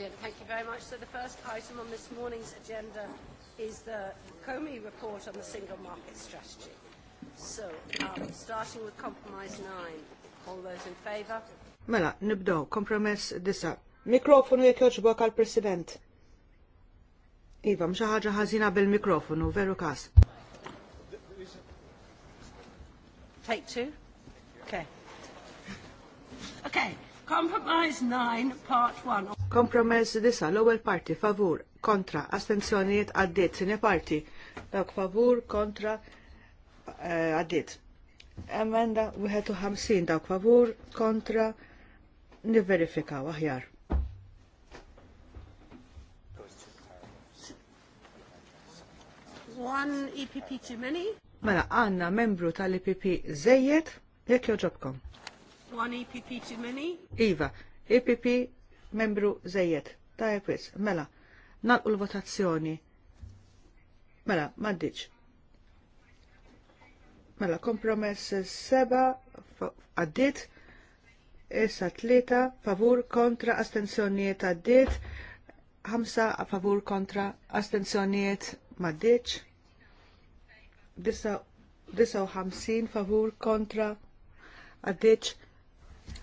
Brilliant. Thank you very much. So the first item on this morning's agenda is the Comey report on the single market strategy. So, um, starting with compromise nine. All those in favour? Mela, nibdow. Kompromess disa. Mikrofonu jek joġbok għal-President. Iva, mxaħġa ħazina bil-mikrofonu, veru kas. Take two? Okay. Okay. Compromise nine, part one. Kompromess disa l-ewwel parti favur kontra astenzjonijiet għaddiet sine parti Dawk favur kontra eh, għaddiet. Emenda 51 Dawk favur kontra niverifikaw aħjar. One EPP too many? Mela għanna membru tal-EPP zejjed jekk joġobkom. One EPP too many? Iva, EPP membru żejjed. Ta' wis, mela, nalqu l-votazzjoni. Mela, maddiċ. Mela, kompromess seba għaddit, issa tlita, favur kontra astenzjoniet għaddit, ħamsa favur kontra astenzjonijiet u ħamsin, favur kontra għaddiċ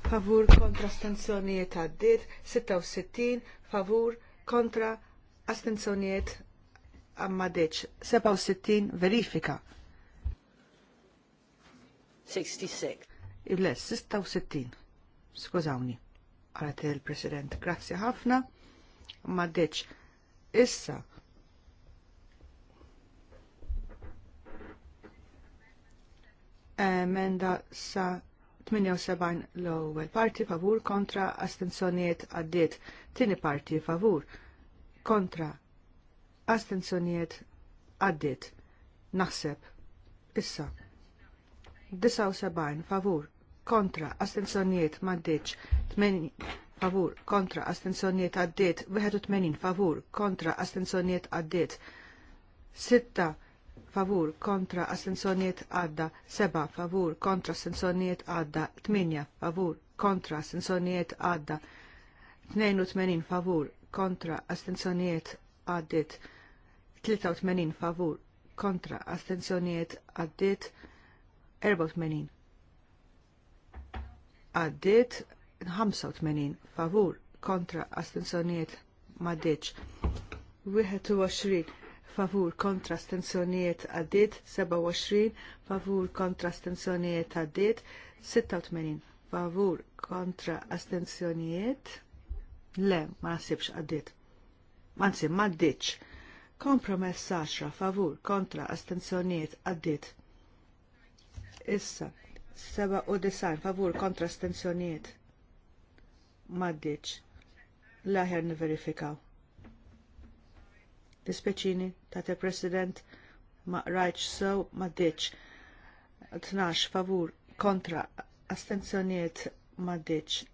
favur kontra astensjonijiet għaddit, 66 favur kontra astenzjonijiet għammadeċ, 67 verifika. 66. Ibles, 66. Skużawni, għalat il-President, grazzi ħafna, maddeċ. Issa, emenda sa 78 l-ewwel parti favur kontra astenzjonijiet għaddiet. Tieni parti favur kontra astenzjonijiet għaddiet. Naħseb issa 79 favur kontra astenzjonijiet m'għaddietx 8 favur kontra astenzjonijiet għaddiet 81 favur kontra astensjonijiet għaddiet 6 favur kontra assenzjoniet għadda seba, favur kontra assenzjoniet għadda tminja, favur kontra assenzjoniet għadda 82 favur kontra astenzjoniet għaddit 83 favur kontra astenzjoniet għaddit 84 għaddit 85 favur kontra astenzjoniet maddiċ 21 favur kontra stenzjonijiet għaddit, 27 favur kontra stenzjonijiet għaddit, 86 favur kontra astenzjonijiet, le, ma nasibx għaddit. Anzi, ma ddiċ. Kompromess 10 favur kontra astenzjonijiet għaddit. Issa, 97 favur kontra astenzjonijiet. Ma ddiċ. Laħer niverifikaw dispeċini ta' te president ma' rajċ so ma' ditx. 12 favur kontra astenzjoniet ma' ditx.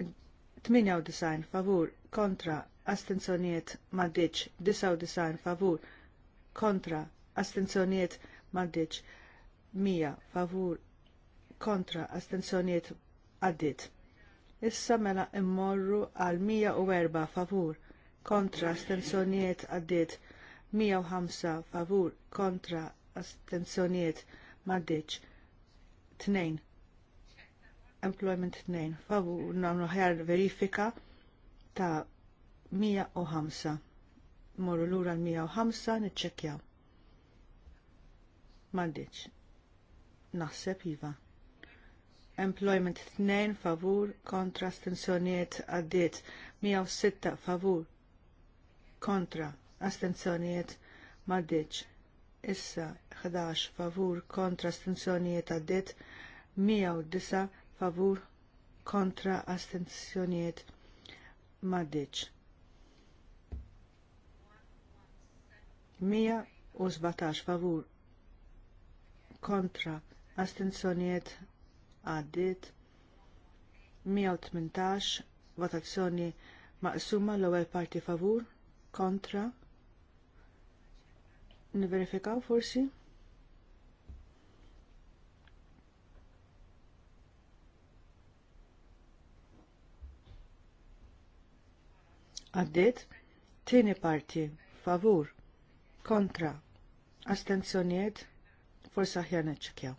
98 favur kontra astenzjoniet ma' ditx. 99 favur kontra astenzjoniet ma' ditx. 100 favur kontra astenzjoniet għaddit. Issa mela immorru għal 104 favur kontra astensjonijiet għaddiet 105 favur kontra astensjonijiet maddiċ 2 employment 2 favur namlu ħjar verifika ta' 105 morru l-ura l-105 niċċekjaw maddiċ naħseb iva employment 2 favur kontra astensjonijiet għaddiet 106 favur kontra astenzjonijiet maddiċ. Issa 11 favur kontra astenzjonijiet għaddit 109 favur kontra astenzjonijiet maddiċ. 117 favur kontra astenzjonijiet għaddit 118 votazzjoni maqsuma l-ewwel parti favur kontra niverifikaw forsi għaddit tieni parti favur kontra Astenzjoniet Forsa ħjana ċekjaw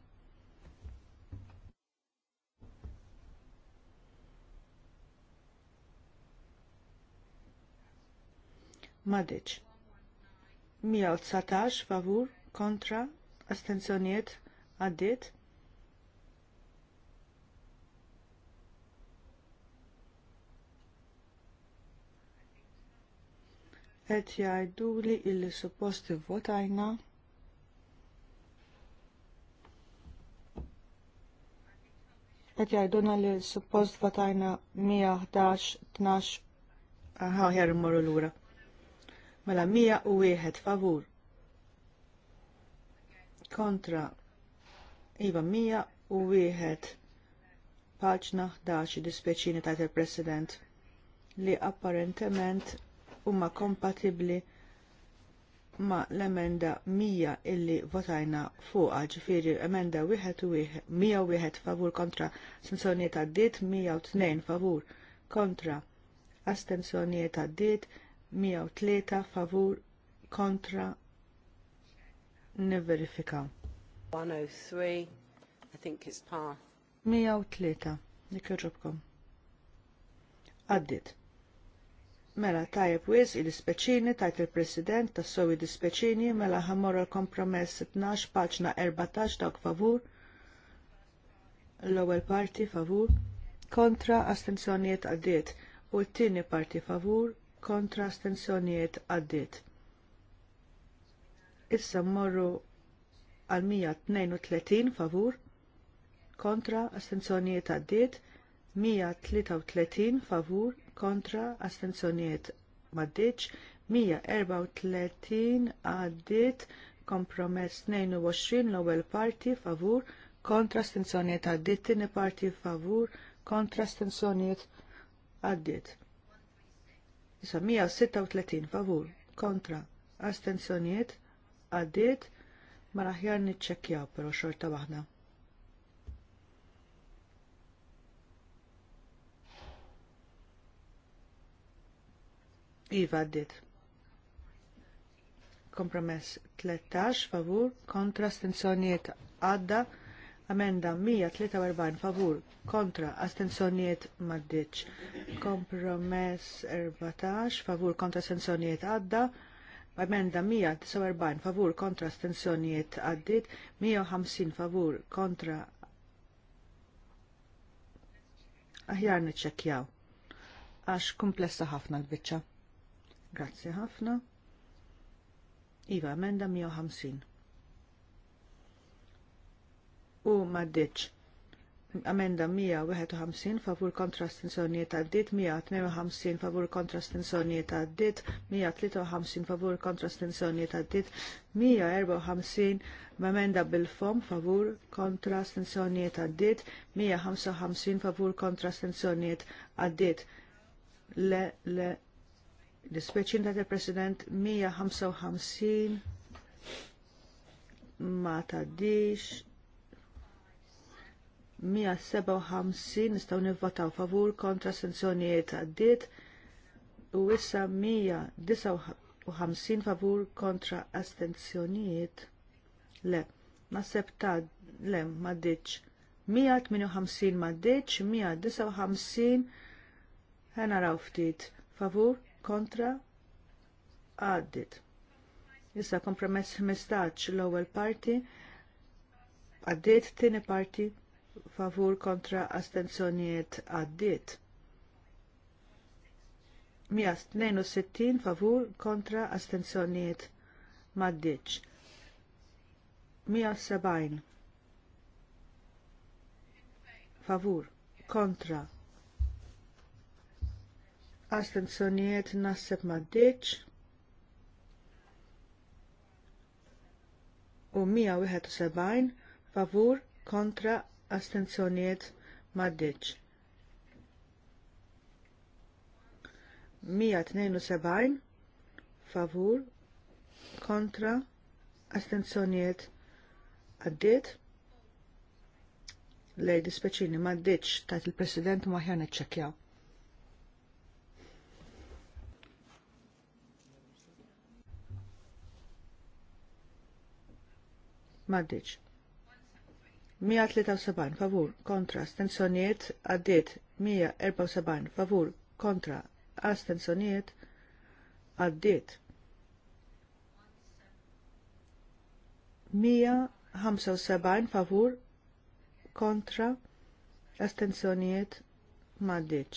Madiċ. 119 favur kontra astenzjoniet għaddit. Et jajdu li illi supposti votajna Et jajduna li il-supposti votajna 111-12 ħaħjar immorru l-ura mela Mija u wieħed favur kontra iva mija u wieħed paġna 11 dispeċini tajt il-President li apparentement huma kompatibbli ma l-emenda 100 illi votajna fuqha ġifieri emenda 101 favur kontra astensjonijiet għaddiet 102 favur kontra astensjonijiet għaddiet 103 favur kontra niverifikaw. 103, I think it's par. 103, nikirġobkom. Għaddit. Mela tajab wis il-speċini tajt il-President tas sowi dispeċini mela ħammor il-kompromess 12 paċna 14 dawk favur l ewel parti favur kontra astenzjonijiet għaddiet u t-tieni parti favur kontra stenzjonijiet għaddit. Issa morru għal 132 favur kontra astenzjonijiet għaddit, 133 favur kontra astenzjonijiet maddiċ, 134 għaddit kompromess 22 l-ewwel parti favur kontra astenzjonijiet għaddit, tieni parti favur kontra astenzjonijiet għaddit. 936 favur kontra astenzjoniet għaddiet ma raħjar niċċekkjaw però xorta waħda. Iva għaddiet. Kompromess 13 favur kontra astenzjoniet għadda Amenda 143 favur kontra astensjonijiet maddiċ. Kompromess 14 favur kontra astensjonijiet għadda. Amenda 149 favur kontra astensjonijiet għaddit. 150 favur kontra aħjar niċċekkjaw. Għax komplessa ħafna l-bicċa. Grazzi ħafna. Iva, amenda 150 u maddiċ. Amenda 151 favur kontra stenzjonijiet dit 152 favur kontra stenzjonijiet dit 153 favur kontra stenzjonijiet dit 154 amenda bil-fom favur kontra stenzjonijiet dit 155 favur kontra stenzjonijiet dit Le, le, dispeċin ta' president 155 ma taddix 157 nistgħu nivvotaw favur kontra sanzjonijiet għaddiet u issa 159 favur kontra astenzjonijiet. Le, naħseb ta' le, ma' ditx. 158 ma' ditx, 159 ħena raw ftit favur kontra għaddit. Issa kompromess 15 l-ewwel parti, għaddiet tieni parti favur kontra astenzjoniet għaddit. 162 favur kontra astenzjoniet maddiċ. 170 favur kontra astenzjonijiet nasseb maddiċ. u 171 favur kontra astenzjoniet maddiċ. 172 favur kontra astenzjoniet għaddiet lej dispeċini maddiċ tat il-president maħjan iċċekjaw. Maddiċ. 173 favur kontra astensjonijiet għaddiet 174 favur kontra astensjonijiet għaddiet 175 favur kontra astensjonijiet maddiċ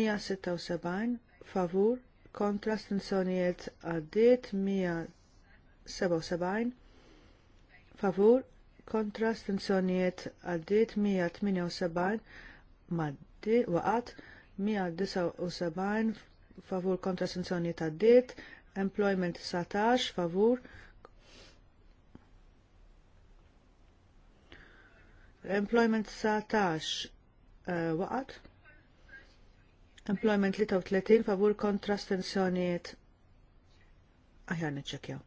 176 favur kontra astensjonijiet għaddiet 177 favur kontrast stenzjonijiet għaddit 178 maddi waqat 179 favur kontrast stenzjonijiet għaddit employment 19 favur employment 19 uh, waqat employment 33 favur kontrast stenzjonijiet aħjar niċċekjaw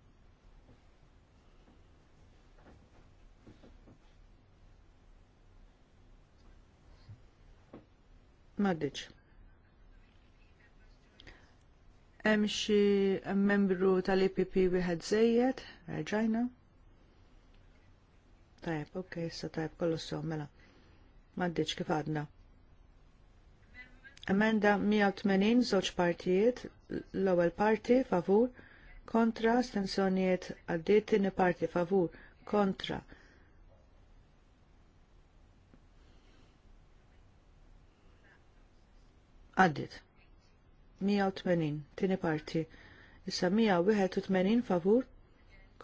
Maddiċ. Emxi membru tal-IPP wieħed zejjed, reġajna. Tajb, ok, sa tajb kollu sew mela. M'għaddiġ kif għadna. Emenda 180 zoċ partijiet, l ewel parti favur, kontra stensjonijiet għaddiet tini parti favur, kontra Għaddit. 180, tini parti. Issa 181 favur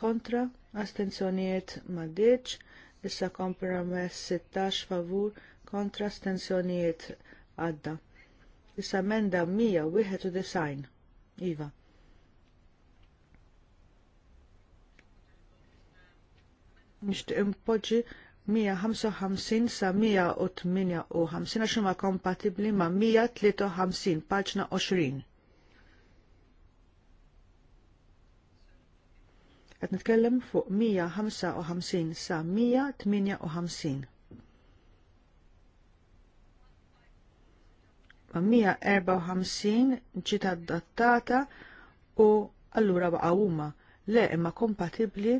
kontra Astenzjoniet maddiċ. Issa kompromess 16 favur kontra astenzjoniet għadda. Issa menda 191. Iva. Nishtiq impoġġi 155 sa 158 għax huma kompatibbli ma' 153 paġna 20. Qed nitkellem fuq 155 sa 158. Ma' 154 ġiet adattata u allura baqa' huma le imma kompatibbli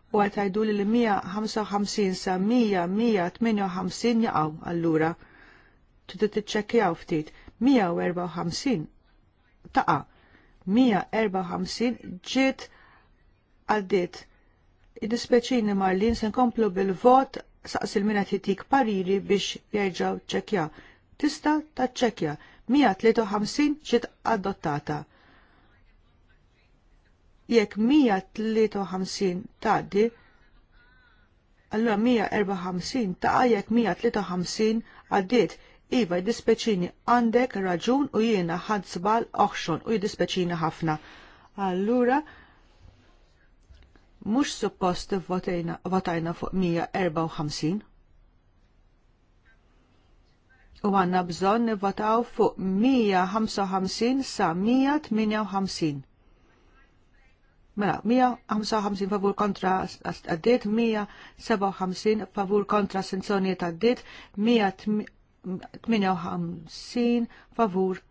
u għatajdu li l-155 sa 158 jaqaw allura. Tudu t-ċekjaw ftit. 154 taqa. 154 ġiet għaddit. Id-dispeċini Marlin sen komplu bil-vot saqs il-minat jitik pariri biex jerġaw ċekja. Tista ta' ċekja. 153 ġiet adottata jekk 153 taddi, allura 154 taqa' jekk 153 għaddiet. Iva jidispeċini għandek raġun u jiena ħadd żball oħxon u jidispeċini ħafna. Allura mhux suppost votajna fuq 154. U għanna bżon nivvotaw fuq 155 sa 158. Mela, 155 favur kontra għaddit, 157 favur kontra sanzjoniet għaddit, 158 favur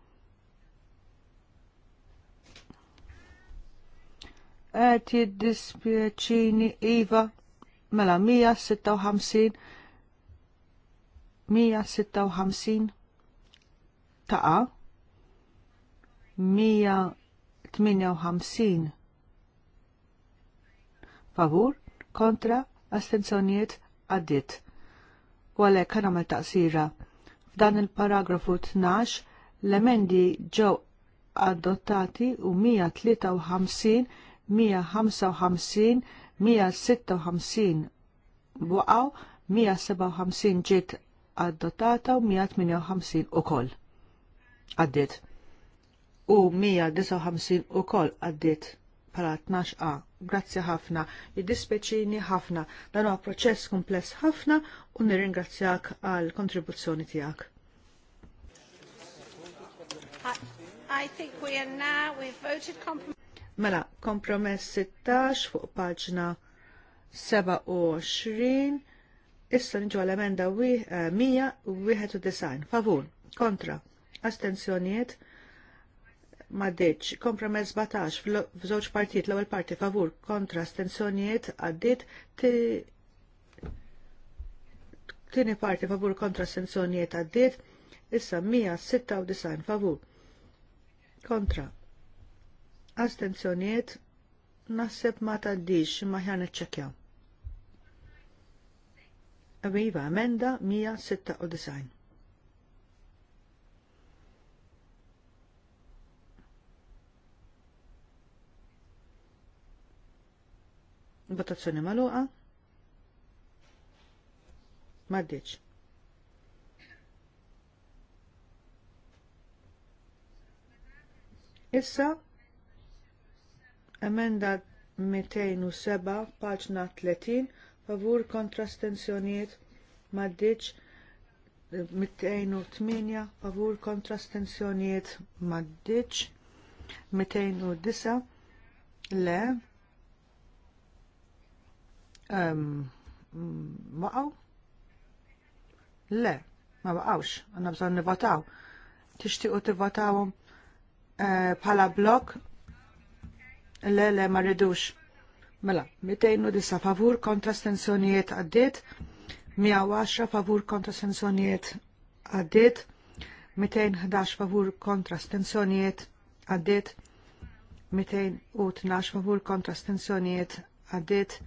Għet jiddispieċini Iva, mela 156, 156 taqa, 158 favur, kontra, astenzjoniet għaddit. U għalek kan għamil taqsira. F'dan il-paragrafu 12, l-emendi ġew adottati u 153, 155, 156 buqaw, 157 ġiet adottata u 158 u Għaddit. U 159 ukoll għaddit pala 12a. Grazzi ħafna, jiddispeċini ħafna, dan huwa proċess kumpless ħafna u nirringrazzjak għal kontribuzzjoni tiegħek. I think we are now, we've voted compromise. Mela, kompromess 16 fuq paġna 27, issa nġu għal-emenda 191, favur, kontra, astenzjonijiet? maddeċ. Kompromess batax f'żewġ partijiet l-ewwel parti favur kontra stenzjonijiet għaddiet tieni parti favur kontra stenzjonijiet għaddiet issa 196 favur kontra astenzjonijiet naħseb ma taddix ma ħjan iċċekkjaw. Iva, emenda 196. Votazzjoni maluqa. Maddiċ. Issa, emenda 207, paġna 30, favur kontra stenzjoniet, maddiċ 208, favur kontra stenzjoniet, maddiċ 209, le, Waqaw? Le, ma waqawx, għanna bżon nivotaw. Tixtiqu tivotaw eh, bħala blok? Le, le, ma ridux. Mela, 209 favur kontra stenzjonijiet għaddit, 110 favur kontra stenzjonijiet għaddit, 211 favur kontra stenzjonijiet għaddit, 212 favur kontra stenzjonijiet għaddit,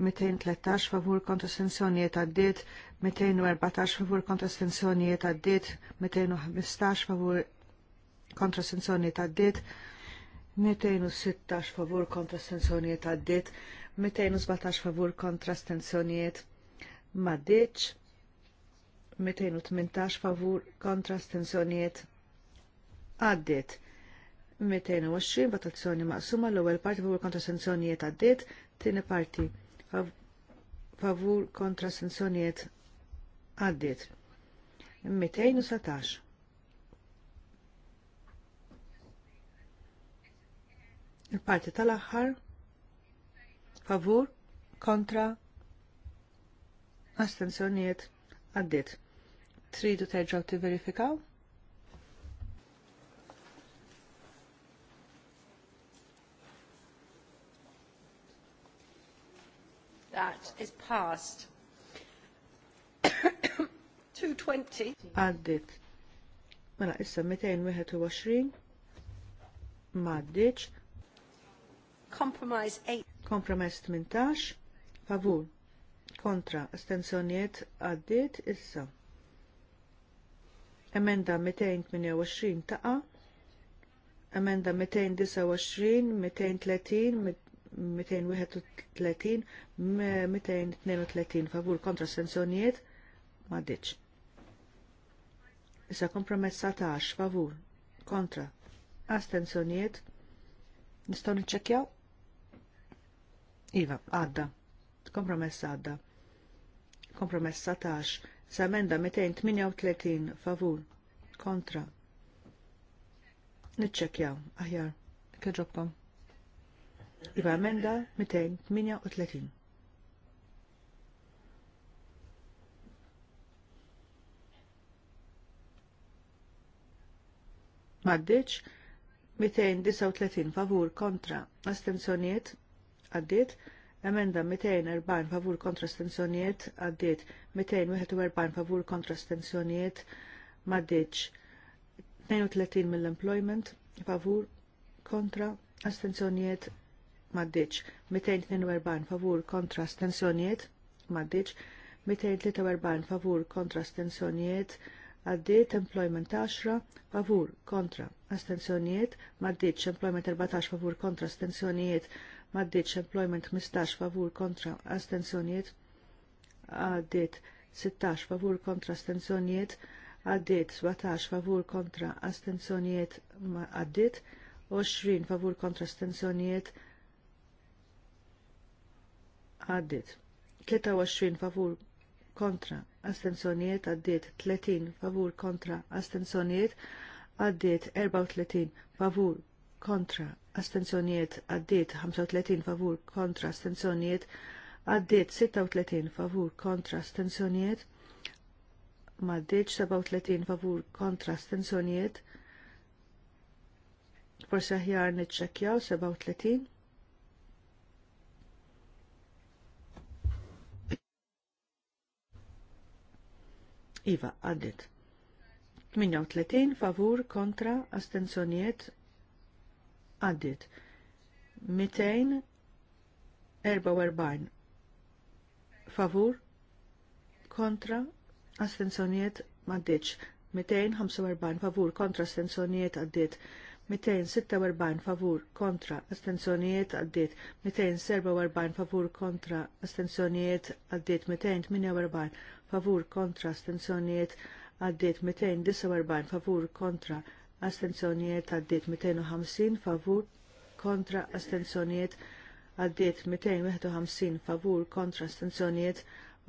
213 favur kontra stensjonijiet għaddit, 214 favur kontra stensjonijiet għaddit, 215 favur kontra stensjonijiet għaddit, 216 favur kontra stensjonijiet għaddit, 217 favur kontra stensjonijiet maddiċ, 218 favur kontra stensjonijiet għaddit. 220 votazzjoni maqsuma l-ewwel parti favur kontra sanzjonijiet għaddiet, tieni parti favur kontra sanzjonijiet għaddiet. 217. Il-parti tal-aħħar favur kontra astensjonijiet għaddiet. Tridu terġaw tiverifikaw? verifikaw that is passed. 220. Għaddit. Mela, issa 221. Maddiċ. Compromise 8. Compromise 18. Favur. Kontra. Astenzjoniet għaddit issa. Emenda 228 taqa. Emenda 229, 230, 231, 232 favur kontra sanzjonijiet ma ditx. Issa kompromess 17 favur kontra astenzjonijiet nistgħu niċċekkjaw? Iva, għadda. Kompromess għadda. Kompromess 17. Samenda 238 favur kontra. Niċċekkjaw, aħjar, kħedġobkom. Iva emenda 238. Maddiċ 239 favur kontra astenzjoniet għaddit, emenda 240 favur kontra stenzjonijiet għaddiet 241 favur kontra stenzjonijiet maddiċ 32 mill-employment favur kontra astenzjonijiet maddiċ, 242 favur kontra stensjoniet maddiċ, 243 favur kontra stensjoniet għaddiet employment 10 favur kontra astensjonijiet, maddiċ employment 14 favur kontra astensjonijiet, maddiċ employment 15 favur kontra astensjonijiet, għaddiet 16 favur kontra astensjonijiet, għaddiet 17 favur kontra astensjonijiet, għaddiet 20 favur kontra astensjonijiet, għaddit 23 favur kontra astensonijiet għaddit 30 favur kontra astensonijiet għaddit 34 favur kontra astensonijiet għaddit 35 favur kontra astensonijiet għaddit 36 favur kontra astensonijiet maddiċ 37 favur kontra astensonijiet forse ħjar nitċekjaw 37 Iva, għaddit. 38 favur kontra astenzjoniet għaddit. 244 favur kontra astenzjoniet għaddit. 245 favur kontra astenzjoniet għaddit. 246 favur kontra astenzjoniet għaddit 247 favur kontra astenzjoniet għaddit 248 favur kontra astenzjonijiet għaddiet 249 favur kontra astenzjonijiet għaddiet 250 favur kontra astenzjonijiet għaddiet 251 favur kontra astenzjonijiet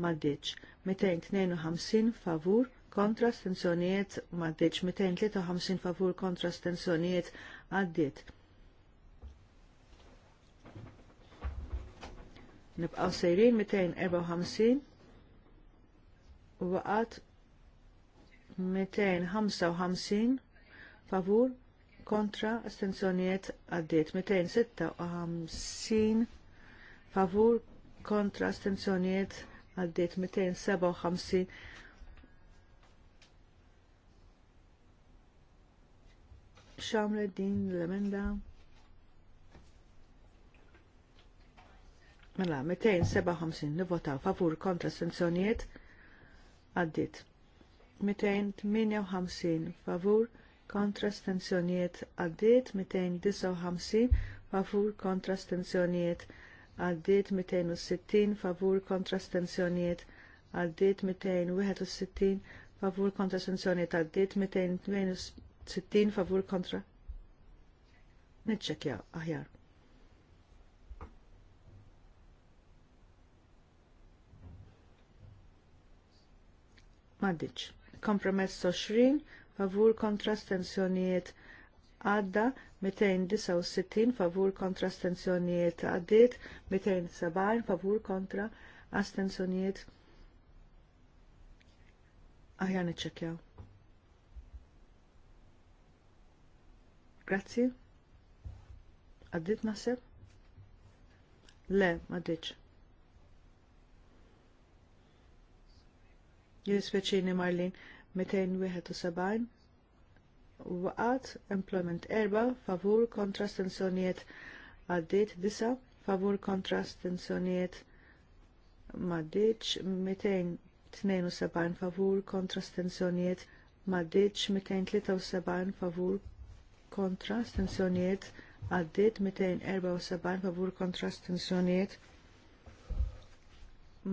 maddiċ 252 favur kontra stenzjonijiet maddiċ 253 favur kontra stenzjonijiet għaddiet. Nibqaw sejrin 254 waqat 255 favur kontra astenzjonijiet għaddiet 256 favur kontra astenzjonijiet għaddiet 257 xamre din l-emenda Mela, 257 nivota favur kontra sanzjonijiet għaddit. 258 favur kontra stenzjoniet għaddit, 259 favur kontra stenzjoniet għaddit, 260 favur kontra stenzjoniet għaddit, 261 favur kontra stenzjoniet għaddit, 260 favur kontra. Nitċekja aħjar. Maddiċ. Kompromess 20 favur kontra stenzjonijiet għadda 269 favur kontra astenzjonijiet għaddit 270 favur kontra astenzjonijiet aħjan iċċekjaw. Grazzi. Għaddit nasib? Le, ma ddiċ. Jispeċini Marlin 271 waqat employment erba favur kontra stenzjonijiet għaddit disa favur kontra stenzjonijiet maddiċ 272 favur kontra stenzjonijiet maddiċ 273 favur kontra stenzjonijiet għaddit 274 favur kontra stenzjonijiet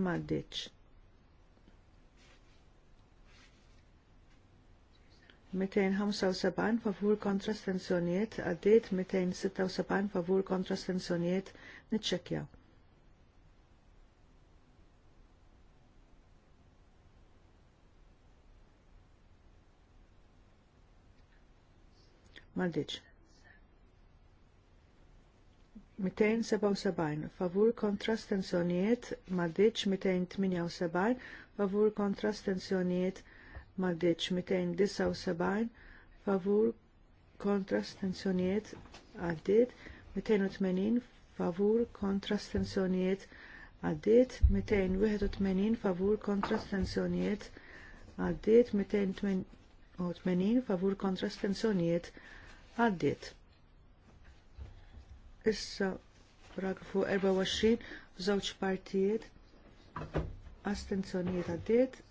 maddiċ 275 favur kontra stenzjoniet, għaddiet 276 favur kontra stenzjoniet, nitxekja. Maldiċ. 277 favur kontra stenzjoniet, maldiċ 278 favur kontra stenzjoniet, nitxekja maddeċ 279 favur kontra stenzjonijiet għaddit 280 favur kontra stenzjonijiet għaddit 281 favur kontra stenzjonijiet għaddit 280 favur kontra stenzjonijiet għaddit. Issa paragrafu 24 żewġ partijiet astenzjonijiet għaddiet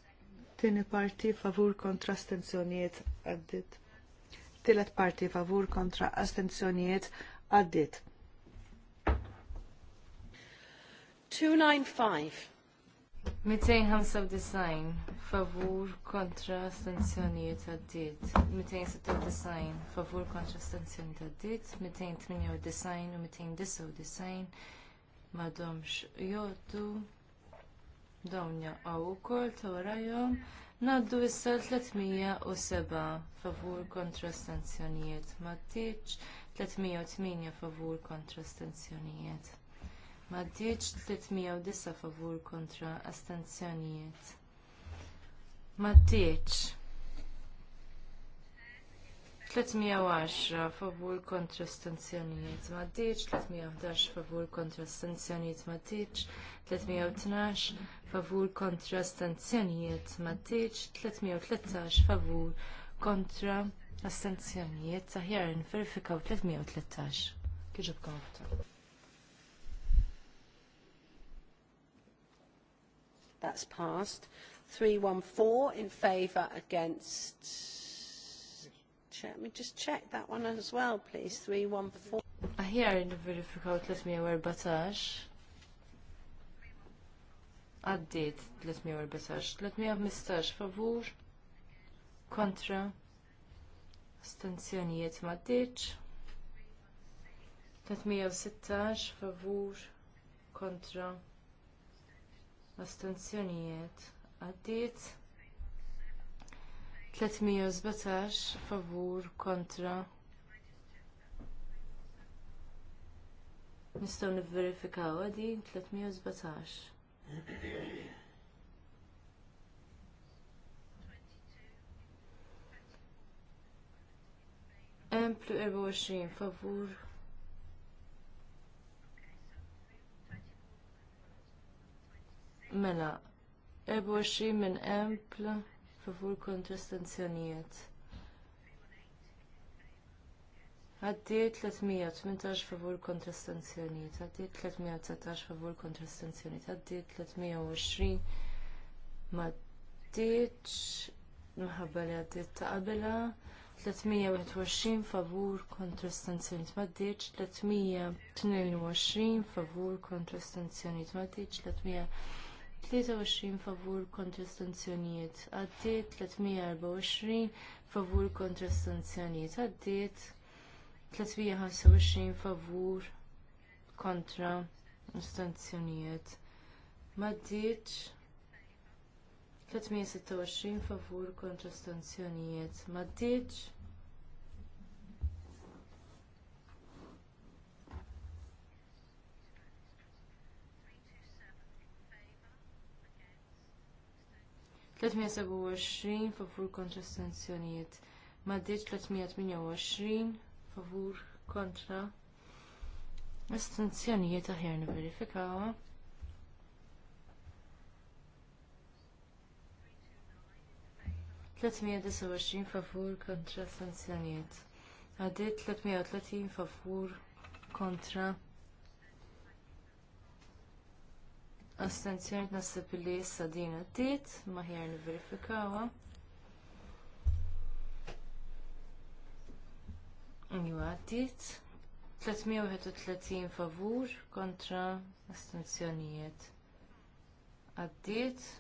Tini parti favur kontra astenzjonijiet għaddit. Tilet parti favur kontra astenzjonijiet għaddit. 295 295 favur kontra stanzjonijiet għaddit, 296 favur kontra stanzjonijiet għaddit, design u design madomx joddu, dawn jaqgħu wkoll ta' warajhom ngħaddu issa 307 favur kontra stanzjonijiet m'għaddiex 308 favur kontra stanzjonijiet. Maddiċ 309 favur kontra astenzjonijiet. Maddiċ 310 favur kontra stanzjonijiet ma ddiċ, 311 favur kontra stanzjonijiet ma ddiċ, 312 favur kontra stanzjonijiet ma ddiċ, 313 favur kontra stanzjonijiet taħjar n verifikaw 313. Kieġib konfta. That's passed. 314 in favor against Chair. We just check that one as well, please. 314. Aħjar niverifikaw 314. Għaddit 314. 315 favur. Kontra. Stanzjonijiet maddiċ. 316 favur. Kontra. Astenzjonijiet. Għaddit. 317 favur kontra Nistaw nivverifikaw għadi 317. 24 favur Mela 24 minn emplu favur kontra stanzjonijiet. Għaddiet 318 favur kontra stanzjonijiet, għaddiet favur kontra stanzjonijiet, għaddiet 320 ma li għaddiet ta' qabela 321 favur kontra 322 favur kontra 300 23 favur kontra stanzjonijiet għaddiet 324 favur kontra stanzjonijiet għaddiet 325 favur kontra stanzjonijiet maddiet 326 favur kontra stanzjonijiet maddiet 327 favur kontra sanzjonijiet. maddiċ 328 favur kontra sanzjonijiet aħjar niverifikawa. favur kontra sanzjonijiet. Għaddit 330 favur kontra Astenzjoni nasib li jissa din għaddit, maħjar niverifikawa. Iwa għaddit. 331 favur kontra astenzjonijiet. Għaddit.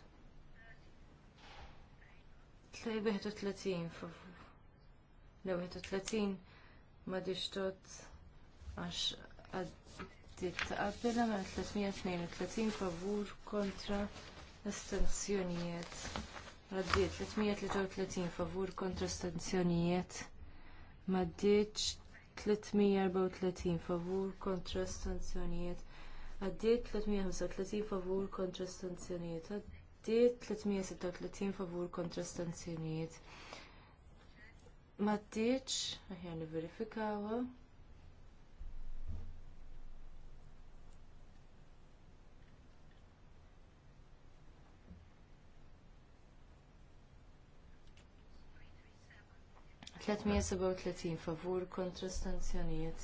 331 favur. Lew 31 ma għax għax ta' taqabbela ma' 332 favur kontra astenzjonijiet. Għaddit 333 favur kontra astenzjonijiet. Maddiċ 334 favur kontra astenzjonijiet. Għaddit 335 favur kontra astenzjonijiet. Għaddit 336 favur kontra astenzjonijiet. Maddiċ, aħjar verifikawa. 337 favur kontra stanzjonijiet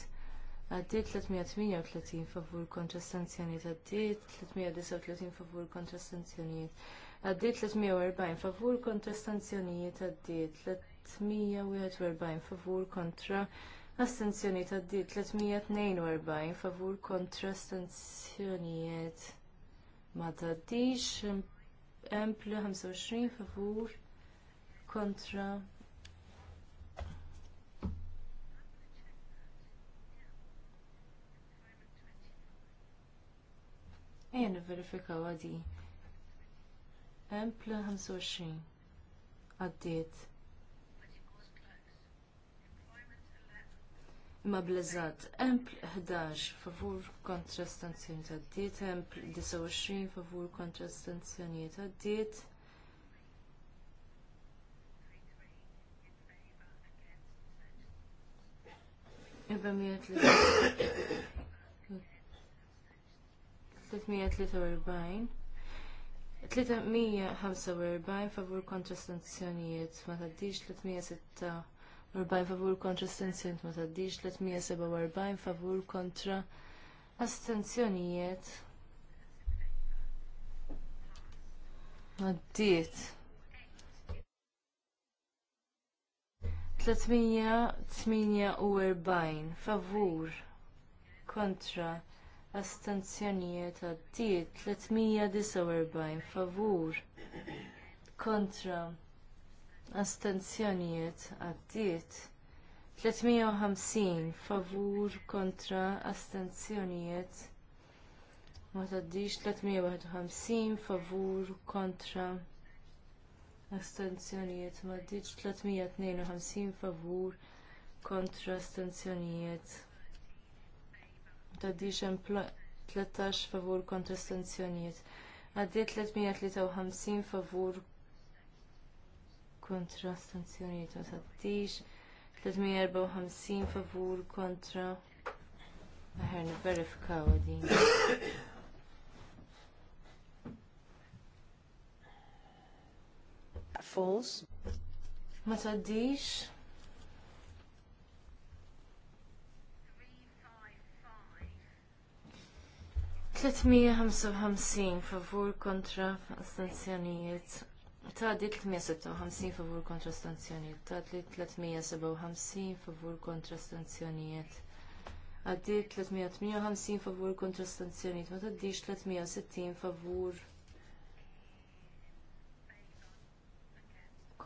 għaddiet 338 favur kontra stanzjonijiet għaddiet 339 favur kontra stanzjonijiet għaddiet 340 favur kontra stanzjonijiet għaddiet 341 favur kontra astenzjonijiet għaddiet 342 favur kontra astenzjonijiet ma taddix emplu 25 favur kontra ħajn verifikaw għadi. Empl 25. Għaddiet. Imma blizzat. Empl 11. Favur kontra stanzjoni ta' diet. Empl 29. Favur kontra stanzjoni ta' diet. Ibem jgħet 345 favur kontra stanzjonijiet ma taddix 346 favur kontra stanzjonijiet ma taddix 347 favur kontra astenzjonijiet ma ddiet 348 favur kontra astenzjonijiet għaddiet 349 favur kontra astenzjonijiet għaddiet 350 favur kontra astenzjonijiet ma taddix 351 favur kontra astenzjonijiet ma taddix 352 favur kontra astenzjonijiet ta' emplo 13 favur kontra stanzjonijiet. Għaddiet 353 favur kontra stanzjonijiet. Ma tadix 354 favur kontra. Aħer verifikaw din. False. Ma taddix 355 favur kontra stanzjonijiet. Ta' di 356 favur kontra stanzjonijiet. Ta' di 357 favur kontra stanzjonijiet. Għaddi 358 favur kontra stanzjonijiet. Ma taddix 360 favur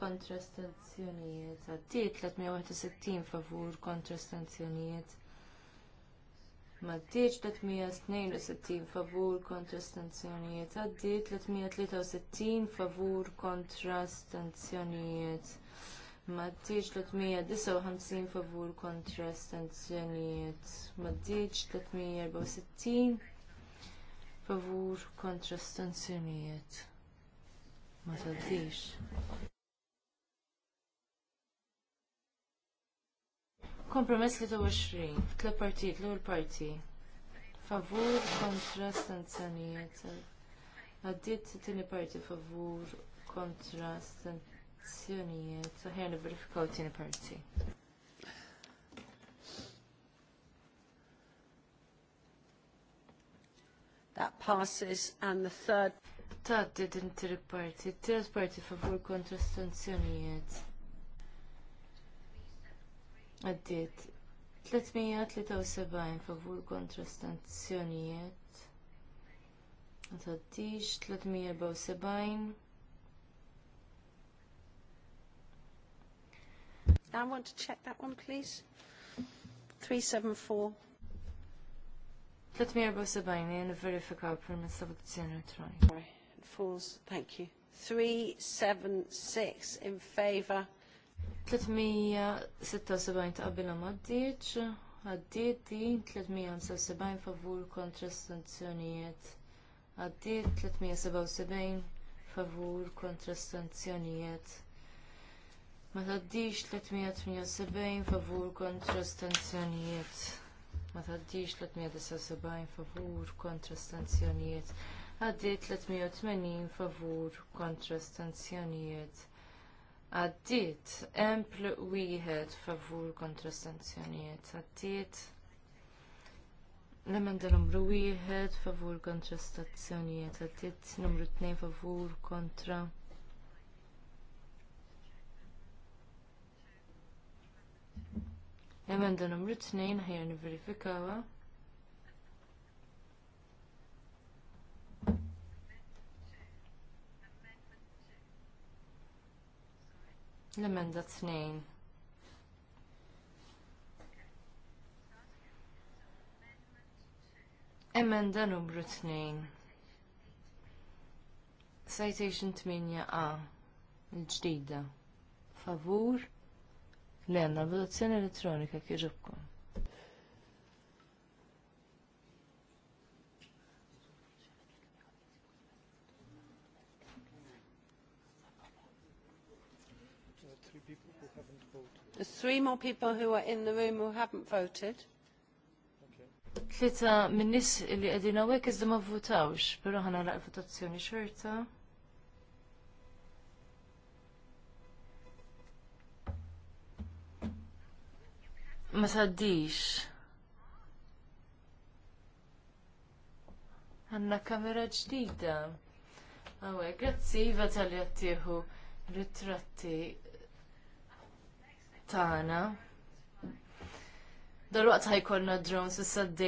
kontra stanzjonijiet. Għaddi 361 favur kontra stanzjonijiet. Maddiċ 362 favur kontra stanzjonijiet. Għaddi 363 favur kontra stanzjonijiet. Maddiċ 359 favur kontra stanzjonijiet. Maddiċ 364 favur kontra stanzjonijiet. Ma Kompromess għaxri, tla partit, l-ewwel parti. Favur kontra stanzjonijiet. Għaddiet tieni parti favur kontra stanzjonijiet. verifikaw t tieni parti. That passes and the third Taddi din tir parti, tir parti favur kontra stanzjonijiet. Għaddit 373 favur kontra stanzjonijiet. Għaddix 374. I want to check that one, please. 374. 374 jen verifikaw permezz ta' votazzjoni elettronika. Falls, thank you. 376 in favor 376 taqabila maddiċ, għaddieti 375 favur kontra sanzjonijiet, għaddiet 377 favur kontra sanzjonijiet. Ma taddix 378 favur kontra stanzjonijiet. Ma taddix 379 favur kontra stanzjonijiet. Għaddiet 380 favur kontra stanzjonijiet Għaddit, empl wieħed favur kontra stanzjonijiet. Għaddit, l-emenda numru wieħed favur kontra stazzjonijiet. Għaddit, numru tnejn favur kontra. L-emenda numru tnejn ħajja niverifikawa. verifikawa. L-emenda t-snejn. Emenda numru t-snejn. Citation 8a. Il-ġdida. Favur. Lenna, votazzjoni elettronika kieġobkom. There's three more people who are in the room who haven't voted. Tlita minnis li għedina għek iżda ma votawx, pero ħana laq votazzjoni xorta. Ma saddix. Għanna kamera ġdida. Għawek, grazzi, vatalja li ritratti tagħna. Dalwaqt ħajkollna drones issa d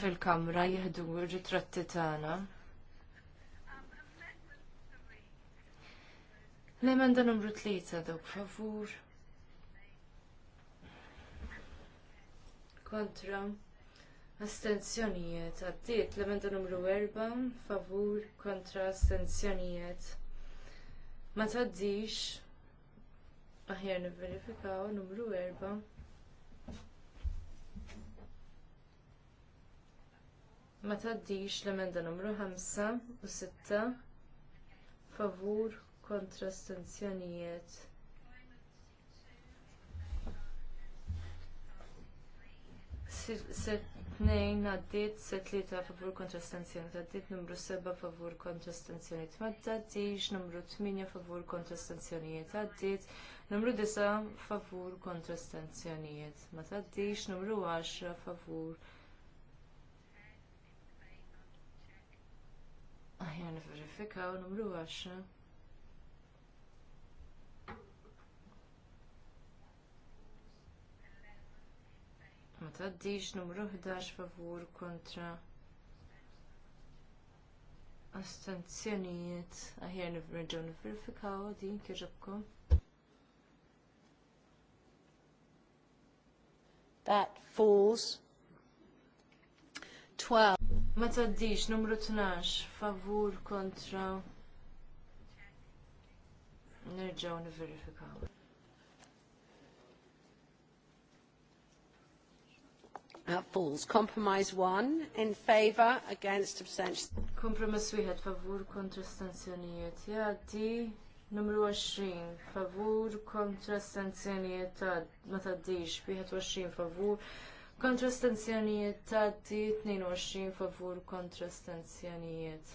fil-kamra jieħdu r-ritratti tagħna. L-emenda numru tlieta dawk favur. kontra astenzjonijiet għaddiet l-emenda numru 4 favur kontra astenzjonijiet ma taddix aħjar nivverifikaw numru 4. Ma taddix l-emenda numru 5 u 6 favur kontra stanzjonijiet. Set tnejn għaddit, set tlieta favur kontra stanzjonijiet għaddit, numru 7 favur kontra stanzjonijiet ma taddix, numru 8 favur kontra stanzjonijiet għaddit, Numru 9 favur kontra stanzjonijiet. Ma taddix numru 10 favur. Aħjar nifverifikaw numru 10. Ma taddix numru 11 favur kontra astenzjonijiet. Aħjar nifverifikaw din kieġabkom. That falls. 12. Ma taddix, numru 12, favur kontra. Nerġaw niverifikaw. That falls. Compromise 1, in favor against abstention. Compromise wieħed favur kontra stanzjonijiet. Jaddi. Yeah, Numru 20, favur kontra stanzjonijiet ta' ma taddix, 21 favur kontra stanzjonijiet ta' 22 favur kontra stanzjonijiet.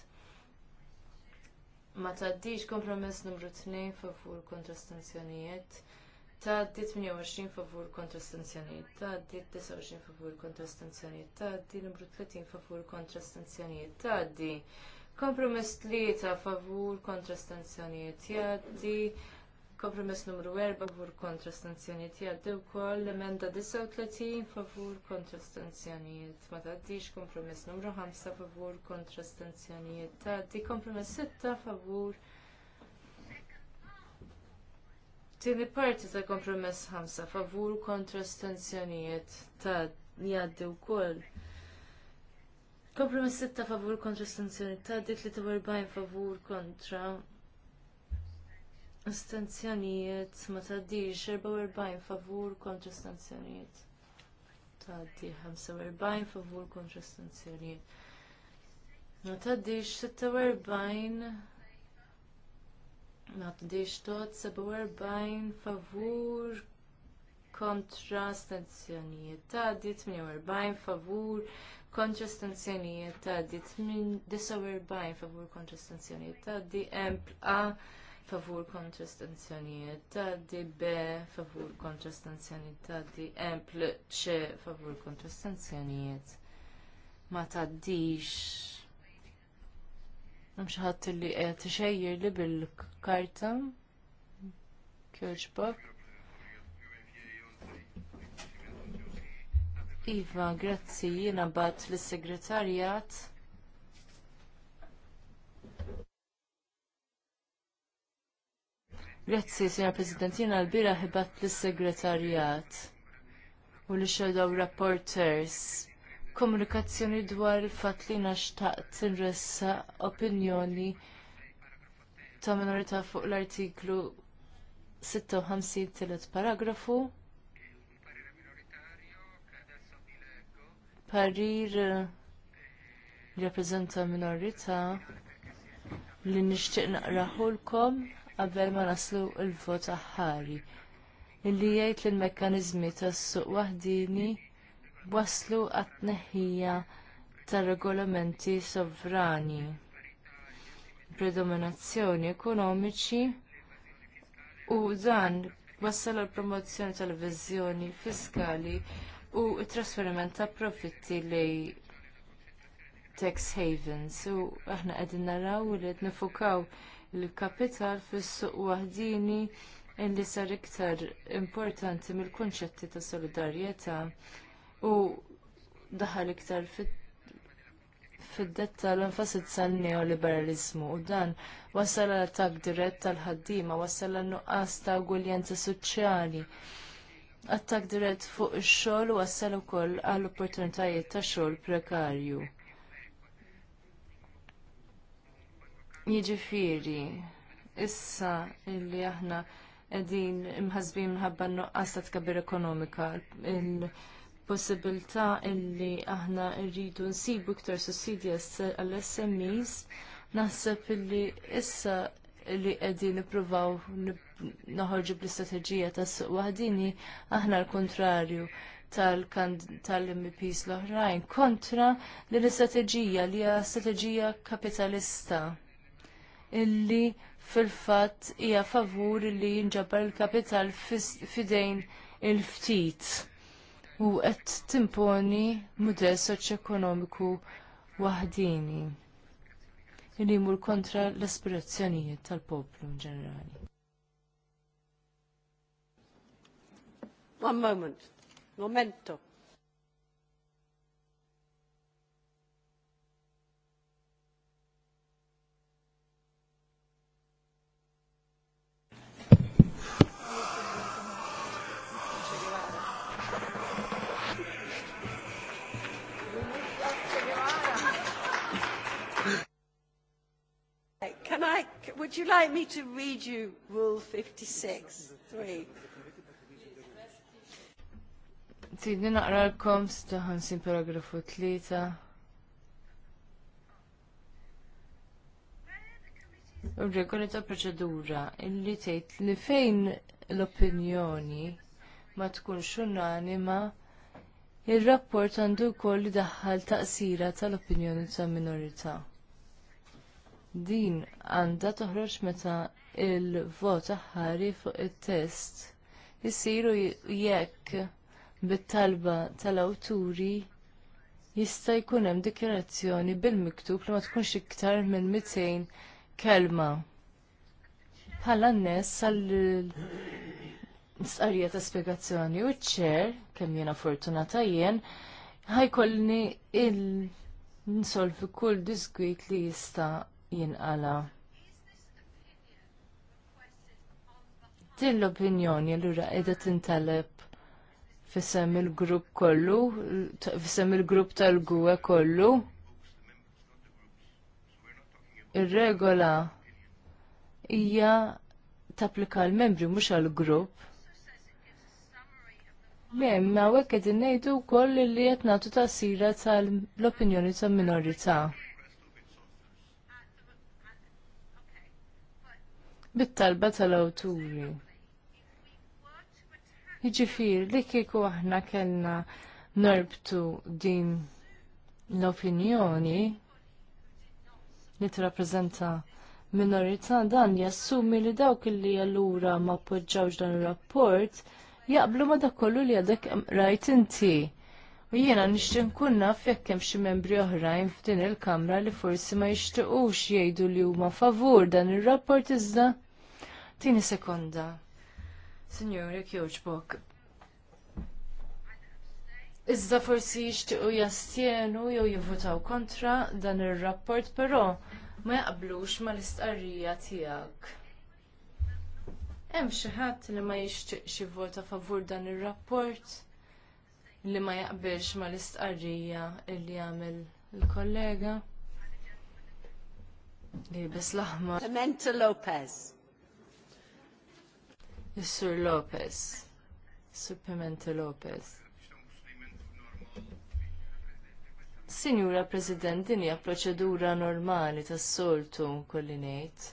Ma taddix kompromess numru 2 favur kontra stanzjonijiet. Ta' 28 favur kontra stanzjonijiet, ta' 29 favur kontra stanzjonijiet, ta' numru 30 favur kontra stanzjonijiet, ta' Kompromess tlieta favur kontra stanzjonijiet jaddi. Kompromess numru 4 favur kontra stanzjonijiet jaddi wkoll. Emenda 39 favur kontra stanzjonijiet ma tgħaddix. Kompromess numru 5 favur kontra stanzjonijiet Taddi, Kompromess 6 favur Tieni parti ta' kompromess 5 favur kontra stanzjonijiet ta' jaddi wkoll. Kompromis 6 favur kontra stanzjoni ta' li 43 favur kontra stanzjonijiet ma ta' di 44 favur kontra stanzjonijiet ta' di 45 favur kontra stanzjonijiet. Ma ta' di 46 ma ta' di 47 favur kontra stanzjonijiet ta' di 48 favur kontra min tgħaddi 49 favur kontra stanzjonijiet tgħaddi A favur kontra stanzjonijiet B favur kontra stanzjonijiet tgħaddi empl C favur kontra ma taddix Hemm xi ħadd li t ixejjir li bil-karta kjoġbok. Iva, grazzi, jiena bat l-segretarjat. Grazzi, Signor President, Jina l-bira ħibat l-segretarjat u li xedaw rapporters. Komunikazzjoni dwar il-fat li naxtaqt inressa opinjoni ta' minorita fuq l-artiklu 56 tilet paragrafu parir eh, rappresenta minorita li nixtieq naqraħulkom qabel ma naslu l-vot aħħari illi jgħid li l-mekkaniżmi tas-suq waħdini waslu għat-tneħħija tar regolamenti sovrani. Predominazzjoni ekonomiċi u dan wassal għal promozzjoni tal-viżjoni fiskali u t trasferiment ta' profitti li tax havens u aħna qegħdin naraw li qed nifukaw il-kapital fis-suq waħdini illi sar iktar importanti mill-kunċetti ta' solidarjetà u daħal iktar fid-detta l-enfasizza n-neoliberalizmu u dan wasal għal attak dirett tal-ħaddiema, wasal għal nuqqas ta' ugwaljanza soċjali attak dirett fuq ix-xogħol u wassal ukoll għall opportunitajiet ta' xogħol prekarju. Jiġifieri, issa illi aħna qegħdin imħasbin minħabba nuqqas ta' tkabbir ekonomika il possibilità illi aħna rridu nsibu iktar sussidja għall-SMEs, naħseb illi issa li qegħdin nippruvaw noħorġu bl-istrateġija ta' suq waħdini aħna l-kontrarju tal-MPs l-oħrajn kontra l-istrateġija li hija strateġija kapitalista illi fil-fatt hija favur li jinġabar il-kapital fidejn il-ftit u qed timponi mudell soċ-ekonomiku waħdini li jmur kontra l-aspirazzjonijiet tal-poplu in ġenerali. One moment. Momento. would you like me to read you Rule 56? 3. Tidni naqra l-kom staħansin paragrafu 3. Regoli ta' proċedura illi tgħid li fejn l-opinjoni ma tkunx unanima ir-rapport għandu wkoll daħħal taqsira tal-opinjoni ta' minorità din għandha toħroġ meta l vot aħħari fuq it-test jisiru jekk bit-talba tal-awturi jista' jkun hemm dikjarazzjoni bil-miktub li ma tkunx iktar minn 200 kelma. Bħala n-nies sal-sqarrija ta' spjegazzjoni u ċ-ċer, kemm jiena fortunata jien, ħajkollni il-nsolvi kull diskwit li jista' jinqala. Din l-opinjoni allura qiegħda tintalab fissam il-grupp kollu, fissem il-grupp tal-gwe kollu. Ir-regola hija tapplika l-membri mhux għall-grupp. Le, ma għek id-nejdu koll li jett ta' sira tal-opinjoni ta' minorità. bit-talba tal-awturi. Iġifir, li kieku aħna kellna norbtu din l-opinjoni li tirrappreżenta minorità dan jassumi li dawk li jallura ma poġġawġ dan ir-rapport jaqblu ma dakollu kollu li għadek rajt inti. U jiena nixtieq nkun naf jekk hemm xi membri oħrajn f'din il-kamra li forsi ma jixtiequx jgħidu li huma favur dan ir-rapport iżda Tini sekonda. Signori, kjoġbok. Iżda forsi jixtiequ jastienu jew jivvotaw kontra dan ir-rapport, però ma jaqblux mal-istqarrija tiegħek. Hemm xi ħadd li ma jixtieqx jivvota favur dan ir-rapport li ma jaqbilx mal-istqarrija li jagħmel il-kollega. Libes l-aħmar. Lopez. Sur Lopez. Sur Lopez. Sinjura President, din hija proċedura normali tas-soltu kolli ngħid.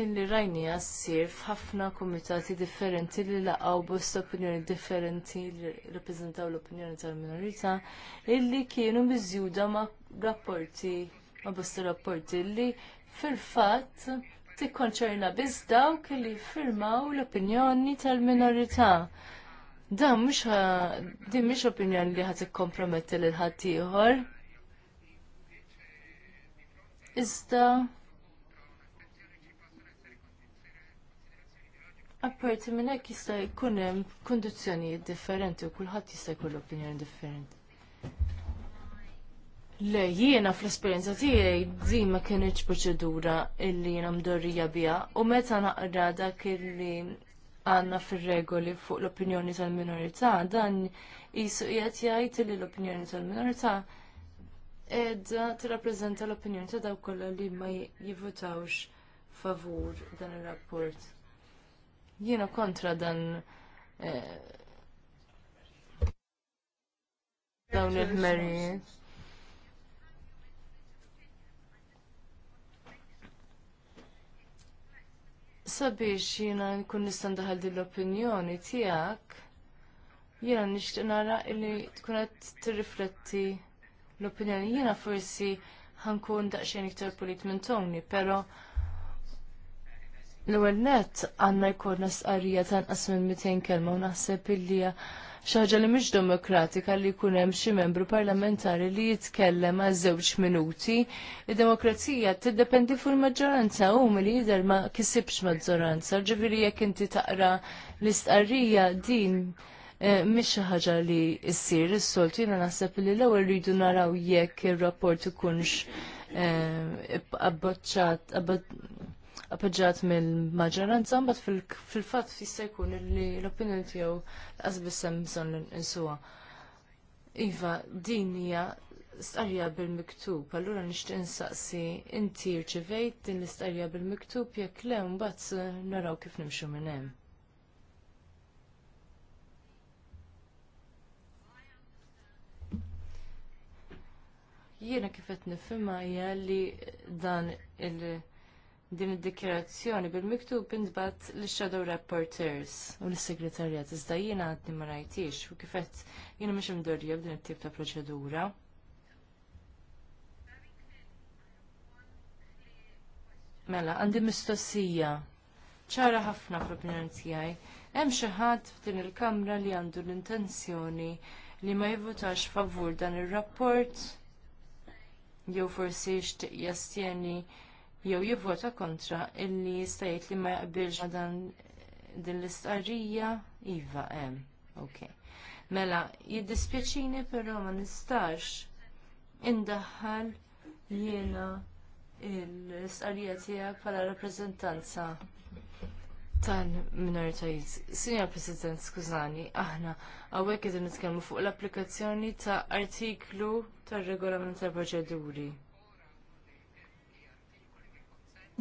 Illi rajnija ssir f'ħafna kumitati differenti li laqgħu bost opinjoni differenti li rappreżentaw l-opinjoni tal-minorità illi kienu miżjuda ma' rapporti ma' bosta rapporti li fil-fatt tikkonċerna biss dawk li firmaw l-opinjoni tal-minorità. Dan mhux din mhix opinjoni li ħad ikkomprometti lil ħadd iħor. Iżda Apparti minn hekk jista' jkun hemm kundizzjonijiet differenti u kulħadd jista' l opinjoni differenti. Le, jiena fl-esperienza tiegħi din ma kienieċ proċedura illi jiena mdorrija biha u meta naqra dak illi għandna fir-regoli fuq l-opinjoni tal-minorità dan jisu qiegħed jgħid li l-opinjoni tal-minorità edha tirrappreżenta l-opinjoni ta' dawk kollha li ma jivvutawx favur dan ir-rapport. Jiena kontra dan eh, dawn il-merijiet. Sabiex jiena nkun nista' ndaħal l-opinjoni tiegħek, jiena nixtieq nara li tkun qed tirrifletti l-opinjoni. Jiena forsi ħankun daqsxejn iktar polit minn Tony, pero l-ewwel nett għandna jkollna sqarrija ta' nqas minn 200 kelma u naħseb illi xaġa li mhix demokratika li jkun hemm xi membru parlamentari li jitkellem għal żewġ minuti. Id-demokrazija tiddependi fuq il-maġġoranza u li jidher ma kisibx maġġoranza, ġifieri jekk inti taqra l-istqarrija din eh, Mhix xi ħaġa li ssir is-soltu jiena naħseb li l-ewwel rridu naraw jekk ir-rapport ikunx eh, abboċċat appoġġjat mill-maġġoranza, mbagħad fil-fatt jista' jkun li l-opinjoni tiegħu biss hemm bżonn insuha. Iva, din hija starja bil-miktub, allura nixtieq insaqsi inti rċivejt din l-istarja bil-miktub jekk le mbagħad naraw kif nimxu minn hemm. Jiena kif qed nifhimha hija li dan il- din id-dikjerazzjoni bil-miktub intbat l-Shadow Rapporteurs u l-Segretarjat. Iżda jiena għadni ma rajtix u kifet jiena mhux imdorja b'din it-tip ta' proċedura. Mela, għandi mistoqsija ċara ħafna fl-opinjoni tiegħi. Hemm xi ħadd f'din il-Kamra li għandu l-intenzjoni li ma jivvutax favur dan ir-rapport jew forsi jixtieq jastjeni jew jivvota kontra illi jista' jgħid li ma jaqbilx ma' dan din l-istqarrija iva hemm. Okay. Mela, jiddispjaċini però ma nistax indaħħal jiena l-istqarrija tiegħek bħala rappreżentanza tal-minoritajiet. Sinja President, skużani, aħna għawek id nitkellmu fuq l-applikazzjoni ta' artiklu tar regolament tal-proċeduri.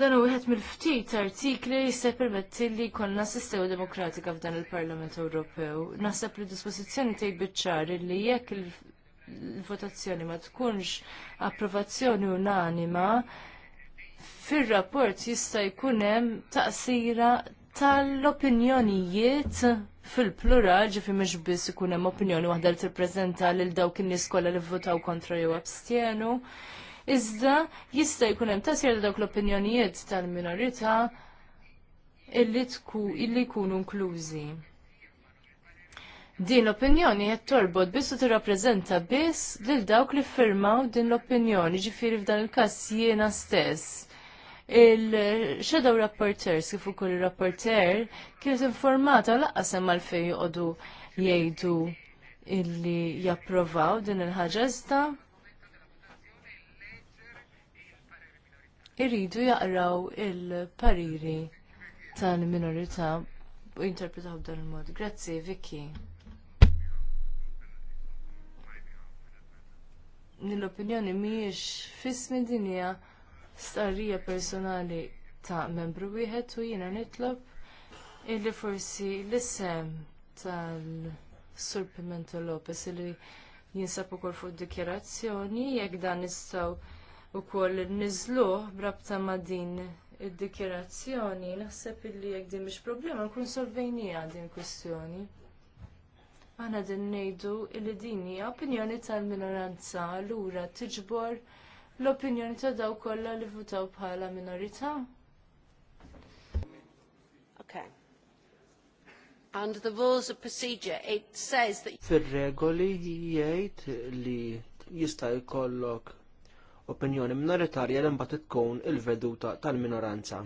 Dan u wieħed mill-ftit artikli se permetti li jkollna sistema demokratika f'dan il-Parlament Ewropew. Naħseb li dispożizzjoni tgħid biċ li jekk il-votazzjoni ma tkunx approvazzjoni unanima, fil-rapport jista' jkun hemm taqsira tal-opinjonijiet fil-plural ġifi mhux biss ikun hemm opinjoni waħda li tippreżenta lil dawk in-nies kollha li votaw kontra jew abstjenu iżda jista' jkun hemm tasir dawk l-opinjonijiet tal-minorità illi tku illi jkunu inklużi. Din l-opinjoni qed torbod biss u tirrappreżenta biss lil dawk li ffirmaw din l-opinjoni, ġifieri f'dan il-każ jiena stess. Il-Shadow Rapporteurs kif ukoll ir-rapporter kienet informata laqqas hemm għalfejn joqogħdu jgħidu illi japprovaw din il-ħaġa iżda irridu jaqraw il-pariri tal-minorità u jinterpretaw b'dan il-mod. Grazzi, Vicky. Nil-opinjoni mhijiex fismi dinja starrija personali ta' membru wieħed u jiena nitlob illi forsi l-isem tal-Sur Pimento Lopez illi jinsab ukoll fuq dikjarazzjoni jekk dan nistgħu ukoll niżluh brabta ma' din id-dikjerazzjoni, naħseb illi jekk din mhix problema nkun solvejnija din kwistjoni. Aħna din ngħidu illi din hija opinjoni tal-minoranza allura tiġbor l-opinjoni ta' daw kollha li votaw bħala minorità. Okay. Under the rules of procedure, it says that... Fil-regoli jgħid li jista' jkollok opinjoni minoritarja li mbagħad tkun il-veduta tal-minoranza.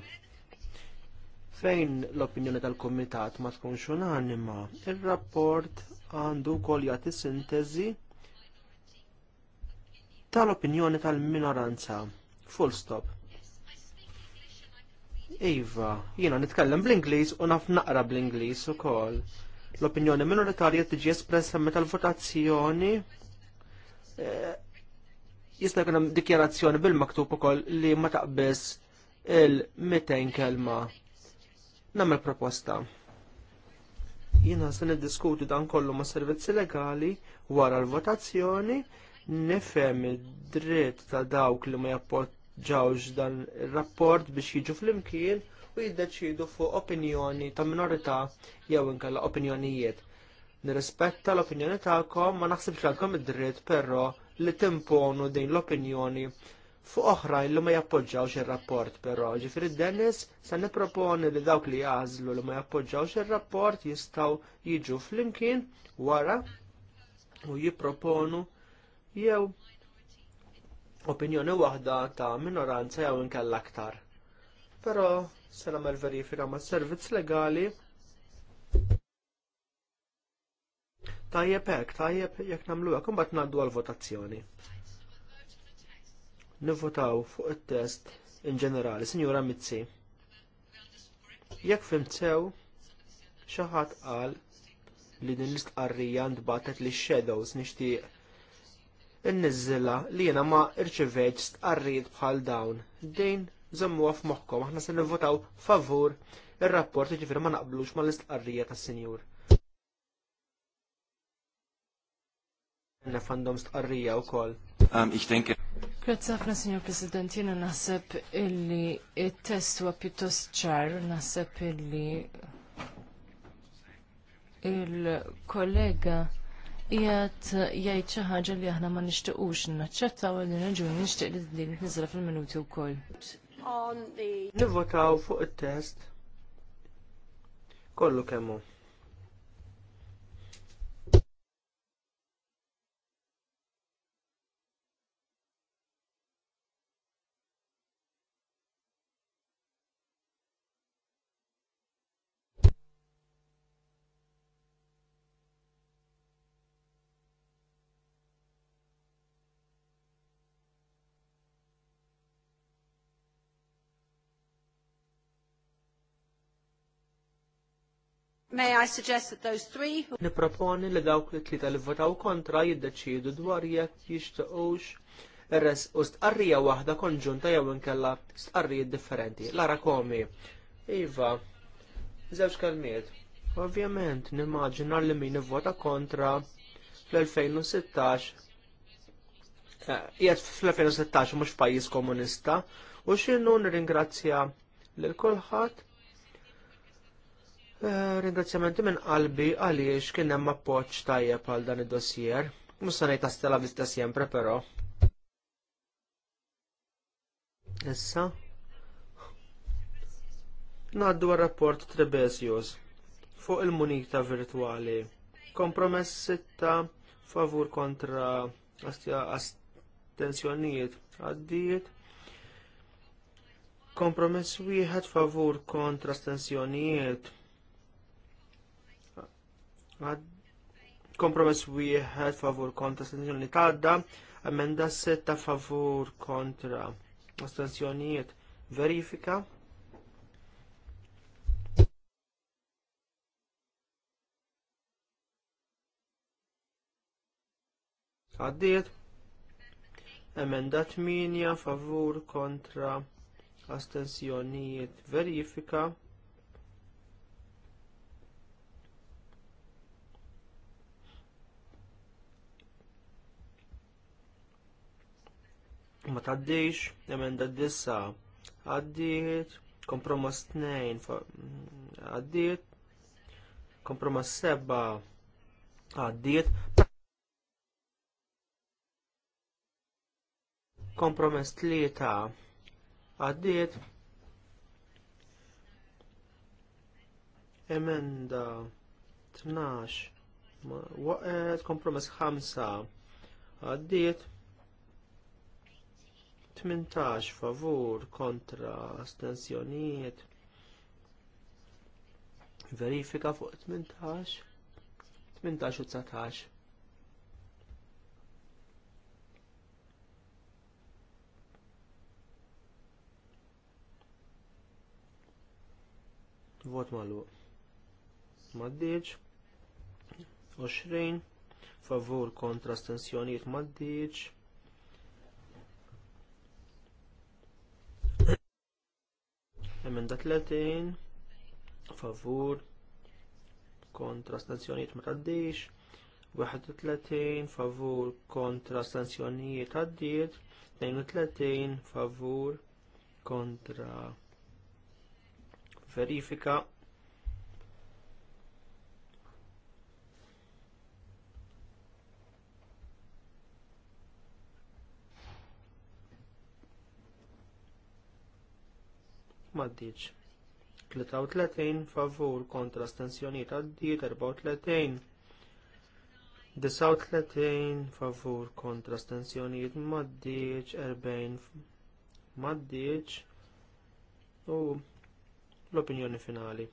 Fejn l-opinjoni tal-Kumitat ma tkunx unanima, ir-rapport għandu wkoll jagħti sintesi tal-opinjoni tal-minoranza. Full stop. Iva, jiena nitkellem bl-Ingliż u naf naqra bl-Ingliż ukoll. L-opinjoni minoritarja tiġi espressa meta l-votazzjoni eh, jista' jkun hemm dikjarazzjoni bil-maktub ukoll li ma taqbis il-200 kelma. Nagħmel proposta. Jiena se niddiskuti dan kollu ma' servizzi legali wara l-votazzjoni nifhem id-dritt ta' dawk li ma jappoġġawx dan ir-rapport biex jiġu flimkien u jiddeċidu fuq opinjoni ta' minorità jew inkella opinjonijiet. Nirrispetta l-opinjoni tagħkom ma naħsibx għandkom id-dritt però li timponu din l-opinjoni fuq oħrajn li ma jappoġġawx ir-rapport però ġifri Dennis se nipproponi li dawk li jażlu li ma jappoġġawx ir-rapport jistgħu jiġu flimkien wara u jipproponu jew opinjoni waħda ta' minoranza jew inkella aktar. Però se nagħmel verifika mas servizz legali Tajjeb hekk, tajjeb jekk nagħmlu hekk imbagħad ngħaddu għall-votazzjoni. Nivvotaw fuq it-test in ġenerali, Sinjura Mizzi. Jekk fim sew, xi ħadd qal li din l-istqarrija ntbatet li shadows nixtieq Inniżilla li jiena ma irċivejt stqarrijiet bħal dawn. Din żommuha f'moħħkom aħna se nivvotaw favur ir-rapport iġifier ma naqblux mal-istqarrija tas-Sinjur. naf għandhom stqarrija u koll. Um, Grazie ħafna, Signor President, Jena naħseb illi il-test huwa pjuttost ċar, naħseb illi il-kollega jgħat jgħid xi ħaġa li aħna ma nixtiequx naċċettaw għal raġuni nixtieq li din nizra fil-minuti wkoll. Nivvotaw fuq it-test kollu kemmu. May I suggest that those three who... Niproponi li dawk li tlita li votaw kontra jiddeċidu dwar jekk jixtiequx res u stqarrija waħda konġunta jew inkella stqarrijiet differenti. Lara komi. Iva, żewġ kalmiet. Ovvjament, nimmaġina li min ivvota kontra fl-2016 eh, jgħet fl-2016 mux pajis komunista u xinu nirringrazzja l-kolħat Eh, ringrazzjamenti minn qalbi għaliex kien hemm appoġġ tajjeb għal dan id-dossier. Musa ngħid tastela vista sempre però. Issa. Ngħaddu għar-rapport Trebesius fuq il-munita virtuali. Kompromess sitta favur kontra astensjonijiet għaddiet kompromess wieħed favur kontra stensjonijiet Kompromess wieħed favur kontra astensjoni tadda, emenda setta favur kontra astensjonijiet verifika. Għaddiet. Emenda 8 favur kontra astensjonijiet verifika. ma taddix, emenda dissa għaddiet, t tnejn għaddiet, kompromess seba għaddiet, kompromess tlieta għaddiet, emenda 12 waqet kompromess 5 għaddiet, 18 favur kontra astensjonijiet verifika fuq 18 18 u 19 Vot malu. Maddiċ. 20. Favur kontra stensjoniet maddiċ. Emenda 30, favur, kontra stanzjonijiet ma taddix, 31 favur kontra stanzjonijiet għaddiet, 32 favur kontra verifika maddiċ. 33 favur kontra d għaddit 34 39 favur kontra astensjoniet maddiċ 40 maddiċ u l-opinjoni finali.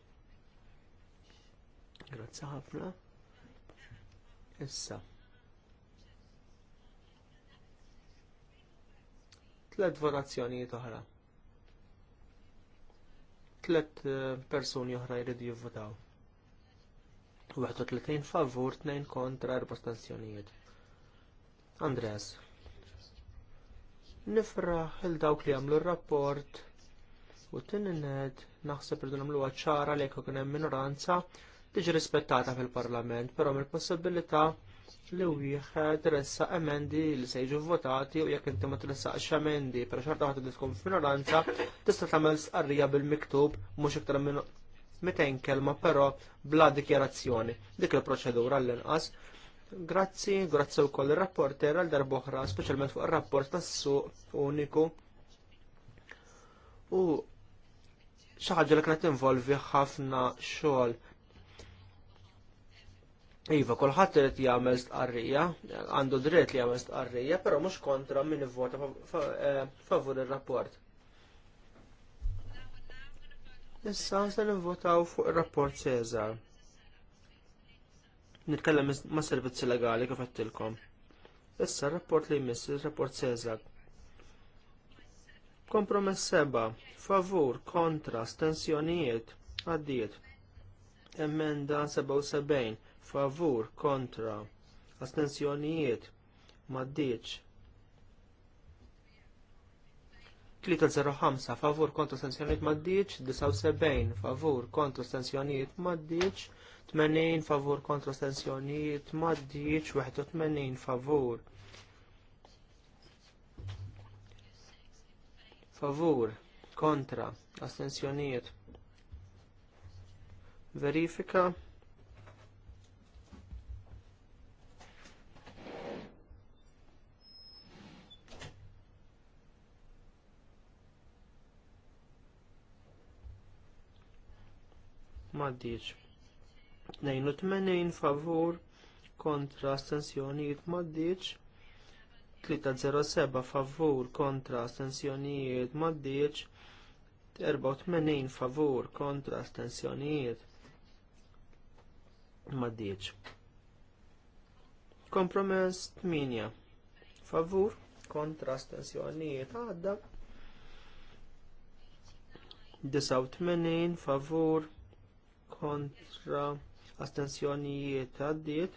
Grazzi ħafna. Issa. Tlet votazzjonijiet oħra tlet eh, persuni oħra jridu jivvotaw. 31 favur, 2 kontra, 4 stanzjonijiet. Andres, nifraħ il-dawk li għamlu r-rapport u t-tinnet naħseb rridu nagħmlu ċara li jekk hemm minoranza tiġi rispettata fil-Parlament, però mill possibilità li wieħed ressa emendi li se jiġu votati u jekk inti ma tressaqx emendi per xorta waħda li tkun f'minoranza tista' tagħmel sqarrija bil-miktub mhux iktar minn 200 kelma però bla dikjarazzjoni. Dik il-proċedura l-inqas. Grazzi, grazzi wkoll ir-rapporter għal oħra, speċjalment fuq ir-rapport tas-suq uniku. U xi ħaġa li kienet involvi ħafna xogħol Iva, kolħat irid jagħmel stqarrija, għandu dritt li jagħmel stqarrija, però mhux kontra min ivvota eh, favur ir-rapport. Issa se nivvotaw fuq ir-rapport Cesar. Nitkellem ma' servizzi legali kif għattilkom. Issa rapport li jmiss ir-rapport Cesar. Kompromess seba, favur, kontra, stensjonijiet, għaddiet. Emenda 77 favur kontra astensjonijiet maddiċ 305 favur kontra astensjonijiet maddiċ 79 favur kontra astensjonijiet maddiċ 80 favur kontra astensjonijiet maddiċ 81 favur favur kontra astensjonijiet verifika maddiċ. 82 favur kontra astensjonijiet maddiċ. 307 favur kontra astensjonijiet maddiċ. 84 favur kontra astensjonijiet maddiċ. Kompromess 8 favur kontra astensjonijiet għadda. 89 favur kontra astensjonijiet għaddiet.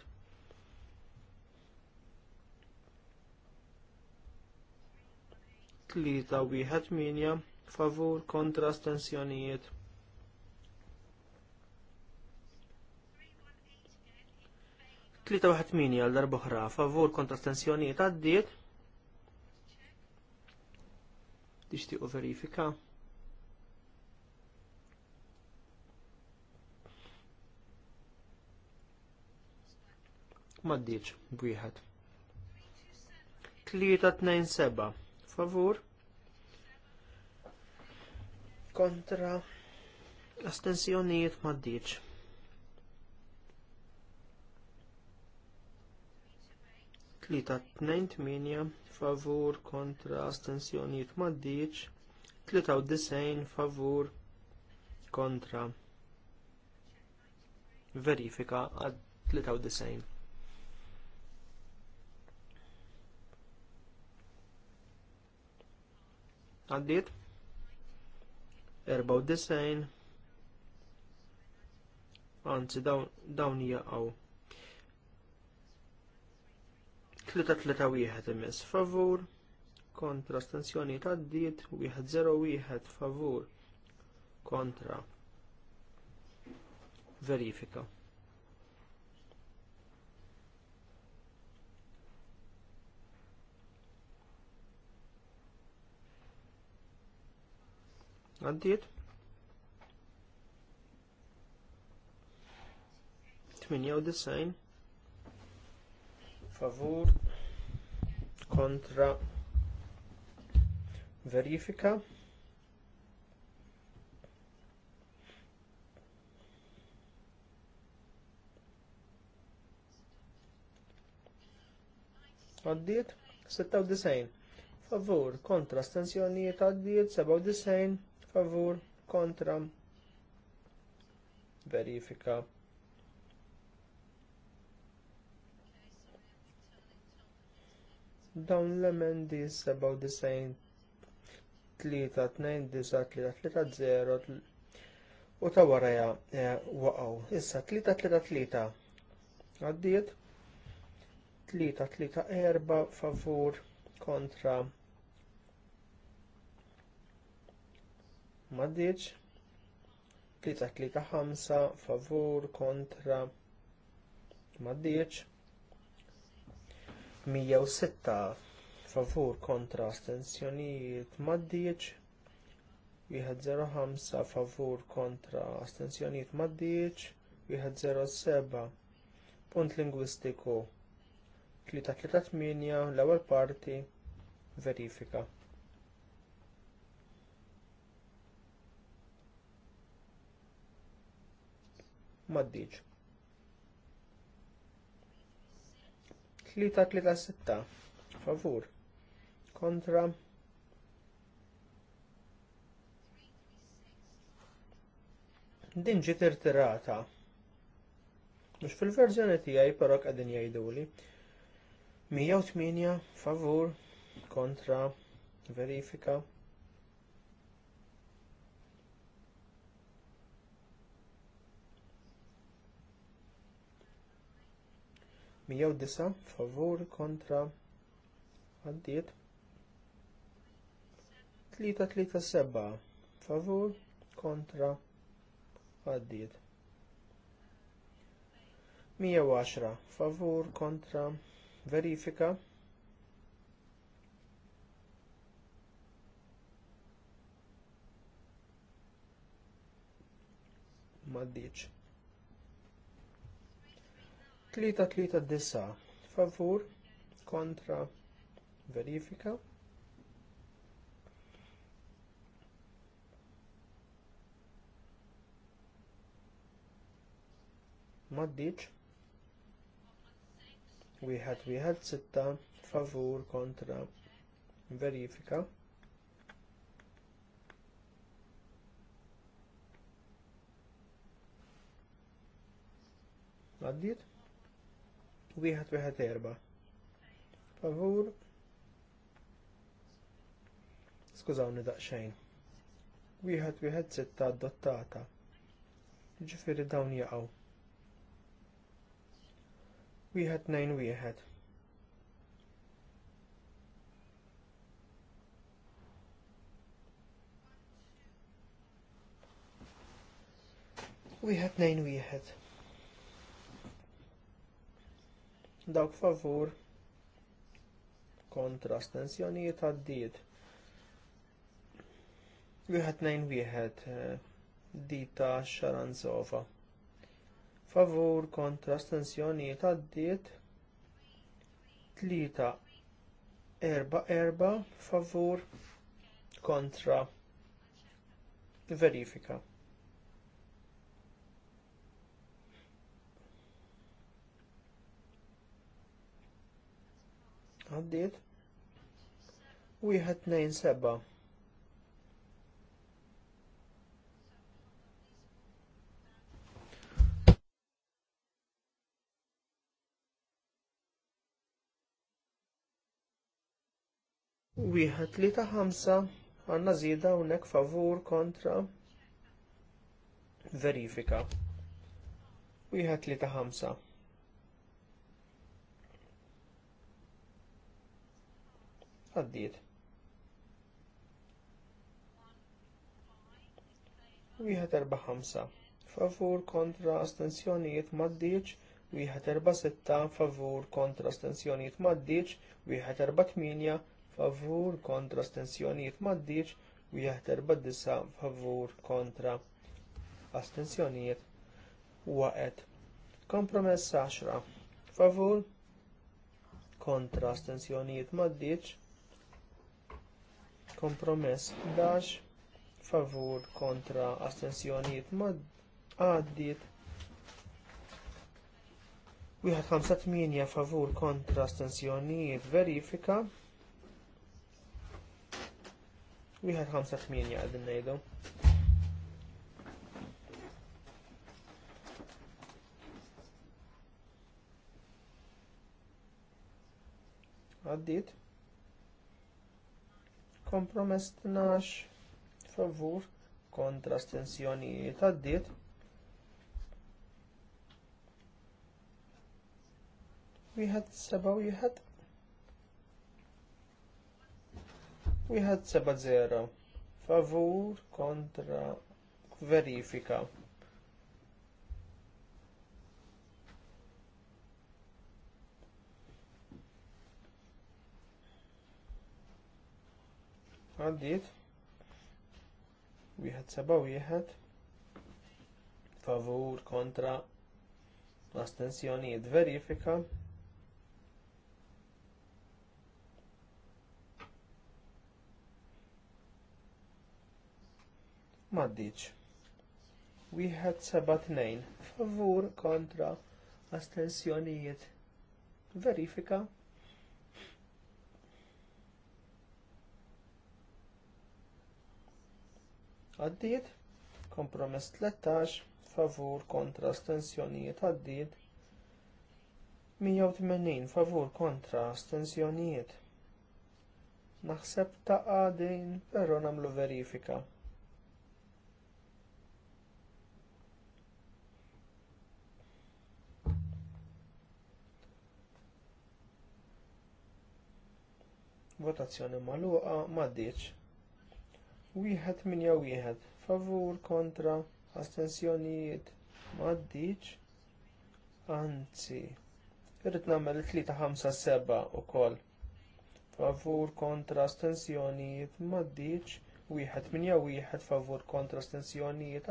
Tlita wieħed minja favur kontra astensjonijiet. Tlita waħed minja għal darbohra favur kontra astensjonijiet għaddiet. Tixtiequ verifika. verifika. maddiċ bwieħed. seba', favur kontra astensjonijiet maddiċ. Tlita 28 favur kontra astensjonijiet maddiċ. 93 favur kontra verifika għad 93. għaddit 94 anzi dawn jaqgħu 3-3-1 imes favur kontra stensjoni għaddiet 1-0-1 favur kontra verifika Għaddiet. 98 favur kontra verifika għaddiet 96 favur kontra stenzjonijiet għaddiet 97 favur kontra verifika dawn l-emendi 97 3-2-9-3-3-0 u ta' waraja e, waqgħu. Issa 3-3-3 għaddiet 3-3-4 favur kontra maddiċ, tlita tlita ħamsa, favur, kontra, maddiċ, 106 favur, kontra, astensjonijiet, maddiċ, 105 favur, kontra, astensjonijiet, maddiċ, 107 punt lingwistiku, 338 l-ewwel parti, verifika. maddiċ. 3-3-6 favur kontra 3, din ġiet tirata. Mhux fil-verżjoni tiegħi però qegħdin jgħiduli. 108 favur kontra verifika 109 favur kontra għaddiet 337 favur kontra għaddiet 110 favur kontra verifika ma' Tlita tlita disa. Favur kontra verifika. Maddiċ. Wieħed wieħed sitta favur kontra verifika. Għaddiet? wieħed wieħed erba. Favur. Skużawni daqsxejn. Wieħed wieħed sitta adottata. Ġifieri dawn jaqgħu. Wieħed nejn wieħed. Wieħed nejn wieħed. dawk favur kontra stensjonijiet għaddiet. Wieħed nejn wieħed eh, dita xaranzova. Favur kontra stensjonijiet għaddiet. Tlita erba erba favur kontra verifika. għaddiet. Wieħed nejn seba. Wieħed li ta' ħamsa għanna zida unnek favur kontra verifika. Wieħed li ta' ħamsa. għaddiet. Wieħed erba' ħamsa favur kontra astensjonijiet maddiċ, wieħed erba' sitta favur kontra astensjonijiet maddiċ, wieħed erba' tminja favur kontra astensjonijiet maddiċ, wieħed erba' disa favur kontra astensjonijiet Waqed. Kompromess 10 favur kontra astensjonijiet maddiċ, Kompromess 11 favur kontra astensjonijiet ma għaddiet. Wieħed favur kontra astensjonijiet verifika. Wieħed 58 għadin ngħidu. Għaddiet. Kompromess 12 favur kontra stensjonijiet għaddiet. Wieħed seba' wieħed. Wieħed seba' zero favur kontra verifika. għaddiet wieħed seba' wieħed favur kontra astensjonijiet verifika Maddiċ. Wieħed seba' tnejn favur kontra astensjonijiet verifika. għaddiet, kompromess 13, favur kontra astensjonijiet għaddiet, 180 favur kontra astensjonijiet. Naħseb ta' għadin, pero namlu verifika. Votazzjoni maluqa ma' diċ. Wieħed jew wieħed. Favur kontra astensjonijiet maddiċ. Anzi, irrid nagħmel it-tlieta ħamsa seba' ukoll. Favur kontra astensjonijiet maddiċ. Wieħed minja wieħed favur kontra astensjonijiet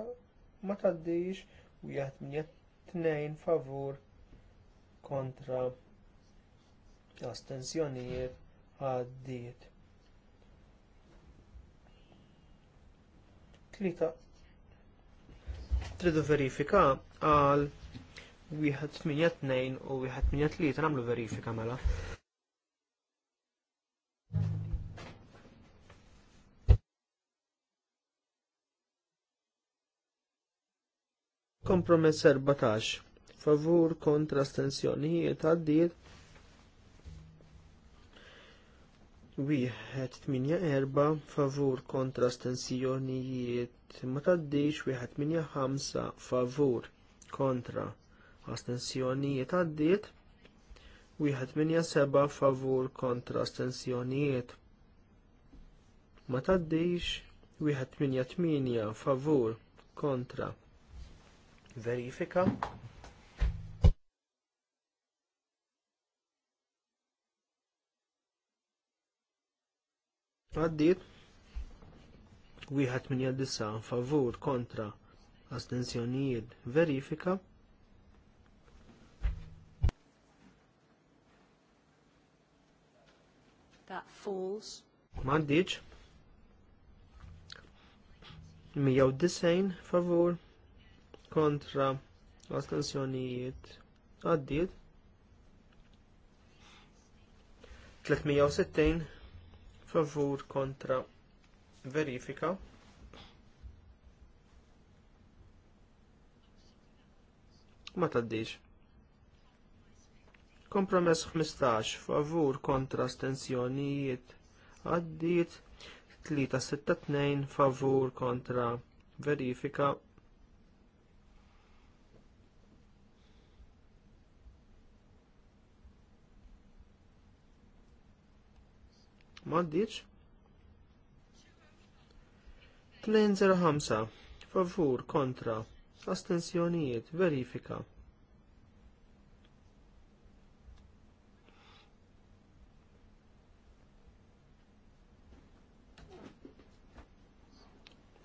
ma taddix Wieħed minja tnejn favur kontra astensjonijiet għaddiet. Tlita. Tridu verifika għal 182 u 183 namlu verifika mela. Kompromess 14. Favur kontra stensjonijiet għaddiet wieħed tminja erba favur kontra astensjonijiet ma taddix wieħed tminja ħamsa favur kontra astensjonijiet għaddiet wieħed tminja seba favur kontra astensjonijiet ma taddix wieħed tminja tminja favur kontra verifika Għaddit, wieħed minn jaddissa favur kontra astensjonijiet verifika. That falls. Mandiċ. 190 favur kontra astensjonijiet għaddit. 360 favur kontra verifika. Ma taddix. Kompromess 15, favur kontra stenzjonijiet għaddiet, 362 favur kontra verifika. maddiċ. 205 favur kontra astensjonijiet verifika.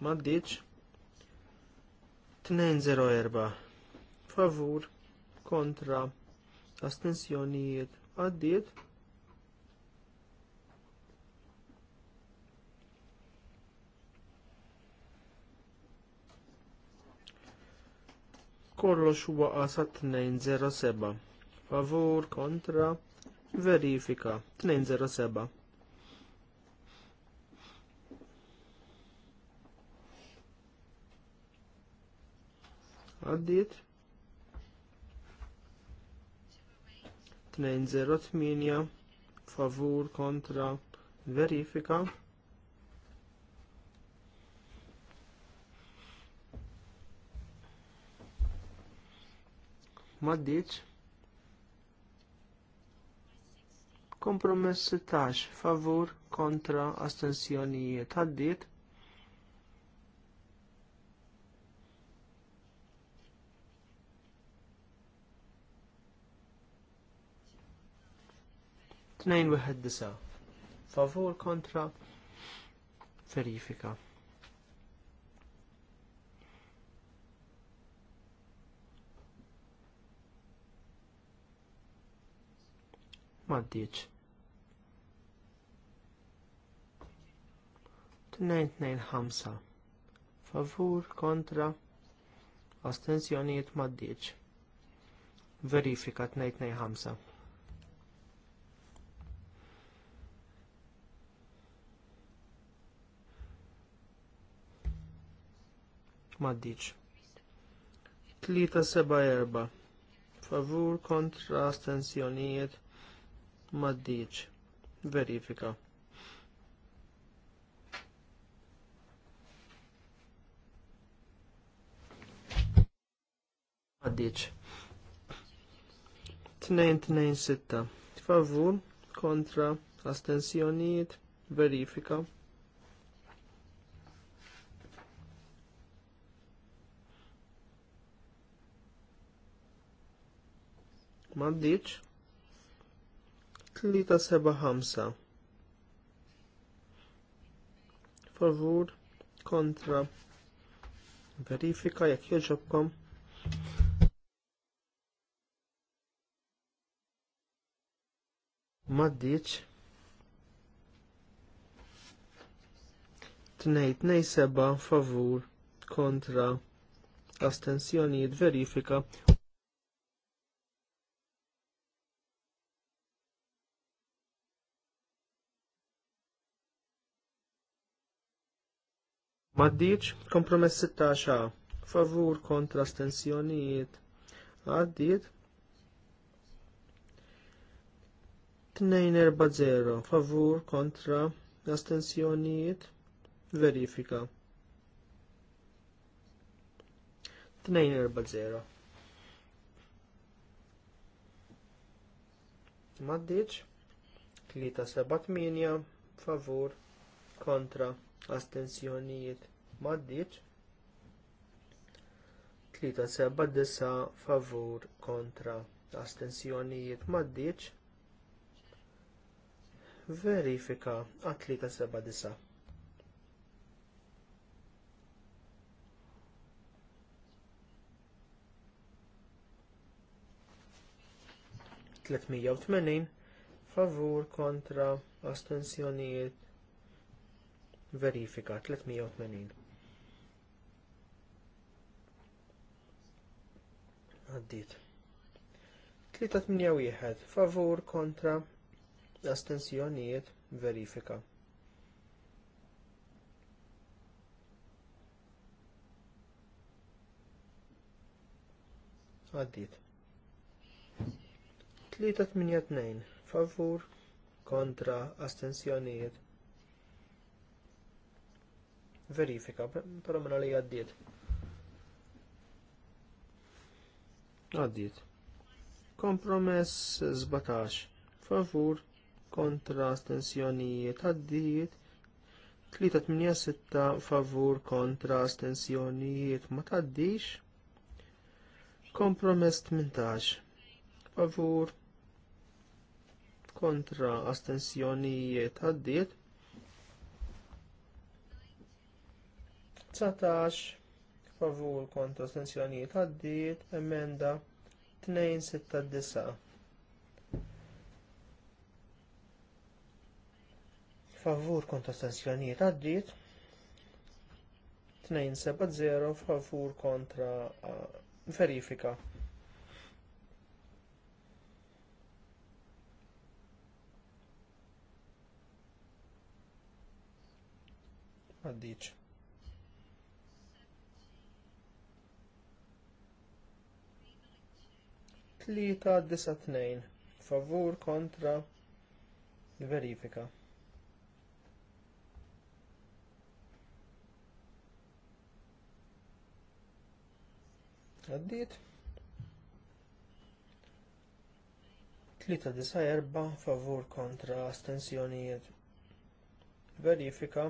Maddiċ 204 favur kontra astensjonijiet għaddiet kollox waqa sa 207. Favur kontra verifika 207. Għaddiet 208 favur kontra verifika maddiċ. Kompromess 16 favur kontra astensjonijiet għaddiet. Tnejn wieħed disa. Favur kontra verifika. maddiċ. 225 favur kontra astenzjonijiet maddiċ. Verifika 225. Maddiċ. Erba. favur kontra astenzjonijiet maddiċ. Verifika. Maddiċ. 2-2-6 Favur, kontra, astensjonijiet, verifika. Maddiċ. 375 favur kontra verifika jekk joġobkom maddiċ Seba, favur kontra astensjonijiet verifika Għaddiċ, kompromess 16, favur kontra stensjonijiet. Għaddiet. 240, favur kontra astensjonijiet. Verifika. 240. Maddiċ, 378, favur kontra astensjonijiet maddiċ. 3 seba' disa' favur kontra astensjonijiet maddiċ. Verifika għat 3 seba' disa'. tlettmija favur kontra astensjonijiet verifika 380. għaddit. 381 favur kontra astensjonijiet verifika. Għaddit. 382 favur kontra astensjonijiet verifika, pero minna li għaddiet. għaddiet. Kompromess 17, favur kontra astensjonijiet għaddiet. 386 favur kontra astensjonijiet ma taddix. Kompromess 18, favur kontra astensjonijiet għaddiet. 19 favur kontra astensjonijiet għaddiet, emenda 269. Favur kontra astensjonijiet għaddiet, 270 favur kontra verifika. Tlita disa tnejn. Favur kontra verifika. Għaddit. Tlita disa erba favur kontra astensjonijiet. Verifika.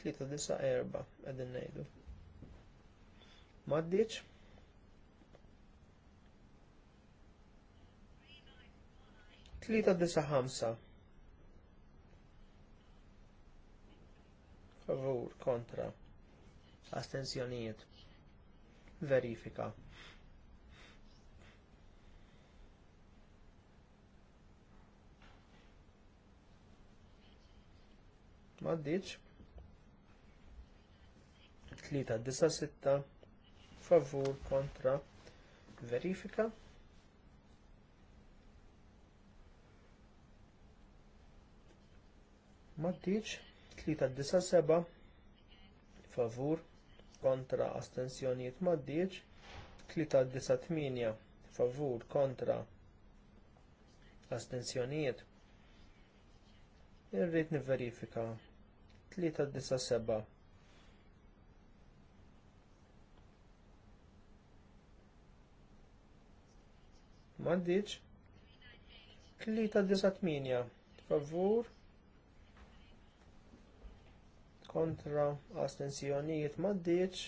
Tlita disa erba għedin nejdu. Maddiċ. 395. Favur kontra. Astenzjonijiet. Verifika. Maddiċ. 396 favur kontra verifika maddiċ, 7 favur kontra astensjonijiet maddiċ, 8 favur kontra astensjonijiet. Irrid niverifika 397 Maddiċ 398 favur kontra astensjonijiet maddiċ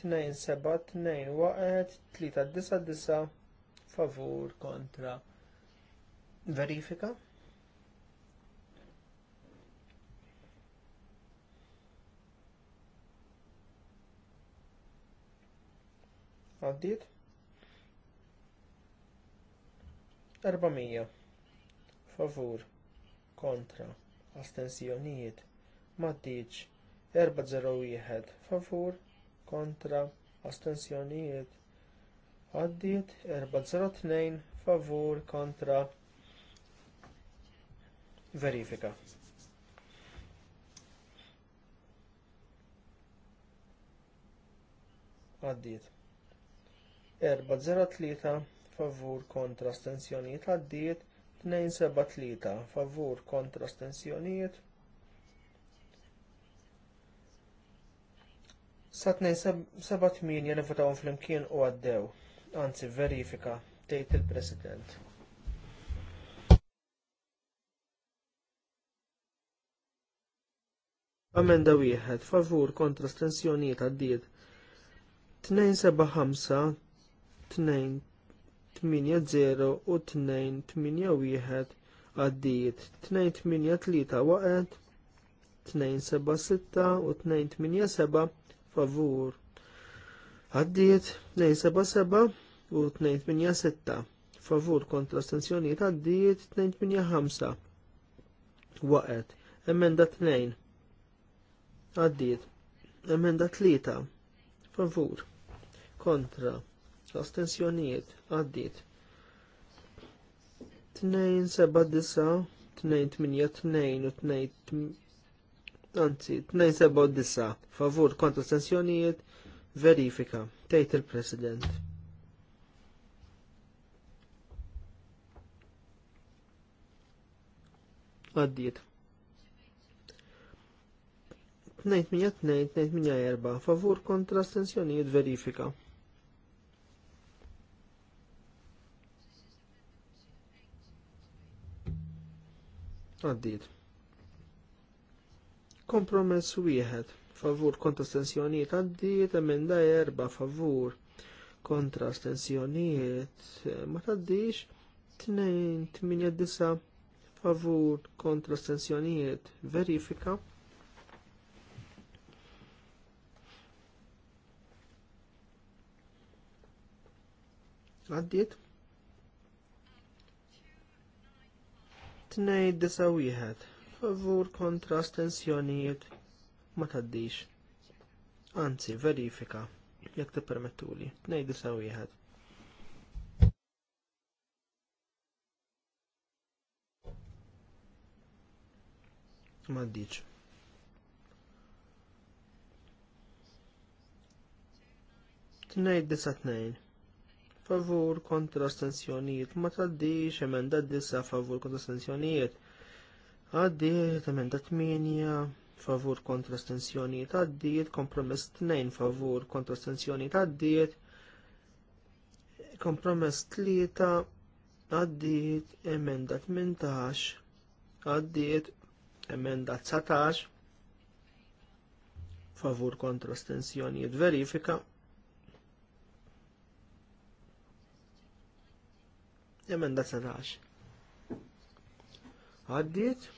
272 waqet 399 favur kontra verifika Għaddit 400 favur kontra astensjonijiet Matiċ, 401, favur, kontra, astensjonijiet. Għaddiet, 402, favur, kontra, verifika. Għaddiet. 403, favur, kontra, astensjonijiet. Għaddiet, 273, favur, kontra, astensjonijiet Sa' 2-7-8 nivotawhom flimkien u għaddew, anzi verifika, tgħid il-President. Amenda wieħed, favur kontra stensjonijiet għaddiet. 275, 280 u 281 għaddiet. 283 waqgħet, 276 u 287 favur. Għaddiet 277 u 286 favur kontra astensjonijiet għaddiet 285. Waqet, emenda 2. Għaddiet, emenda 3. Favur kontra astensjonijiet għaddiet. 279, 282 u anzi, dissa, favur kontra astensjonijiet verifika, tejt il-President. Għaddiet. minja erba'. favur kontra astensjonijiet verifika. Għaddiet. Kompromess wieħed favur kontra stensjonijiet għaddiet emenda erba favur kontra stensjonijiet eh, ma taddix tnejn 8 disa. favur kontra stensjonijiet verifika għaddiet tnejn disa wieħed favur kontra stensjonijiet ma taddix. Anzi, verifika, jekk ti permettuli. sa wieħed. Ma ddiċ. Tnejn disa tnejn. Favur kontra stensjonijiet ma taddix, emenda disa favur kontra astensjonijiet għaddiet, emenda 8, favur kontra stenzjonijiet għaddiet, kompromess 2, favur kontra stenzjonijiet għaddiet, kompromess 3, għaddiet, emenda 18, għaddiet, emenda 19, favur kontra stenzjonijiet verifika, emenda 19. Għaddiet,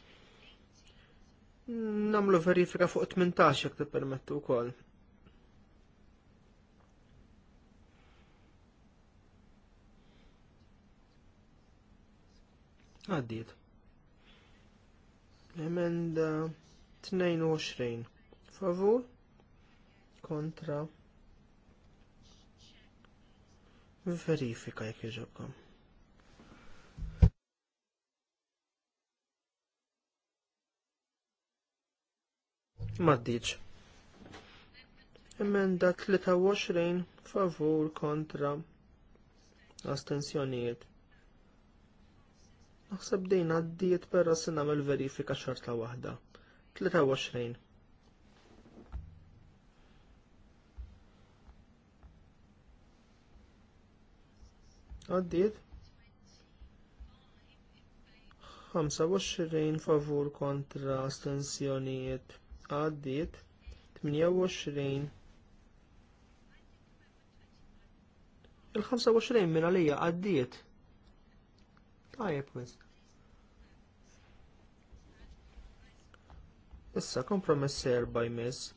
namlu verifika fuq 18 jek tippermettu wkoll. Għaddiet. Emenda 22. Favur? Kontra? Verifika jek iġobkom. Maddiċ. Emenda 23 favur kontra astensjonijiet. Naħseb dejn għaddiet perra se nagħmel verifika xorta waħda. 23. Għaddiet? 25 favur kontra astensjonijiet għaddiet 28 il-25 minn għalija għaddiet tajjeb wis issa kompromess serba jmiss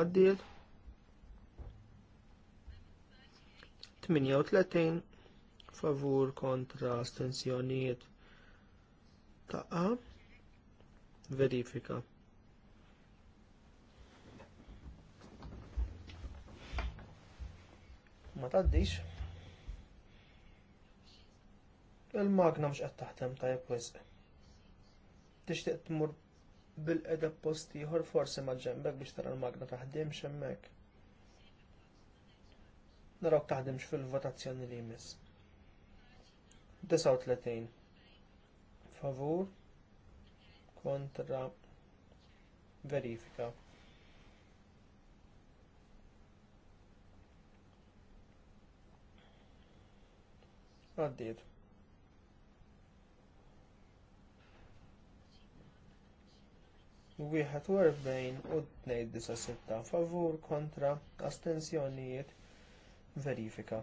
għaddiet 38 favur kontra astensjonijiet ta' verifika. ma taddix. Il-magna mhux qed taħdem tajjeb wisq. Tixtieq tmur bil-qeda post ieħor forsi ma' ġembek biex tara l-magna taħdimx hemmhekk. Naraw taħdimx fil-votazzjoni li jmiss. 39 favur kontra verifika. Għaddiet. Wieħed u erbejn u tnejn disa sitta favur kontra astensjonijiet verifika.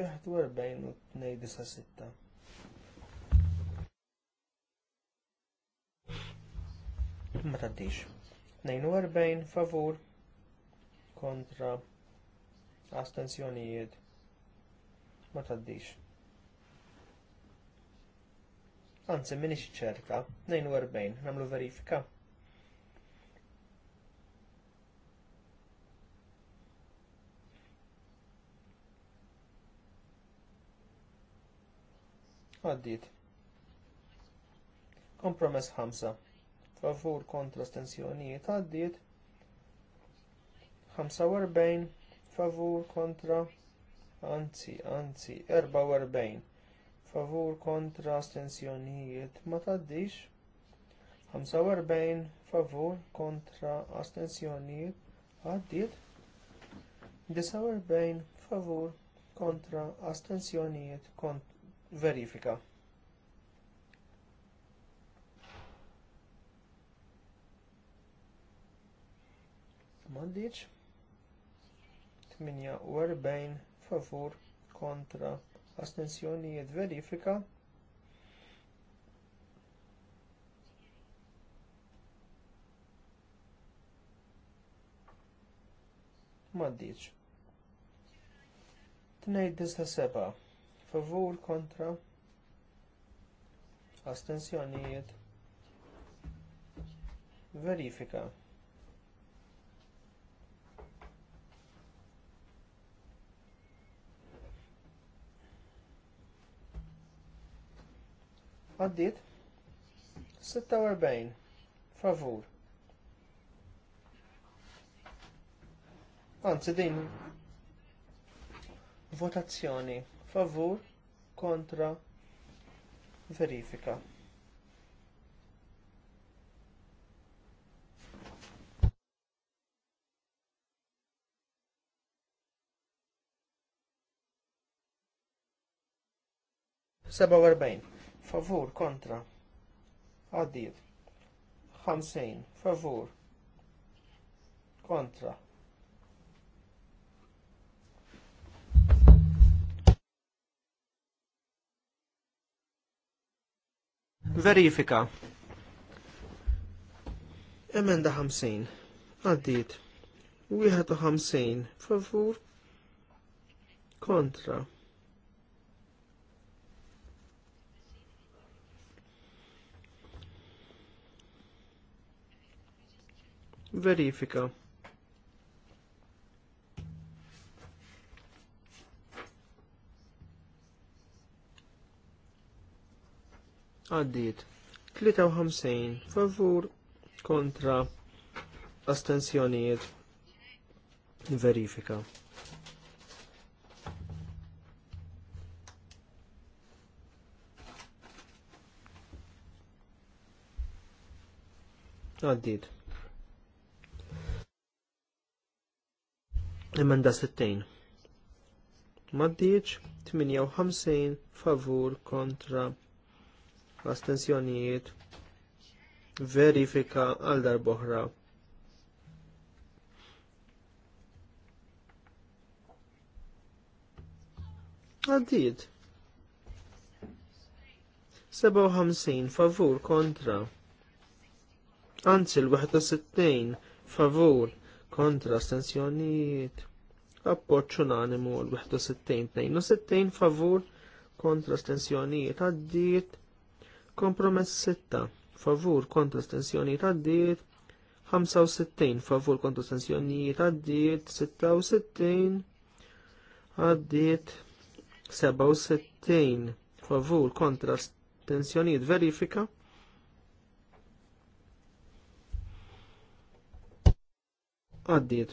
Wieħed u erbejn u tnejn disa sitta. Ma taddix. 42 favur kontra astenzjonijiet ma taddix. Anzi, minni ċerka, 42, namlu verifika. Għaddit. Kompromess 5. Favur kontra stensjonijiet għaddit. 45 favur kontra anzi, anzi, 44 favur kontra astensjonijiet ma taddix 45 favur kontra astensjonijiet għaddiet 49 favur kontra astensjonijiet kont verifika Mandiċ 48 favur kontra astensjonijiet verifika maddiċ. Tnejn dista seba, favur kontra astensjonijiet verifika. Għaddit. 46. Favur. Anzi, din votazzjoni favur kontra verifika. Seba' 47 favur kontra għaddiet 50 favur kontra Verifika Emenda 50 għaddiet 51 favur kontra verifika. Għaddit. 53 favur kontra astensjoniet. verifika. Għaddit. Emenda 60. Maddiċ 58 favur kontra astensjonijiet verifika għal darboħra. Għaddit. 57 favur kontra. Anzi l-61 favur kontra astensjonijiet appoċ unanimu l-61-62 favur kontra astensjonijiet għaddiet kompromess 6 favur kontra astensjonijiet għaddiet 65 favur kontra astensjonijiet għaddiet 66 għaddiet 67 favur kontra astensjonijiet verifika għaddiet.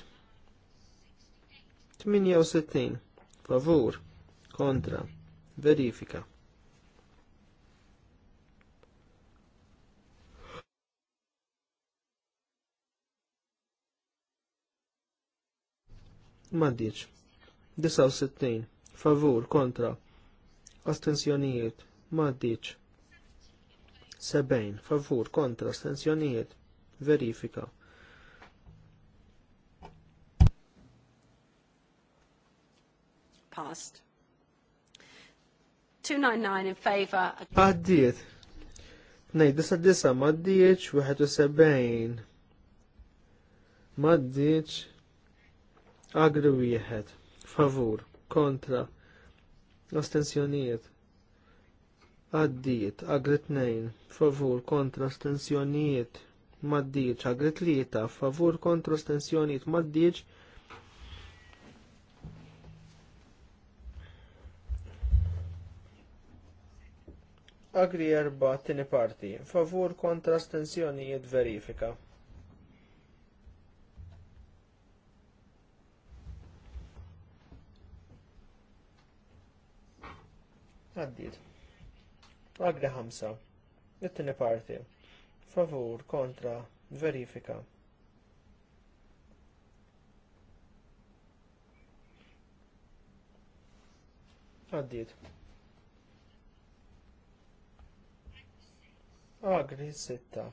68 favur kontra verifika. Maddiċ. 69. Favur, kontra. Astenzjonijiet. Maddiċ. 70. Favur, kontra. Astenzjonijiet. Verifika. passed. 299 in favour. Għaddiet. Nej, disa disa, maddiċ, 71. Maddiet, agri wieħed. Favur, kontra, astensjonijiet. Għaddiet, agri tnejn, favur, kontra, astensjonijiet. Maddiet, agri tlieta, favur, kontra, astensjonijiet. Maddiet, Agri erba tini parti. Favur kontra stensjonijiet verifika. Għaddit. Agri ħamsa. It-tini parti. Favur kontra verifika. Għaddit. Agri sitta.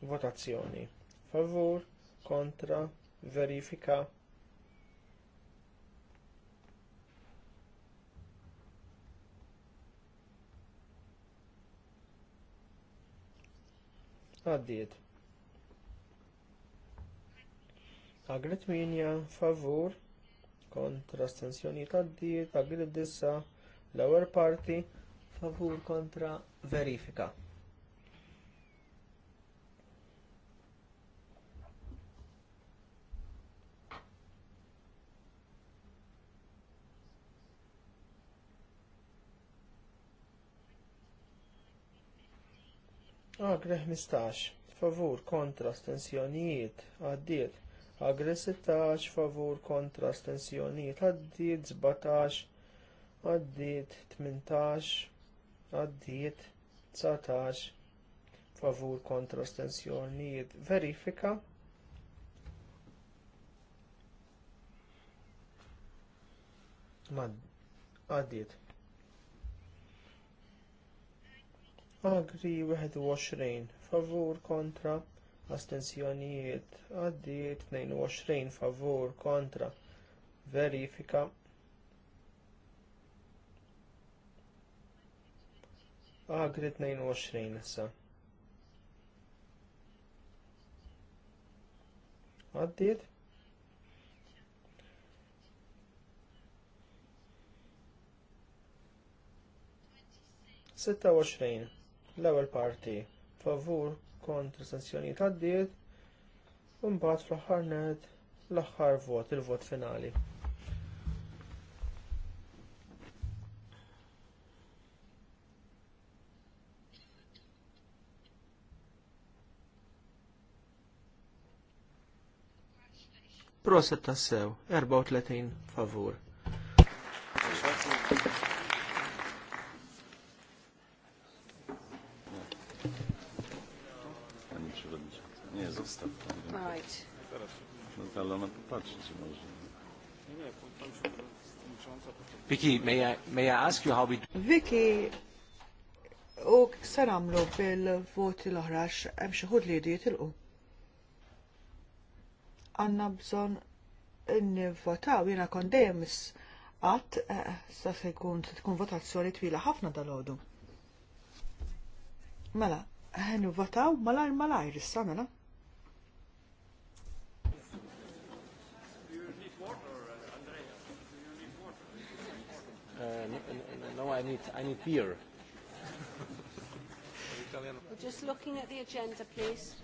Votazzjoni. Favur, kontra, verifika. Għaddiet. Agri 8. Favur, kontra, stensjoni għaddiet. Agri 9. L-ewwel parti favur kontra verifika. Agri 15, favur kontra stensjonijiet, għaddiet. Agri 16, favur kontra stensjonijiet, għaddiet 17, għaddiet 18, għaddiet 19, favur kontra stensjonijiet. Verifika. Ma għaddiet Agri 21 favur kontra astensjonijiet għaddi 22 favur kontra verifika Agri 22 issa għaddiet Sitta l-ewwel parti favur kontra sanzjonijiet għaddiet u mbagħad fl-aħħar net l-aħħar vot, il-vot finali. Proset tassew, 34 favur. Right. Vicky, may I, may I ask you how we do... Vicky, u ksar saramlu bil-voti l-ohrax, hemm xi li jdiet il Għanna bżon nivvotaw, jena kondemis għat eh, eh, sa se jkun tkun votazzjoni twila ħafna dal-għodu. Mela, ħen eh, votaw malajr malajr, issa mela. no, I need, I need beer. We're just looking at the agenda, please.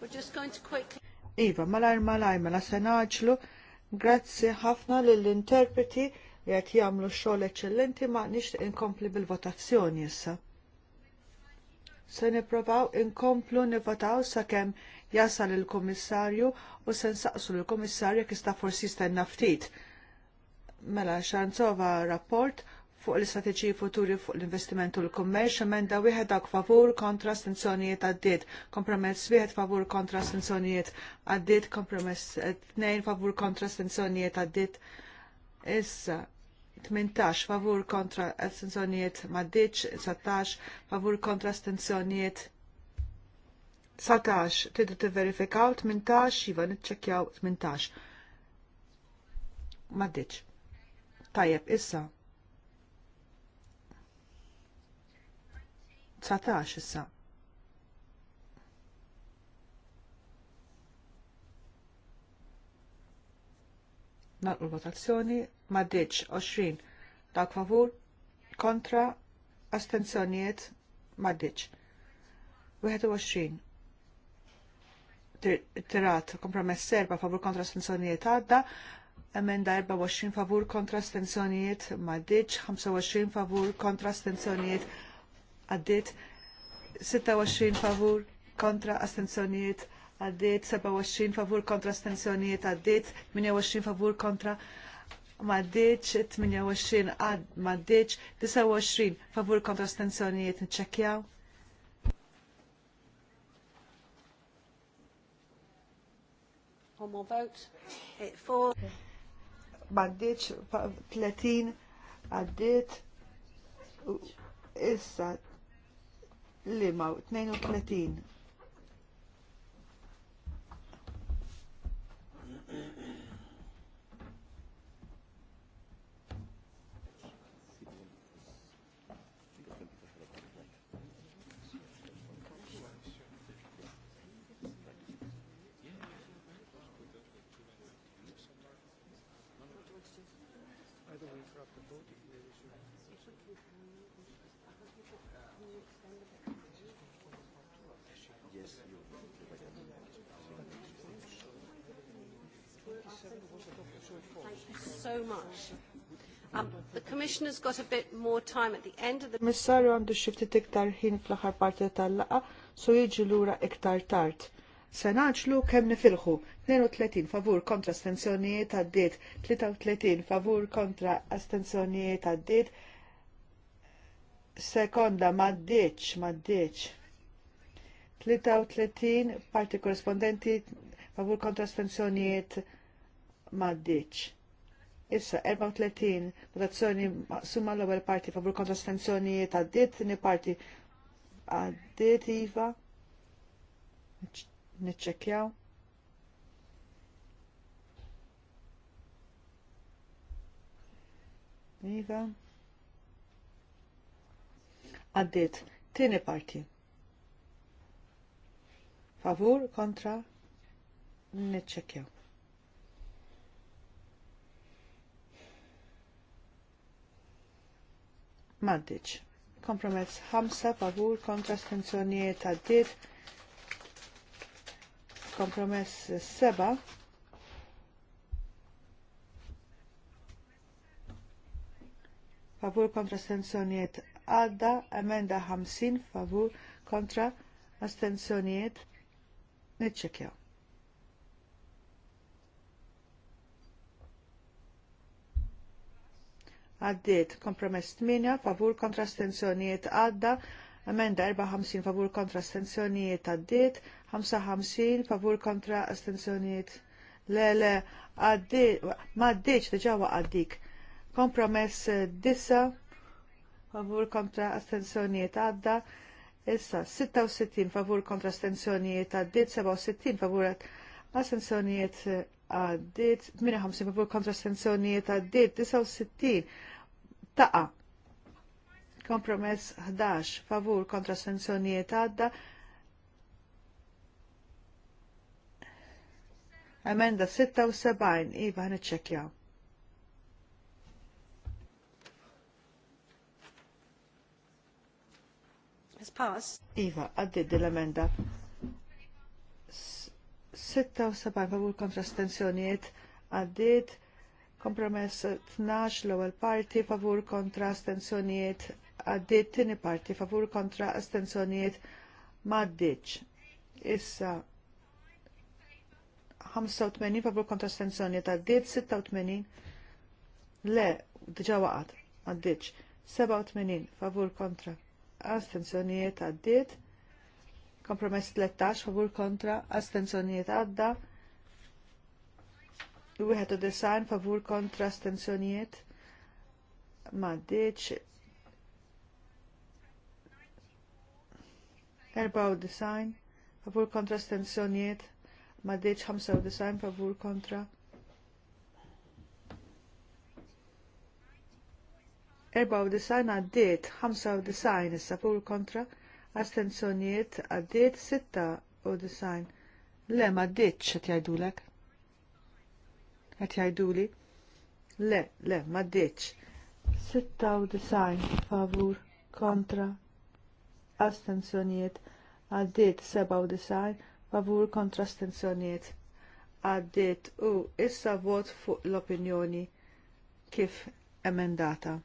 We're just going to quickly... Iva, malajr malajr, mela se naġlu. Grazzi ħafna lill-interpreti li għat jamlu xogħol eċċellenti ma nisht inkompli bil-votazzjoni issa. Se niprovaw inkomplu nivotaw sakemm jasal il-komissarju u sen saqsu l-komissarju kista forsi stenna ftit Mela Xanzova rapport fuq l-istrateġiji futuri fuq l-investiment u l-kummerċ, emenda wieħed dak favur kontra sanzjonijiet għaddiet, kompromess wieħed favur kontra sanzjonijiet għaddiet, kompromess tnejn favur kontra sanzjonijiet għaddiet. Issa, 18 favur kontra sanzjonijiet maddiċ, 17 favur kontra sanzjonijiet 19 tiddu t-verifikaw, 18 jiva nitċekjaw 18. Maddiċ. Tajjeb, issa. 19 issa. Nalqu votazzjoni ma' deċ 20 dak favur kontra astenzjonijiet ma' deċ. 21 tirat kompromess serba favur kontra astenzjonijiet għadda, emenda 24 favur kontra stenzjonijiet ma ditx, 25 favur kontra stenzjonijiet għaddit, 26 favur kontra astenzjonijiet għaddit, 27 favur kontra astenzjonijiet għaddit, 28 favur kontra ma ditx, 28 għad ma ditx, 29 favur kontra astenzjonijiet nċekjaw. One more vote. Eight, four. Okay maddiċ 30 għaddit issa limaw 32 Commissioner's got a bit more time at the end of the... Missarju għandu xiftit iktar ħin fl-axar parti tal-laqa, so jiġi lura iktar tard. Se naġlu kemm nifilħu 32 favur kontra astensjonijiet għaddiet, 33 favur kontra astensjonijiet għaddiet, sekonda maddiċ, maddiċ. 33 parti korrespondenti favur kontra astensjonijiet maddiċ. Issa, 34 votazzjoni summa l-ewwel parti favur kontra astensjonijiet għaddiet, tieni parti għaddiet iva. Niċċekkjaw. Iva. Għaddiet, tieni parti. Favur kontra niċċekkjaw. maddiċ. Kompromess 5 favur kontra stenzjonijiet dit. Kompromess 7 favur kontra stenzjoniet għadda. Emenda 50 favur kontra stenzjoniet Nitċekjaw. għaddiet kompromess 8 favur kontra stenzjonijiet għadda Amenda 54 favur kontra stenzjonijiet għaddiet, 55 favur kontra stenzjonijiet Le, le, għaddiet, ma għaddiet deġawa għaddik. Kompromess 10 eh, favur kontra stenzjonijiet għadda, issa 66 favur kontra stenzjonijiet għaddiet, 67 favur astenzjonijiet eh, għaddit, 58 favur kontra stenzjonijiet għaddit, 69 taqa. Kompromess 11 favur kontra stenzjonijiet għadda. Emenda 76, iva għan iċċekja. Iva, għaddit l-emenda 76 favur kontra stenzjoniet għaddit, kompromess 12 l-ewwel parti favur kontra stenzjoniet għaddit, tini parti favur kontra stenzjoniet m'għaddiċ. Issa 85 favur kontra stenzjoniet għaddit, 86 le diġà waqgħet għaddiċ 87 favur kontra astenzjoniet għaddit, Kompromess 13 favur kontra astenzjonijiet għadda. Wieħed u design favur kontra astenzjonijiet maddiċ. 94 favur kontra astenzjonijiet maddiċ 95 favur kontra. 94 għaddiet 95 issa favur kontra astenzjonijiet għaddiet 96. Le, ma għaddietx qed jgħidulek. Qed jajduli. Le, le, ma u design favur kontra Astenzjoniet għaddiet design, favur kontra astenzjoniet. għaddiet u issa vot fuq l-opinjoni kif emendata.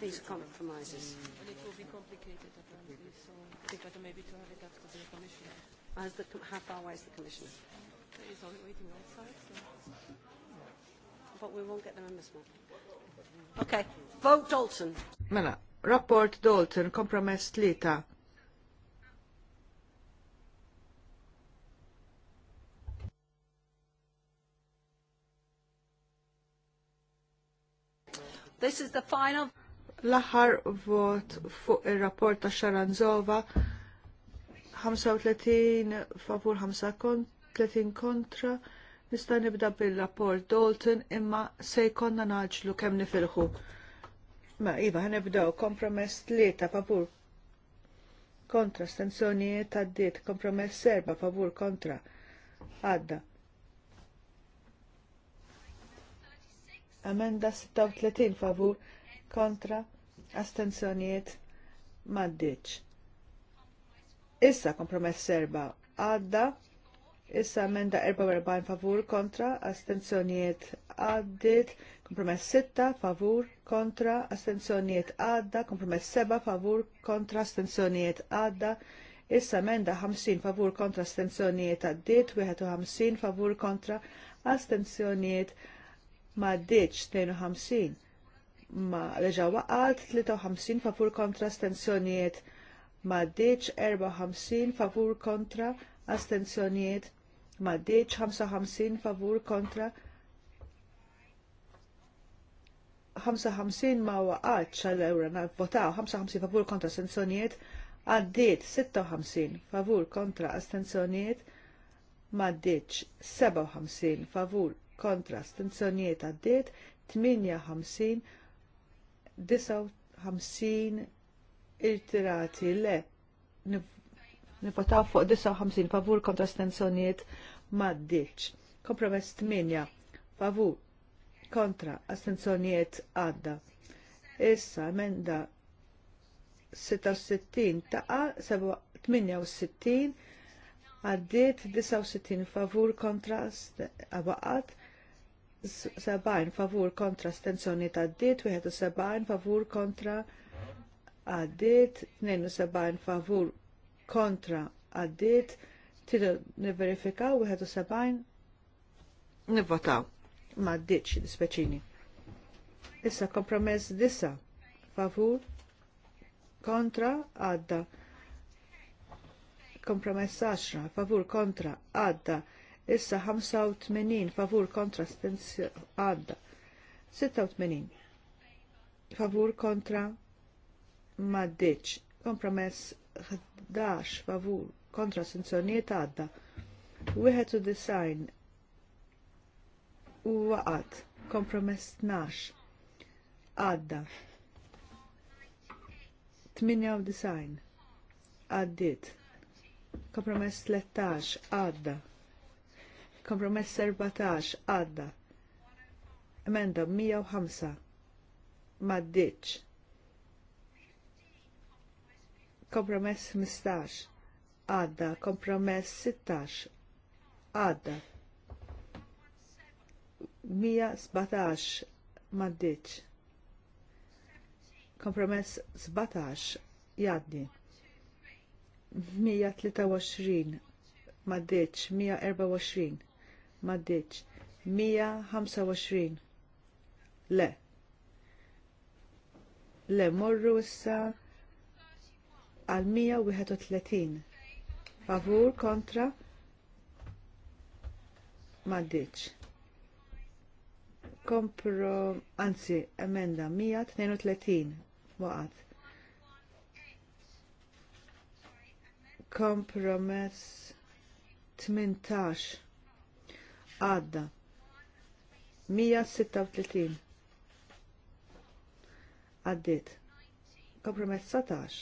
these compromises. Mm. And it will be complicated apparently, so I it's better maybe to have it after the commissioner. As the, how far away is the commissioner? He's only waiting outside, so. But we won't get them in this one. Okay, vote Dalton. Mela, rapport Dalton, compromise tlita. This is the final l-aħħar vot fuq ir-rapport ta' Sharanzova 35 favur 5 kont 30 kontra nista' nibda bil-rapport Dalton imma se jkollna naġlu kemm nifilħu. Ma iva ħanibdew kompromess tlieta favur kontra stenzjonijiet għaddiet kompromess serba favur kontra għadda. Amenda 36 favur kontra astenzjoniet maddiċ. Issa kompromess serba għadda, issa emenda 44 favur kontra astenzjoniet għaddit, kompromess 6 favur kontra astenzjoniet għadda, kompromess 7 favur kontra astenzjoniet għadda, issa menda 50 favur kontra astenzjoniet għaddit, 51 favur kontra astenzjoniet maddiċ 52 ma reġa waqalt 53 favur kontra astenzjonijiet ma deċ 54 favur kontra astenzjonijiet ma deċ 55 favur kontra 55 ma waqalt xal na votaw 55 favur kontra astenzjonijiet għaddiet 56 favur kontra astenzjonijiet ma deċ 57 favur kontra astenzjonijiet għaddiet 58 59 tirati le Nipotaw fuq 59 favur kontra astensjonijiet maddiċ. Kompromess 8 favur kontra astenzjoniet għadda. Issa emenda 66 taqa 68 għaddiet 69 favur kontra abaqat 70 favur kontra stenzjoni ta' d dit 71 favur kontra għaddit, 72 favur kontra għaddit, tidu niverifikaw 71 nivvotaw ma' d-diċ speċini. Issa kompromess dissa favur kontra għadda kompromess 10 favur kontra għadda Issa 85 favur kontra stenzjoni għadda. 86 favur kontra maddiċ. Kompromess 11 favur kontra stenzjoniet għadda. 91 u waqat kompromess 12 għadda 8 design għaddit kompromess 13 għadda Kompromess 14 għadda. Emenda 105 maddiċ. Kompromess 15 għadda. Kompromess 16 għadda. 117 maddiċ. Kompromess 17 jaddi. 123 maddiċ 124 maddiċ. 125. Le. Le morru issa għal 131. Favur kontra maddiċ. Kompro, anzi, emenda 132. Waqat. Kompromess 18 għadda 136 għaddit kompromess 17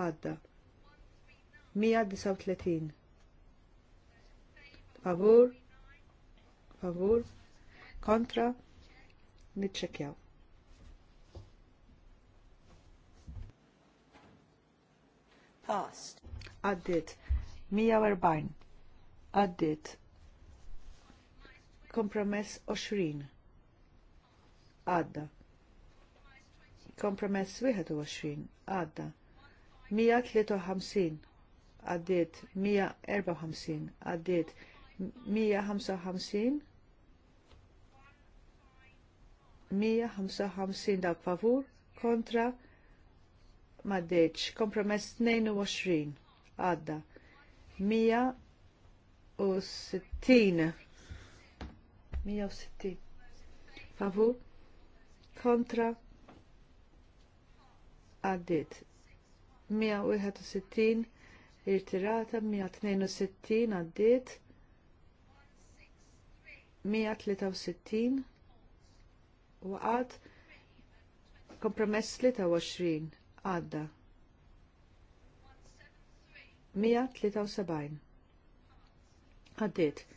għadda 139 favur favur kontra niċċekjaw Past. Għaddit 140 għaddit Kompromess 20. Għadda. Kompromess 21. Għadda. 153. Għaddit. 154. Għaddit. 155. 155 dak favur kontra maddeċ kompromess 22 għadda 160 160 favur kontra għaddit 161 irtirata 162 għaddit 163 waqad kompromess li ta' 23 għadda 173 għaddit 173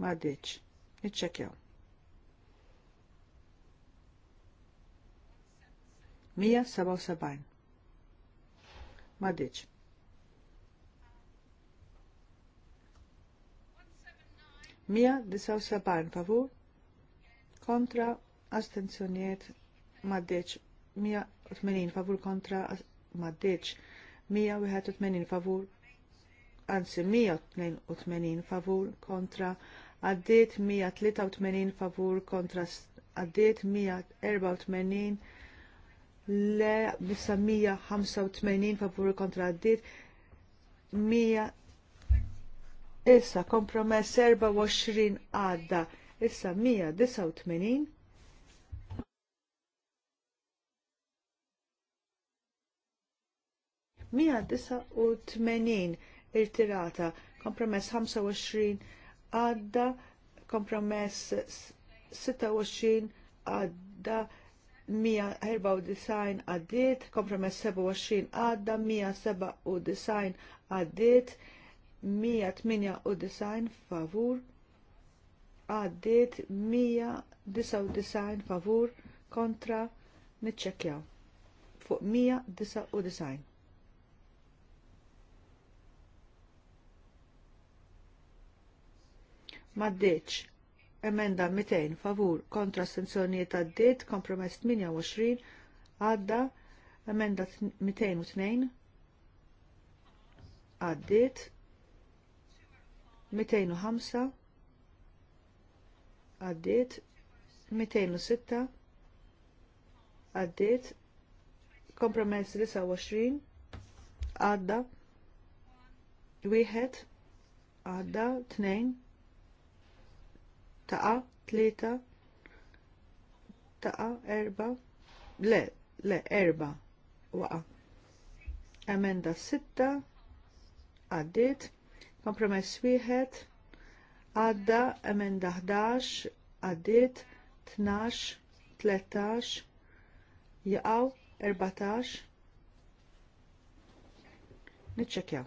ma għaddiċ. Niċċekjaw. 177. Ma għaddiċ. 179 favur kontra astenzjoniet maddeċ 180 favur kontra maddeċ 181 favur anzi 182 favur kontra għaddiet 183 favur kontra għaddiet 184 le 985 favur kontra għaddiet 100 Issa kompromess 24 għadda, issa 189 189 irtirata, kompromess 25 għadda kompromess 26 għadda 194 għaddit, kompromess 27 għadda, 197 għaddit, 198 favur għaddit 199 favur kontra niċċekjaw fuq 199. maddeċ. Emenda 200 favur kontra astenzjonijiet għaddiet, kompromess 28 għadda, emenda 202 għaddit 205 għaddit 206 għaddit kompromess 29 għadda, wieħed għadda, tnejn taqa, tlieta, taqa, erba, le, le, erba, waqa. Emenda sitta, għaddit, kompromess wieħed, għadda emenda 11, għaddit, 12, 13, jaqaw 14. Niċċekjaw.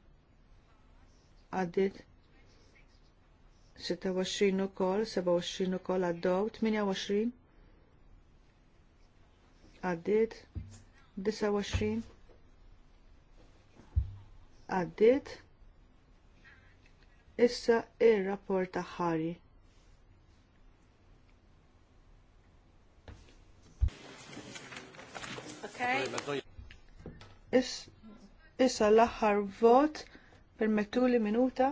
għaddit 26 ukoll, 27 ukoll għaddew, 28 għaddit 29 għaddit issa il rapport aħħari. Okay. Is, issa l-aħħar vot Permettu li minuta.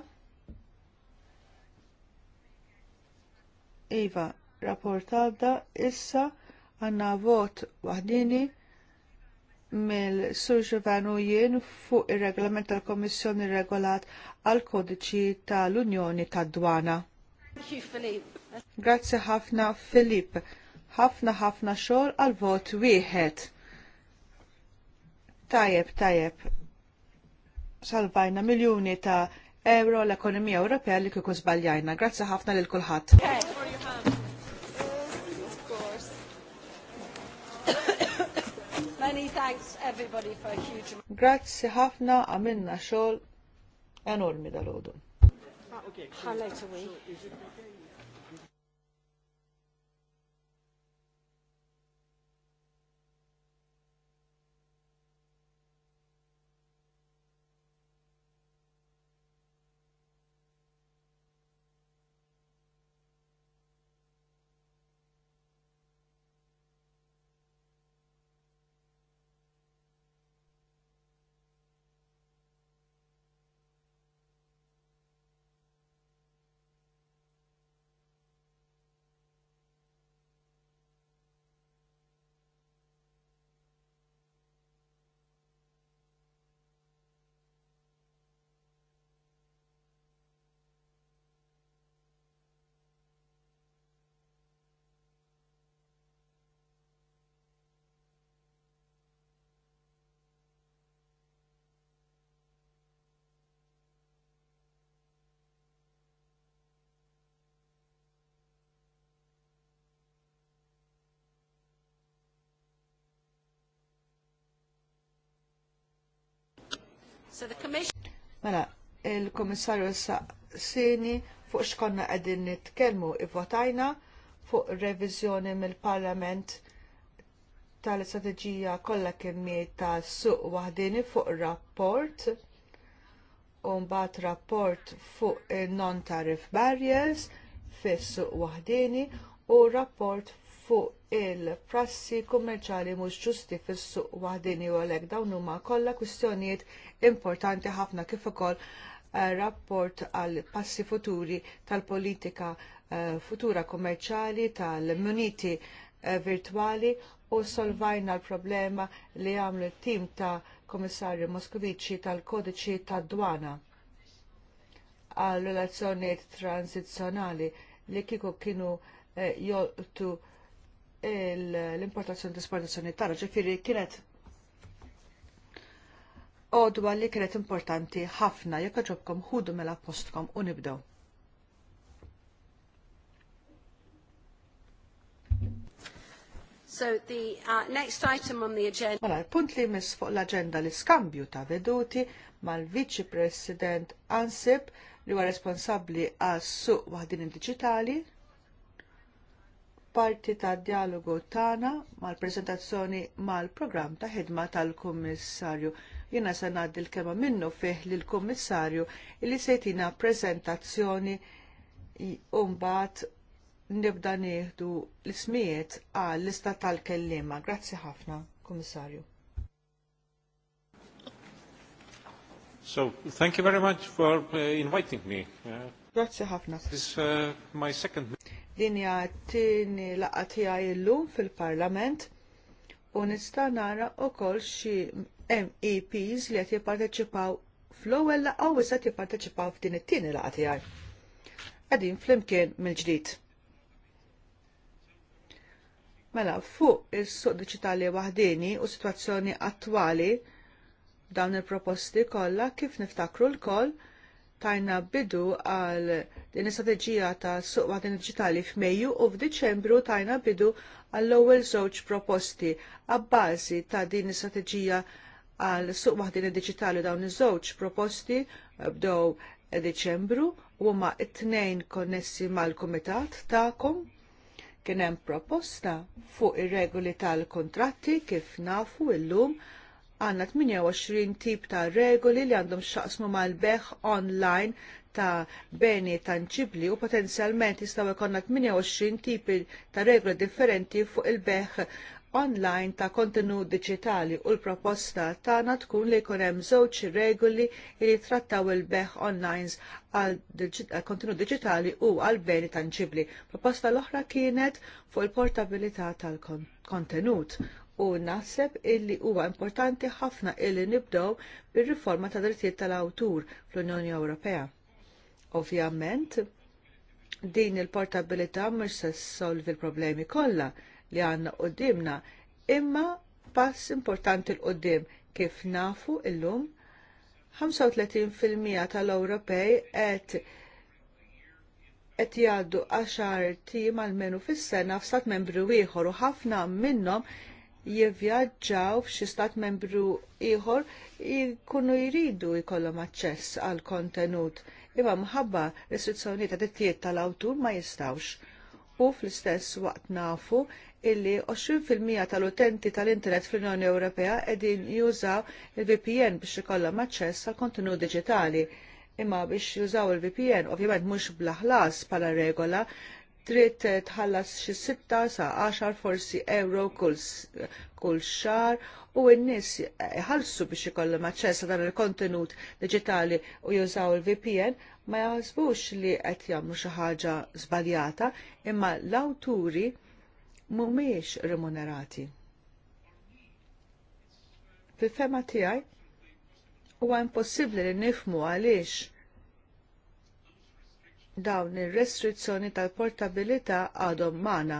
Iva, rapportada issa għanna vot wahdini mill-Sur Giovanu jien fuq ir-reglament tal-Komissjoni regolat għal kodiċi tal-Unjoni tad-Dwana. Grazzi ħafna Filip. Ħafna ħafna xogħol għal vot wieħed. Tajeb, tajeb salvajna miljoni ta' euro l-ekonomija Ewropea li kieku żbaljajna. Grazzi ħafna lil kulħadd. Many Grazzi ħafna għamilna xogħol enormi dal-għodu. Ah, How Mela, il-Komissarju saqsini fuq xkonna għedin nitkelmu i-votajna fuq revizjoni mill-Parlament tal strategija kollha kemmiet ta' suq waħdini fuq rapport u mbagħad rapport fuq non-tariff barriers fis-suq waħdini u rapport fuq il-prassi kummerċali mhux ġusti fis-suq waħdini u għalhekk dawn huma kollha kwistjonijiet importanti ħafna kif ukoll eh, rapport għal passi futuri tal-politika eh, futura kummerċali tal-muniti eh, virtwali u solvajna l-problema li għamlu tim ta' Komissarju Moskovici tal-Kodiċi tad-Dwana għal relazzjonijiet transizzjonali li kieku kienu jolqtu l-importazzjoni disportazzjoni tara ġifiri kienet odwa li kienet importanti ħafna jekk ġobkom ħudu mela postkom u nibdew. So the uh, next item on the agenda. Mala, punt li mis fuq l-agenda l-iskambju ta' veduti mal-Viċi President Ansip li huwa responsabbli għas suq waħdin digitali parti tad dialogu tagħna mal-prezentazzjoni mal-programm ta' ħidma tal-Kummissarju. Jiena se ngħaddi l-kema minnu fih lill kummissarju li se jtina prezentazzjoni u mbagħad nibda nieħdu l-ismijiet għal lista tal-kellima. Grazzi ħafna, Kummissarju. So, thank you very much for uh, inviting me. Uh, Grazie ħafna. This is uh, my second Din hija t-tieni laqgħa tiegħi llum fil-Parlament u nista' nara wkoll xi MEPs li qed jipparteċipaw fl-ewwel laqgħa u issa jipparteċipaw f'din it-tieni laqgħa tiegħi. Qegħdin flimkien mill-ġdid. Mela, fuq is-suq diġitali waħdini u s-sitwazzjoni attwali dawn il-proposti kollha kif niftakru l-koll tajna bidu għal din istrateġija ta' suq waħdin digitali f'Mejju u f'Diċembru tajna bidu għall ewwel żewġ proposti għabbażi ta' din istrateġija għal suq waħdin digitali dawn iż-żewġ proposti bdew Diċembru u ma' it-tnejn konnessi mal-kumitat ta'kom kien hemm proposta fuq ir-regoli tal-kontratti kif nafu llum għanna 28 tip ta' regoli li għandhom xaqsmu mal-beħ online ta' beni tanċibli u potenzjalment jistaw ikonna 28 tipi ta' regoli differenti fuq il-beħ online ta' kontenut digitali u l-proposta tagħna tkun li jkun hemm żewġ regoli li trattaw il-beħ online għal kontenut diġitali u għal beni tanċibli. Proposta l-oħra kienet fuq il-portabilità tal-kontenut u naħseb illi huwa importanti ħafna illi nibdew bir-riforma ta' drittijiet tal-awtur fl-Unjoni Ewropea. Ovvjament, din il-portabilità mhux se solvi l-problemi kollha li għandna qudiemna, imma pass importanti l qudiem kif nafu illum 35% tal-Ewropej qed qed jgħaddu għaxar tim għal menu fis-sena f'stat membru ieħor u ħafna minnhom jivvjaġġaw f'xi stat membru ieħor jkunu jridu jkollhom aċċess għal kontenut imma mħabba restrizzjonijiet ta' dittijiet tal-awtur ma jistawx. U fl-istess waqt nafu illi 20% tal-utenti tal-internet fl-Unjoni Ewropea qegħdin jużaw il-VPN biex ikollhom aċċess għal kontenut diġitali imma biex jużaw il-VPN, ovvjament mhux bla ħlas bħala regola, trid tħallas xi sitta sa għaxar forsi euro kull kull xar u n-nies jħallsu biex ikollhom aċċess dan il-kontenut diġitali u jużaw il-VPN ma jaħsbux li qed jagħmlu xi ħaġa żbaljata imma l-awturi mhumiex remunerati. Fil-fema tiegħi huwa impossibbli li nifmu għaliex dawn ir-restrizzjoni tal-portabilità għadhom magħna.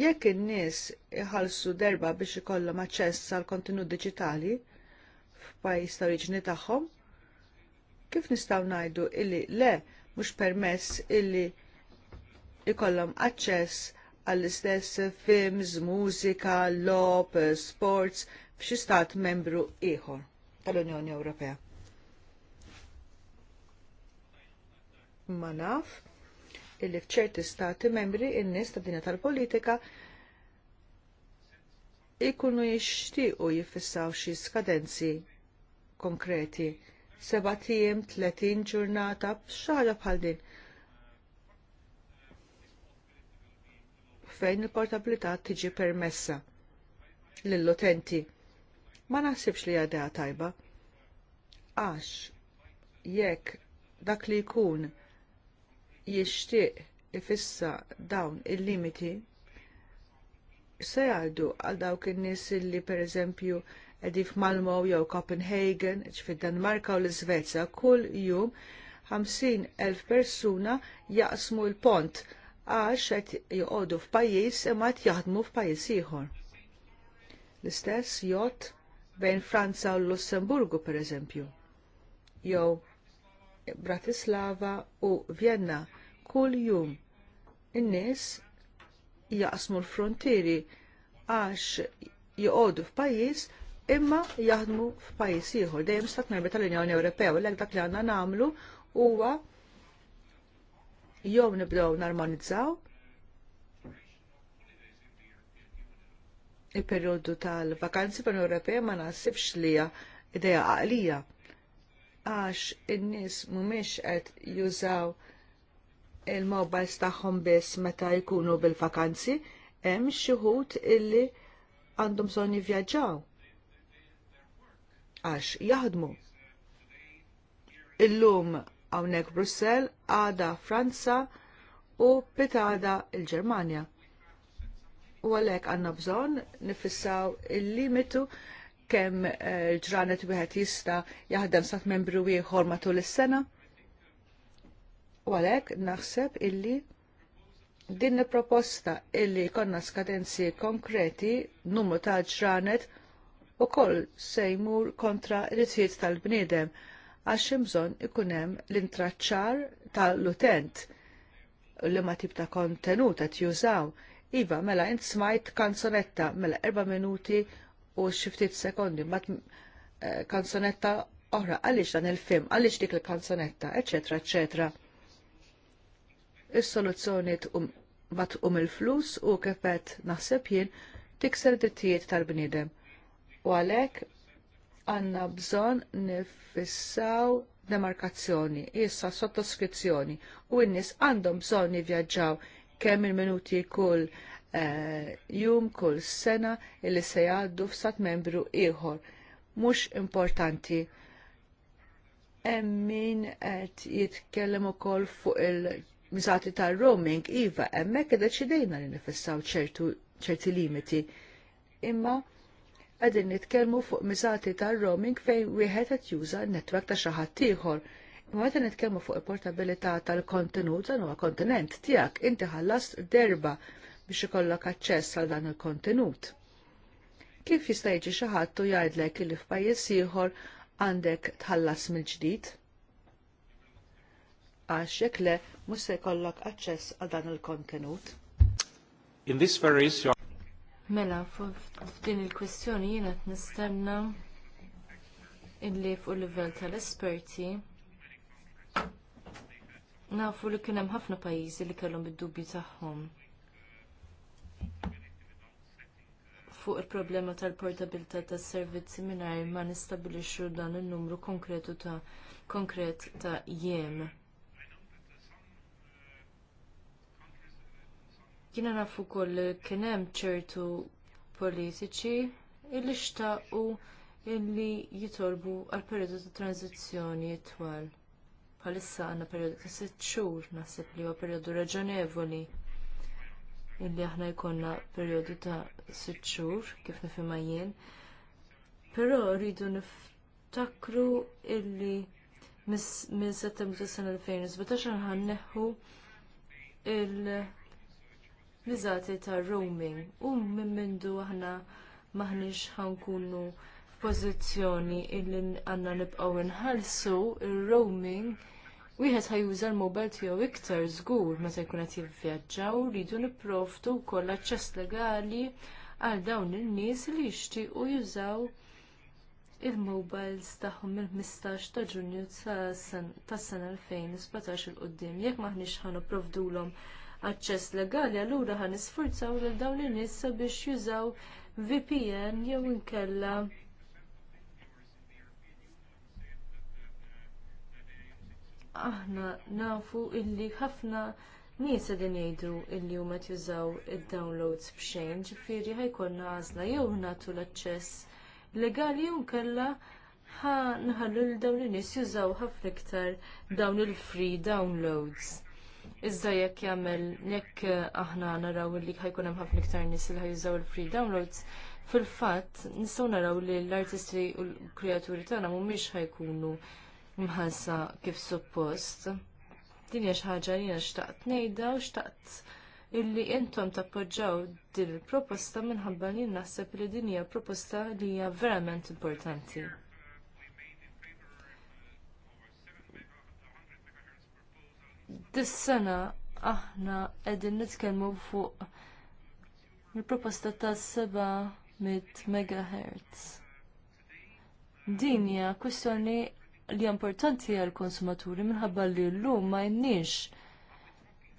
Jekk in-nies iħallsu derba biex ikollhom aċċess għal kontenut diġitali f'pajjiż ta' oriġini tagħhom, kif nistgħu ngħidu illi le mhux permess illi ikollhom aċċess għall-istess films, mużika, lop, sports f'xi stat membru ieħor tal-Unjoni Ewropea. ma naf illi fċerti stati membri in-nies ta' dinja tal-politika ikunu jixtiequ jifissaw xi skadenzi konkreti seba' tiem 30 ġurnata xi bħal din. Fejn il-portabilità tiġi permessa lill-utenti. Ma naħsibx li għadha tajba. Għax jekk dak li jkun jixtieq ifissa dawn il-limiti se jgħaddu għal dawk in-nies li pereżempju qegħdin f'Malmo jew Copenhagen, fid Danmarka u l-Iżvezja, kull jum 50,000 persuna jaqsmu l-pont għax qed joqogħdu f'pajjiż imma qed jaħdmu f'pajjiż ieħor. L-istess jgħod bejn Franza u Lussemburgu pereżempju. Jew Bratislava u Vienna kull jum. In-nies jaqsmu l-frontieri għax joqogħdu f'pajjiż imma jaħdmu f'pajjiż ieħor dejjem stat membri tal-Unjoni Ewropea u dak li għandna nagħmlu huwa jew nibdew narmonizzaw il-perjodu tal-vakanzi pan Ewropea ma naħsibx li hija ideja għaqlija għax in-nies mhumiex qed jużaw il-mobiles tagħhom biss meta jkunu bil-vakanzi, hemm xi wħud illi għandhom bżonn jivvjaġġaw. Għax jaħdmu. Illum hawnhekk Brussell, għada Franza u pitada il-Ġermanja. U għalhekk għandna bżonn nifissaw il-limitu kemm eh, ġranet wieħed jista' jaħdem sat membru ieħor matul is-sena U għalhekk naħseb illi din il-proposta illi konna skadenzi konkreti numru ta' ġranet u koll sejmur kontra ritħiet tal-bnidem għax imżon ikunem l-intraċċar tal-utent li ma tip ta' kontenut qed jużaw. Iva, mela int smajt kanzonetta mela erba minuti u xiftit sekondi, mat eh, kanzonetta oħra, għaliex dan il-film, għaliex dik il-kanzonetta, eccetera, eccetera Is-soluzzjoni bat um il-flus u kifet naħseb jien tikser drittijiet tal-bniedem. U għalhekk għandna bżonn nifissaw demarkazzjoni, issa sottoskrizzjoni u n-nies għandhom bżonn jivvjaġġaw kemm il-minuti kull eh, jum kull sena illi se jgħaddu f'sat membru ieħor. Mhux importanti. Hemm min qed jitkellem ukoll fuq il Misati tal-roaming, iva, hemmhekk ċidejna li nifissaw ċertu ċerti limiti. Imma għedin nitkellmu fuq misati tal-roaming fejn wieħed qed juża n-netwerk ta' xi ħadd ieħor. Imma meta nitkellmu fuq il-portabilità tal-kontenut dan huwa kontinent tiegħek inti ħallast derba biex ikollok aċċess għal dan il-kontenut. Kif jista' jiġi xi ħadd u jgħidlek li f'pajjiż ieħor għandek tħallas mill-ġdid? għax jekk le mhux se jkollok aċċess għal dan il-kontenut. In this very issue Mela, f'din il-kwestjoni jiena qed nistenna illi fuq il-livell tal-esperti nafu li kien hemm ħafna pajjiżi li kellhom bid dubju tagħhom fuq il-problema tal-portabilità tas-servizzi mingħajr ma nistabilixxu dan in-numru konkretu ta' konkret ta' jiem. jina nafu koll kien hemm ċertu politiċi illi xtaqu illi jitolbu għal perjodu ta' tranzizzjoni twal. Bħalissa għandna perjodu ta' sitt xhur naħseb li huwa perjodu raġonevoli illi aħna jkollna perjodu ta' sitt xhur kif nifhimha jien. Però rridu niftakru illi minn settembru tas sena 2017 ħanneħħu il- riżati ta' roaming u minn mindu aħna maħniex ħankunu f'pożizzjoni illi għandna nibqaw nħallsu ir-roaming wieħed ħajjuża l-mobile tiegħu iktar żgur meta jkun qed jivvjaġġaw rridu nipprovtu wkoll aċċess legali għal dawn in-nies li jixtiequ jużaw il-mobiles tagħhom mill-15 ta' Ġunju tas-sena 2017 il qudiem jekk maħniex ħanu provdulhom aċċess legali, allura ħan isforzaw lil dawn in-nies sabiex jużaw VPN jew inkella aħna nafu illi ħafna nies qegħdin jgħidu illi huma jużaw id-downloads b'xejn, ġifieri ħajkollna għażla jew nagħtu l-aċċess legali jew inkella ħa nħallu l dawn in-nies jużaw ħafna iktar dawn il-free downloads. Iżda jekk jagħmel jekk aħna naraw li ħajkun hemm ħafna iktar nies li ħajżaw il-free downloads, fil-fatt nistgħu naraw li l-artisti u l-kreaturi tagħna mhumiex ħajkunu mħassa kif suppost. Din hija xi ħaġa li xtaqt ngħidha u xtaqt illi intom tappoġġaw din il-proposta minħabba li naħseb li din hija proposta li hija verament importanti. dis-sena aħna qegħdin nitkellmu fuq il-proposta ta' 700 MHz. Din hija kwistjoni li importanti għal konsumaturi minħabba li llum ma jniex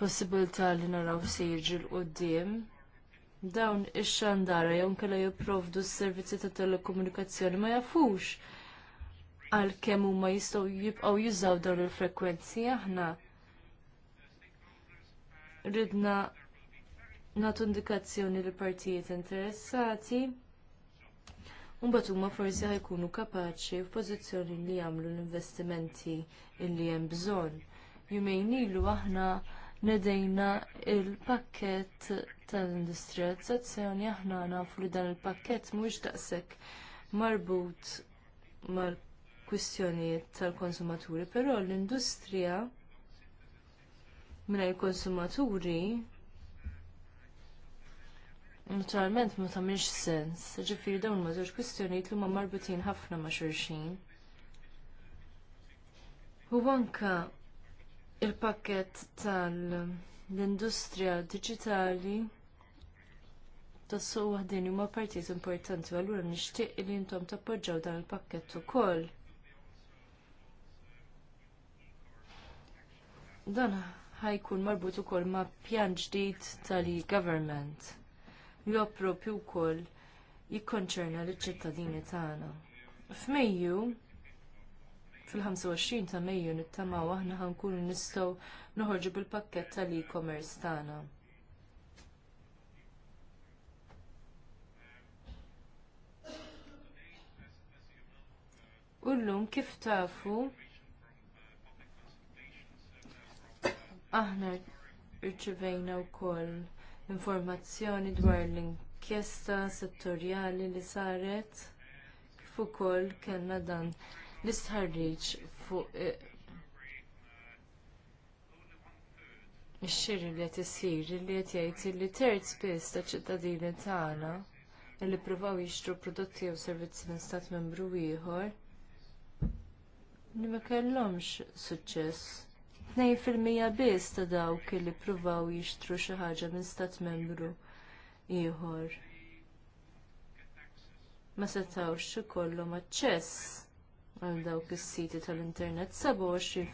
possibilità li naraw se jiġi l-qoddim dawn ix-xandara jew kellha jipprovdu s-servizzi ta' telekomunikazzjoni ma jafux għalkemm huma jistgħu jibqgħu jużaw dawn il-frekwenzi aħna ridna nagħtu indikazzjoni li partijiet interessati mbagħad huma forsi ħajkunu kapaċi f'pożizzjoni li jagħmlu l-investimenti li hemm bżonn. Jumejn ilu aħna nedejna il-pakket tal-industrializzazzjoni aħna nafu li dan il-pakket mhux daqshekk marbut mal-kwistjonijiet tal-konsumaturi, però l-industrija il konsumaturi naturalment ma tagħmilx sens, ġifiri dawn ma żewġ kwistjonijiet li huma marbutin ħafna ma' xulxin. U anke il-pakket tal-industrija digitali tas-suq waħdin huma partijiet importanti u allura nixtieq li intom tappoġġaw dan il-pakkett ukoll. Dan ħajkun marbut ukoll ma' pjan ġdid tal-government. Jo propju wkoll jikkonċerna liċ ċittadini tagħna. F'Mejju, fil-25 ta' Mejju nittamaw aħna ħankun nistgħu noħorġu bil-pakkett tal-e-commerce tagħna. Ullum kif tafu Aħna rċivejna wkoll informazzjoni dwar l-inkjesta settorjali li saret kif ukoll kellna dan l-istħarriġ fuq ix-xiri eh, li qed isir li qed jgħid li terz biss ta' ċittadini tagħna li ppruvaw jixtru prodotti jew servizzi minn stat membru ieħor li ma kellhomx suċċess 2% biss ta' dawk li ppruvaw jixtru xi ħaġa minn stat membru ieħor. Ma setawx ikollhom aċċess għal dawk is-siti tal-internet 27%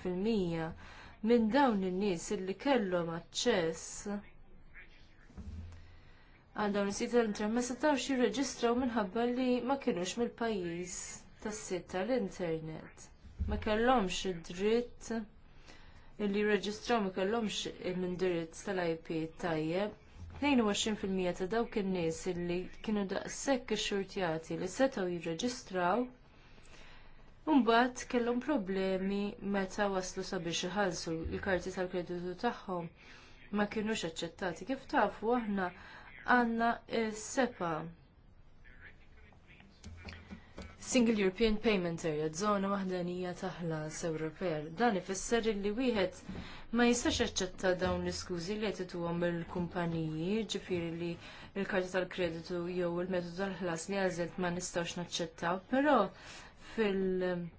minn dawn in-nies illi kellhom aċċess għal dawn is-siti tal-internet ma setawx jirreġistraw minħabba li ma kinux mill-pajjiż tas-sit tal-internet. Ma kellhomx id-dritt illi reġistraw ma kellhomx il-indirizz tal-IP tajjeb. 22% ta' dawk in-nies illi kienu daqshekk ix-xurtjati li setgħu jirreġistraw Imbagħad kellhom problemi meta waslu sabiex iħallsu l karti tal-kreditu tagħhom ma kinux aċċettati. Kif tafu aħna għandna s-sepa Single European Payment Area, żona waħdanija s Ewropea. Dan ifisser li wieħed ma jistax jaċċetta dawn l-iskużi li qed ituhom il-kumpaniji, ġifieri li l-karti tal-kreditu jew il-metodu tal-ħlas li għażilt ma nistax naċċettaw, però fil-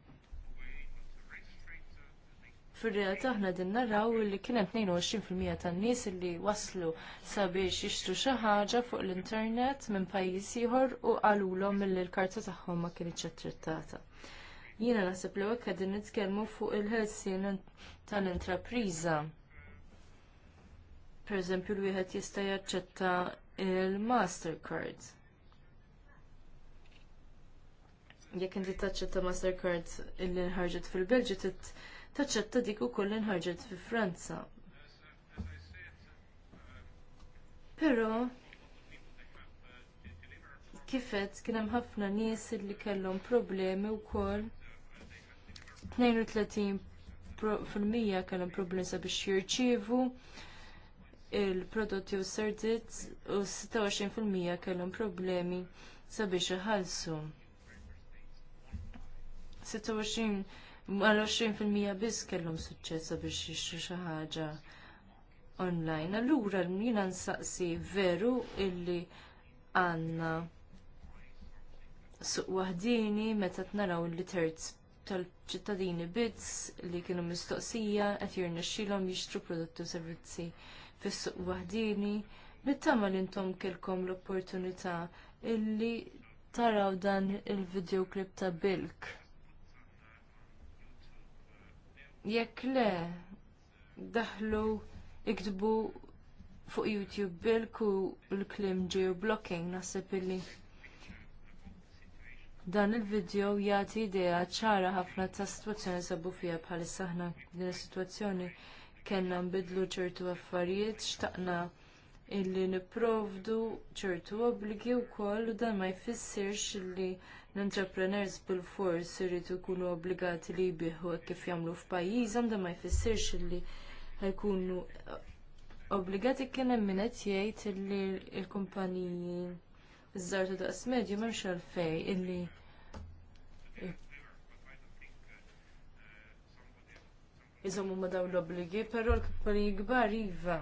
fir-realtà aħna din naraw li kien hemm 22% tan-nies li waslu sabiex jixtru xi ħaġa fuq l-internet minn pajjiż ieħor u qalulhom milli l-karta tagħhom ma kienitx attrittata. Jiena naħseb li hekk qegħdin nitkellmu fuq il-ħelsien tal-intrapriża. Pereżempju l-wieħed jista' jaċċetta il-Mastercard. Jekk inti taċċetta Mastercard illi nħarġet fil belġit taċċetta dik ukoll li nħarġet fi Franza. Però kifet kien hemm ħafna nies li kellhom problemi wkoll 32% kellhom problemi sabiex jirċievu il-prodotti u sardit u 26% kellhom problemi sabiex iħallsu mal-20% biss kellhom suċċess biex jixtru xi ħaġa online. Allura jiena nsaqsi veru illi għandna suq waħdini meta tnaraw li terz tal-ċittadini bits li kienu mistoqsija qed jirnexxilhom jixtru prodotti u servizzi fis-suq waħdini. Nittama li intom kelkom l-opportunità illi taraw dan il-videoclip ta' Bilk Jekk le, daħlu iktbu fuq YouTube bilku l-klim geoblocking nasib illi dan il-video jagħti idea ċara ħafna ta' situazzjoni sabu fija bħalissa ħna din is-sitwazzjoni kellna nbidlu ċertu affarijiet xtaqna illi nipprovdu ċertu obbligi wkoll u dan ma jfissirx illi l-entrepreneurs bil-fors irridu jkunu obbligati li jbieħu kif jagħmlu f'pajjiżhom da ma jfissirx li jkunu eh, obbligati kien hemm min qed jgħid li l-kumpaniji iż-żar ta' daqs medju m'hemmx għalfejn illi eh, Iżommu ma dawn l obbligi però l-kumpaniji kbar iva.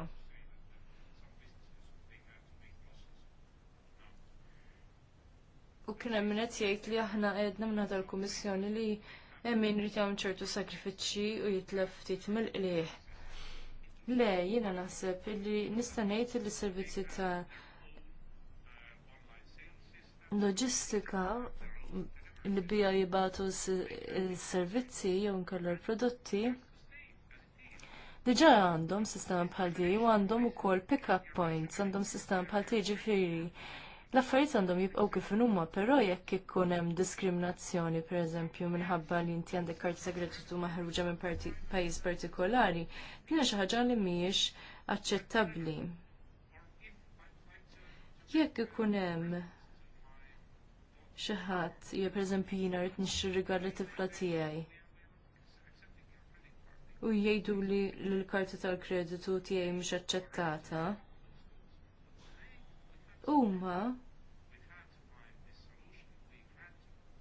u kien hemm qed jgħid li aħna qegħdna mingħata l-Kummissjoni li hemm min rid jagħmel ċertu sakrifiċċji u jitlef ftit mill-qlieħ. Le, jiena naħseb li nista' ngħid li servizzi ta' loġistika li bija jibatu s-servizzi jew inkella l-prodotti Diġa għandhom sistema bħal di u għandhom ukoll pick-up points, għandhom sistema bħal di ġifiri L-affarijiet għandhom jibqgħu kif huma, però jekk ikun hemm diskriminazzjoni pereżempju minħabba li inti għandek karti segretu maħruġa minn pajjiż partikolari, kienha xi ħaġa li mhijiex aċċettabbli. Jekk ikun hemm xi ħadd jew pereżempju jiena rrid nixxirriga l-tifla tiegħi. U jgħidu li l karti tal-kreditu tiegħi mhix aċċettata. Huma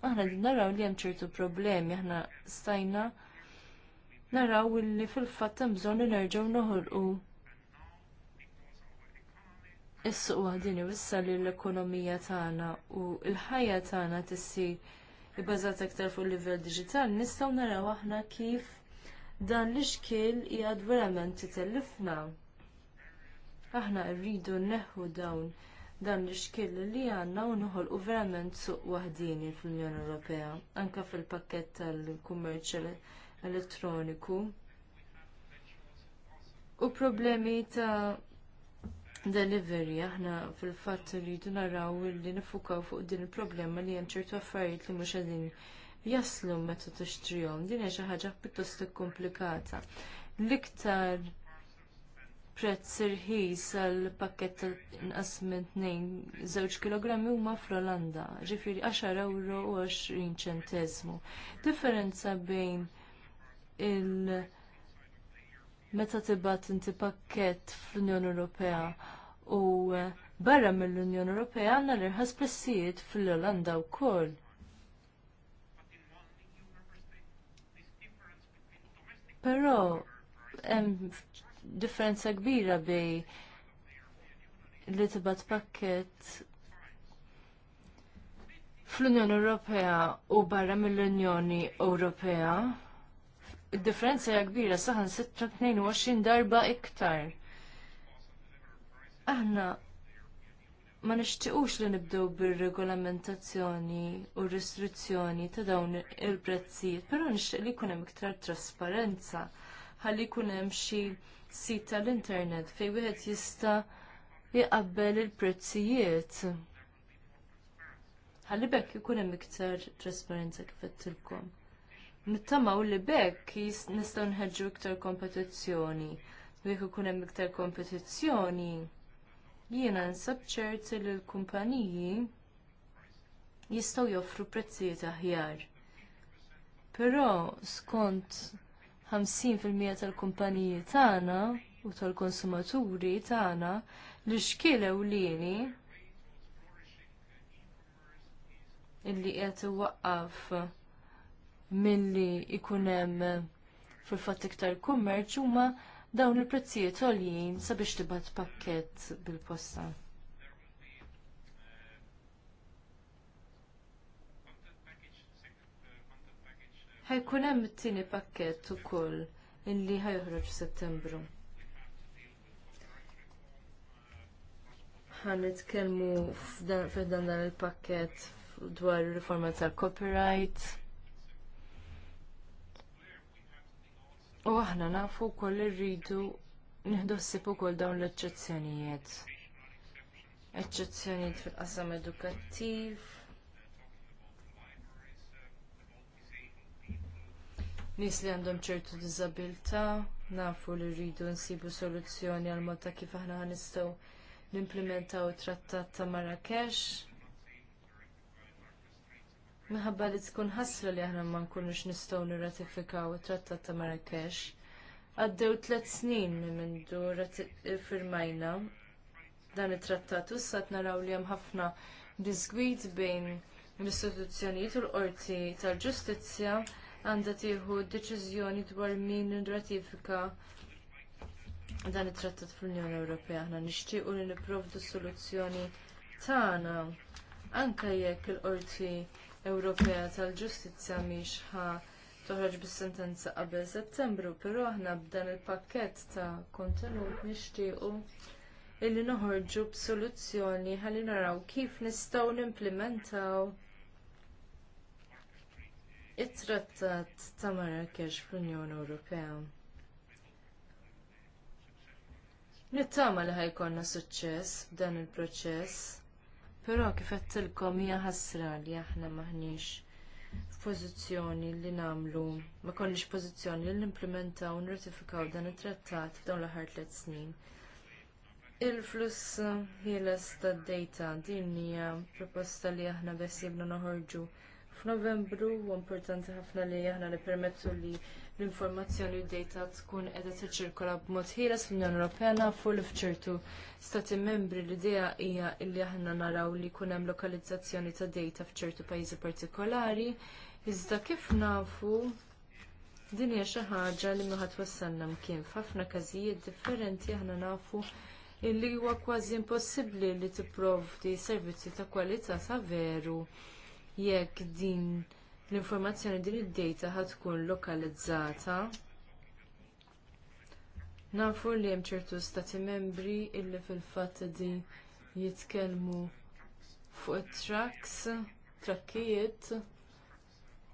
aħna naraw li hemm ċertu problemi, aħna stajna naraw li fil-fatt hemm bżonn nerġgħu noħolqu is-suq waħdini issa li l-ekonomija tagħna u l-ħajja tagħna tissir ibbażat aktar fuq livell diġitali, nistgħu naraw aħna kif dan l-ixkil jgħad verament titellifna. Aħna rridu neħu dawn dan l-iskil li għandna u noħolqu verament suq waħdini fl-Unjoni Ewropea, anke fil-pakket tal-kummerċ elettroniku. U problemi ta' delivery, aħna fil-fatt rridu naraw li nifukaw fuq din il-problema li hemm ċertu affarijiet li mhux qegħdin jaslu meta tixtrihom. Din hija xi ħaġa pjuttost komplikata. L-iktar prezz irħis għal pakket inqas minn 2 żewġ kilogrammi huma fl-Olanda, ġifieri 10 euro u 20 ċentesmu. Differenza bejn il meta tibgħat inti pakkett fl-Unjoni Ewropea u barra mill-Unjoni Ewropea għandna l-irħas prezzijiet fl-Olanda wkoll. Però hemm differenza kbira bej li tibat pakket fl-Unjoni Ewropea u barra mill-Unjoni Ewropea. Id-differenza hija kbira saħan 622 darba iktar. Aħna ma nixtiequx li nibdew bir-regolamentazzjoni u restrizzjoni ta' dawn il-prezzijiet, però nixtieq li jkun hemm iktar trasparenza ħalli jkun hemm xi sit tal-internet fejn wieħed jista' jaqabbel il-prezzijiet. Ħalli bekk ikun hemm iktar trasparenza kif qedtilkom. Nittamaw li bekk nistgħu nħeġġu iktar kompetizzjoni. Jekk ikun hemm iktar kompetizzjoni, jiena nsab ċerti li l-kumpaniji jistgħu joffru prezzijiet aħjar. Però skont 50% tal-kumpaniji tagħna u tal-konsumaturi tagħna li xkiel ewlieni illi qed iwaqqaf milli ikun hemm fil-fatt iktar kummerċ huma dawn il-prezzijiet għoljin sabiex tibgħat pakkett bil-posta. ħajkun hemm it-tieni pakkett ukoll illi ħajħroġ f'Settembru. Ħan nitkellmu f'dan dan il-pakkett dwar riforma tal-copyright. U aħna nafu wkoll irridu nħdossib ukoll dawn l-eċċezzjonijiet. Eċċezzjonijiet fil-qasam edukattiv, nies li għandhom ċertu diżabilità, nafu li rridu nsibu soluzzjoni għal mod ta' kif aħna nistgħu nimplementaw it-Trattat ta' Marrakesh. Minħabba li tkun ħasra li aħna ma nkunux nistgħu nirratifikaw it-Trattat ta' Marrakesh. Għaddew tliet snin minn mindu firmajna dan it-trattat u s-sat naraw li hemm ħafna disgwid bejn l-istituzzjonijiet u l-qorti tal-ġustizzja għandha tieħu deċiżjoni dwar min ratifika dan it-trattat fl-Unjoni Ewropea. Aħna nixtiequ li nipprovdu soluzzjoni tagħna anke jekk il-Qorti Ewropea tal-Ġustizzja mhix ħa toħroġ bis-sentenza qabel Settembru, però aħna b'dan il-pakkett ta' kontenut nixtiequ illi noħorġu b'soluzzjoni ħalli naraw kif nistgħu nimplementaw it-trattat ta' Marrakesh fl-Unjoni Ewropea. Nittama li ħajkonna suċċess f'dan il-proċess, però kif għedtilkom hija ħasra li aħna maħniex f'pożizzjoni li nagħmlu ma konniex pożizzjoni li nimplementaw u nirratifikaw dan it-trattat f'dawn l-aħħar tliet snin. Il-fluss ħieles tad-dejta din hija proposta li aħna bess jibna noħorġu f'Novembru u importanti ħafna li aħna nippermettu li l-informazzjoni u d-data tkun qiegħda tiċċirkola b'mod ħieles fl-Unjoni Ewropea nafu li f'ċertu stati membri l-idea hija li aħna naraw li jkun hemm lokalizzazzjoni ta' data f'ċertu pajjiżi partikolari, iżda kif nafu din hija xi ħaġa li ma ħadd wassalna mkien f'ħafna każijiet differenti aħna nafu illi huwa kważi impossibbli li tipprovdi servizzi ta' kwalità ta' veru jekk din l-informazzjoni din id-data ħatkun lokalizzata. Nafu li hemm ċertu stati membri illi fil-fatt din jitkellmu fuq it tracks trakkijiet,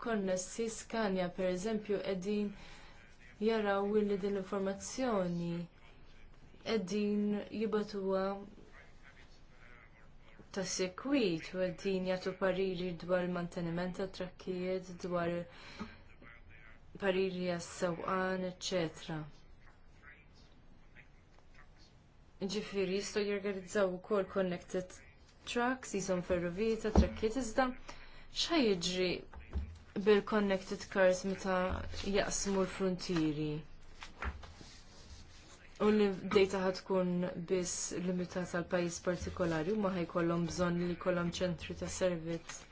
konnessi skanja pereżempju qegħdin jaraw illi din l-informazzjoni qegħdin jibatuha ta' sekwit u għaddin jagħtu pariri dwar il-manteniment tat trakkijiet, dwar pariri għas-sewqan, etc. Ġifiri, jistgħu jorganizzaw ukoll connected trucks, jisom ferroviji ta' trakkijiet, iżda xa jiġri bil-connected cars meta jaqsmu l-frontieri? U li data ħad tkun biss limitat għal pajjiż partikolari u ma ħajkollhom bżonn li jkollhom ċentri ta' servizz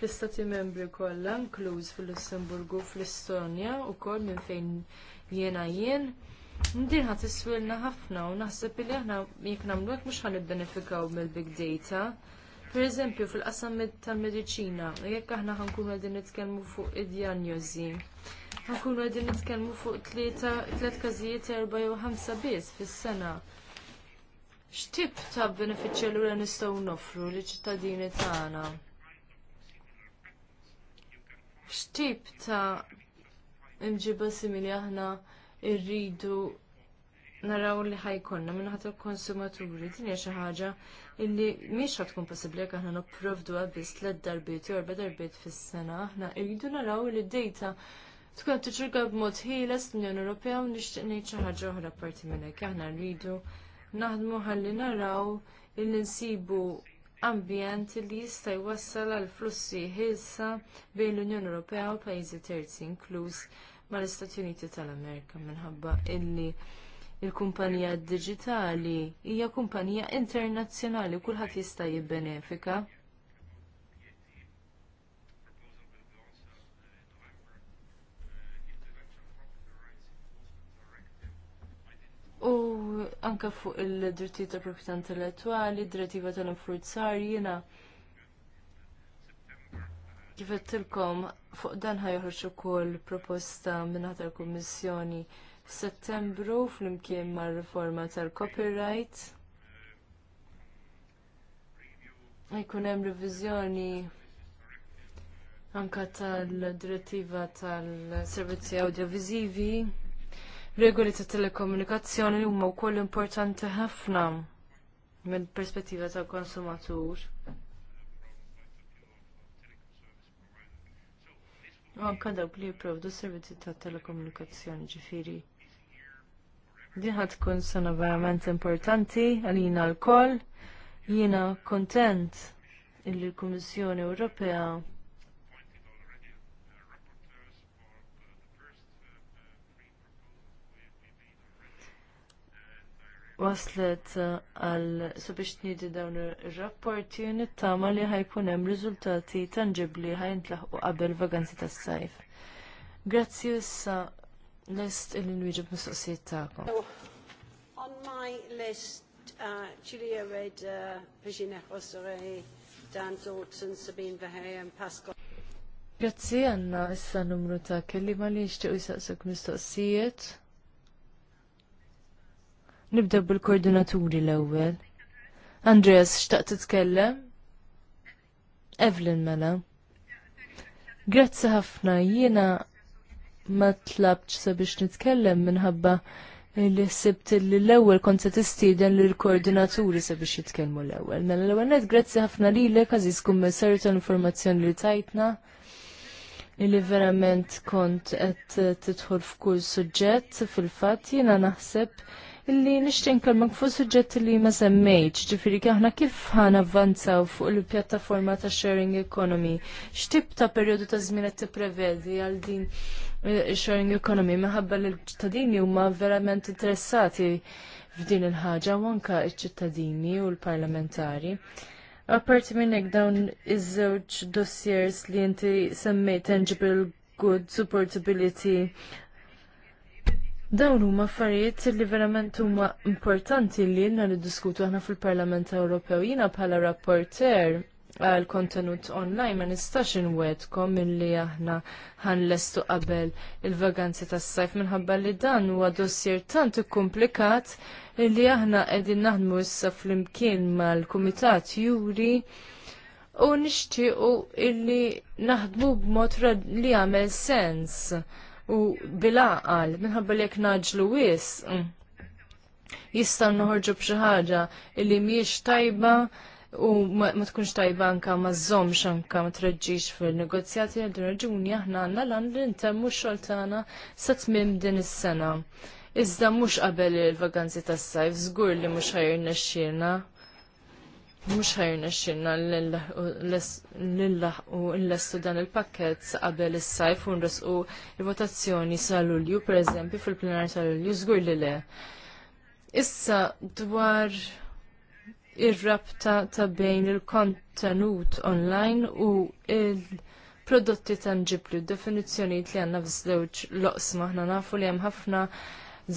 fl-istati membri kollha inkluz fil-Lussemburgu fl u wkoll minn fejn jiena jien. Din ħat iswilna ħafna u naħseb li aħna jekk nagħmlu hekk mhux ħanibbenefikaw mill-big data Pereżempju fil-qasam tal-mediċina, jekk aħna ħankunu qegħdin nitkellmu fuq id-dijanjosi, ħankunu qegħdin nitkellmu fuq tliet każijiet erba' jew ħamsa biss fis-sena. X'tip ta' benefiċċja lura nistgħu noffru liċ ċittadini tagħna? X'tip ta' imġiba simili aħna rridu naraw li ħajkonna minħabba il-konsumaturi. Din hija xi ħaġa illi miex tkun possibbli jekk aħna nipprovdu biss tliet darbiet jew erba' darbiet fis-sena. Aħna rridu naraw li d-dejta tkun tiċirka b'mod ħieles l-Unjoni Ewropea u nixtieq ngħid xi ħaġa oħra parti minn hekk. Aħna rridu naħdmu ħalli naraw illi nsibu ambjent li jista' jwassal għal flussi ħilsa bejn l-Unjoni Ewropea u pajjiżi terzi inkluż mal-Istati Uniti tal-Amerika minħabba illi il-kumpanija digitali hija kumpanija internazzjonali u kulħadd jista' jibbenefika. U anke fuq il-drittijiet ta' proprjetà intellettwali, direttiva tal influzzar jiena kif qedtilkom fuq dan ħajħorġ ukoll proposta mingħata tal-Kummissjoni f'Settembru flimkien mar-riforma tal-copyright. Jkun hemm riviżjoni anka tal-direttiva tal-servizzi audiovisivi, regoli ta' telekomunikazzjoni li huma wkoll importanti ħafna mill perspettiva tal konsumatur. U anka dawk li jipprovdu servizzi ta' telekomunikazzjoni ġifiri. Diħat tkun sena verament importanti għalina l-koll. Jina kontent illi l-Kommissjoni Ewropea waslet uh, għal sabiex nidi dawn ir-rapporti nittama li ħajkun hemm riżultati tangibli ħajntlaħqu qabel vaganzi tas-sajf. Grazzi issa Lest il-nwiġib mistoqsijiet tagħkom. On my list, Julia uh, Red, Virginia Rosere, Dan Zoltzen, Sabine Vahey, and Pascal. Grazzi għanna issa numru ta' kellima li jixtiequ jisaqsuk mistoqsijiet. Nibda bil-koordinaturi l-ewwel. Andreas, xtaqt titkellem? Evelyn mela. Grazzi ħafna, jiena ma tlabċ sabiex nitkellem minħabba li sibt li l-ewel kont se tistieden li l-koordinaturi sabiex jitkellmu l-ewel. Mela l-ewel net grazzi ħafna lilek għażiż kummissar l informazzjoni li tajtna li verament kont qed tidħol f'kull suġġett fil-fatt jiena naħseb illi nishtin kalmak fuq suġġett li ma semmejt, ġifiri kħahna kif ħan avvanzaw fuq il-pjattaforma ta' sharing economy, xtib ta' periodu ta' żmien qed prevedi għal din Eh, sharing economy minħabba li l-ċittadini huma verament interessati f'din il-ħaġa u anka ċ-ċittadini u l-parlamentari. Apparti minn hekk dawn iż-żewġ dossiers li inti semmejt tangible good supportability Dawn huma affarijiet li verament huma importanti li jenna niddiskutu aħna fil-Parlament Ewropew. Jiena bħala rapporter l kontenut online ma nistax inwedkom milli aħna ħanlestu qabel il-vaganzi tas-sajf minħabba li dan huwa dossier tant komplikat li aħna qegħdin naħdmu issa flimkien mal-Kumitat Juri u nixtiequ illi naħdmu b'mod li għamel sens u bilaqal minħabba li jekk naġlu wis mm, jistaw noħorġu b'xi ħaġa illi mhijiex tajba u ma tkunx tajba anka ma żommx anka ma treġġix fil-negozjati għal din raġuni aħna għandna lan li ntemmu x-xogħol tagħna sa tmiem din is-sena. Iżda mhux qabel il-vaganzi tas-sajf żgur li mhux ħajrna xxielna. Mhux ħajrna xxielna nillaħqu nlestu dan il-pakkett qabel is-sajf u nresqu il-votazzjoni sa Lulju pereżempju fil-plenar ta' Lulju żgur li le. Issa dwar ir-rabta ta' bejn il-kontenut online u il-prodotti tangibli, definizzjonijiet li għanna f'żewġ loqsma ħna nafu li hemm ħafna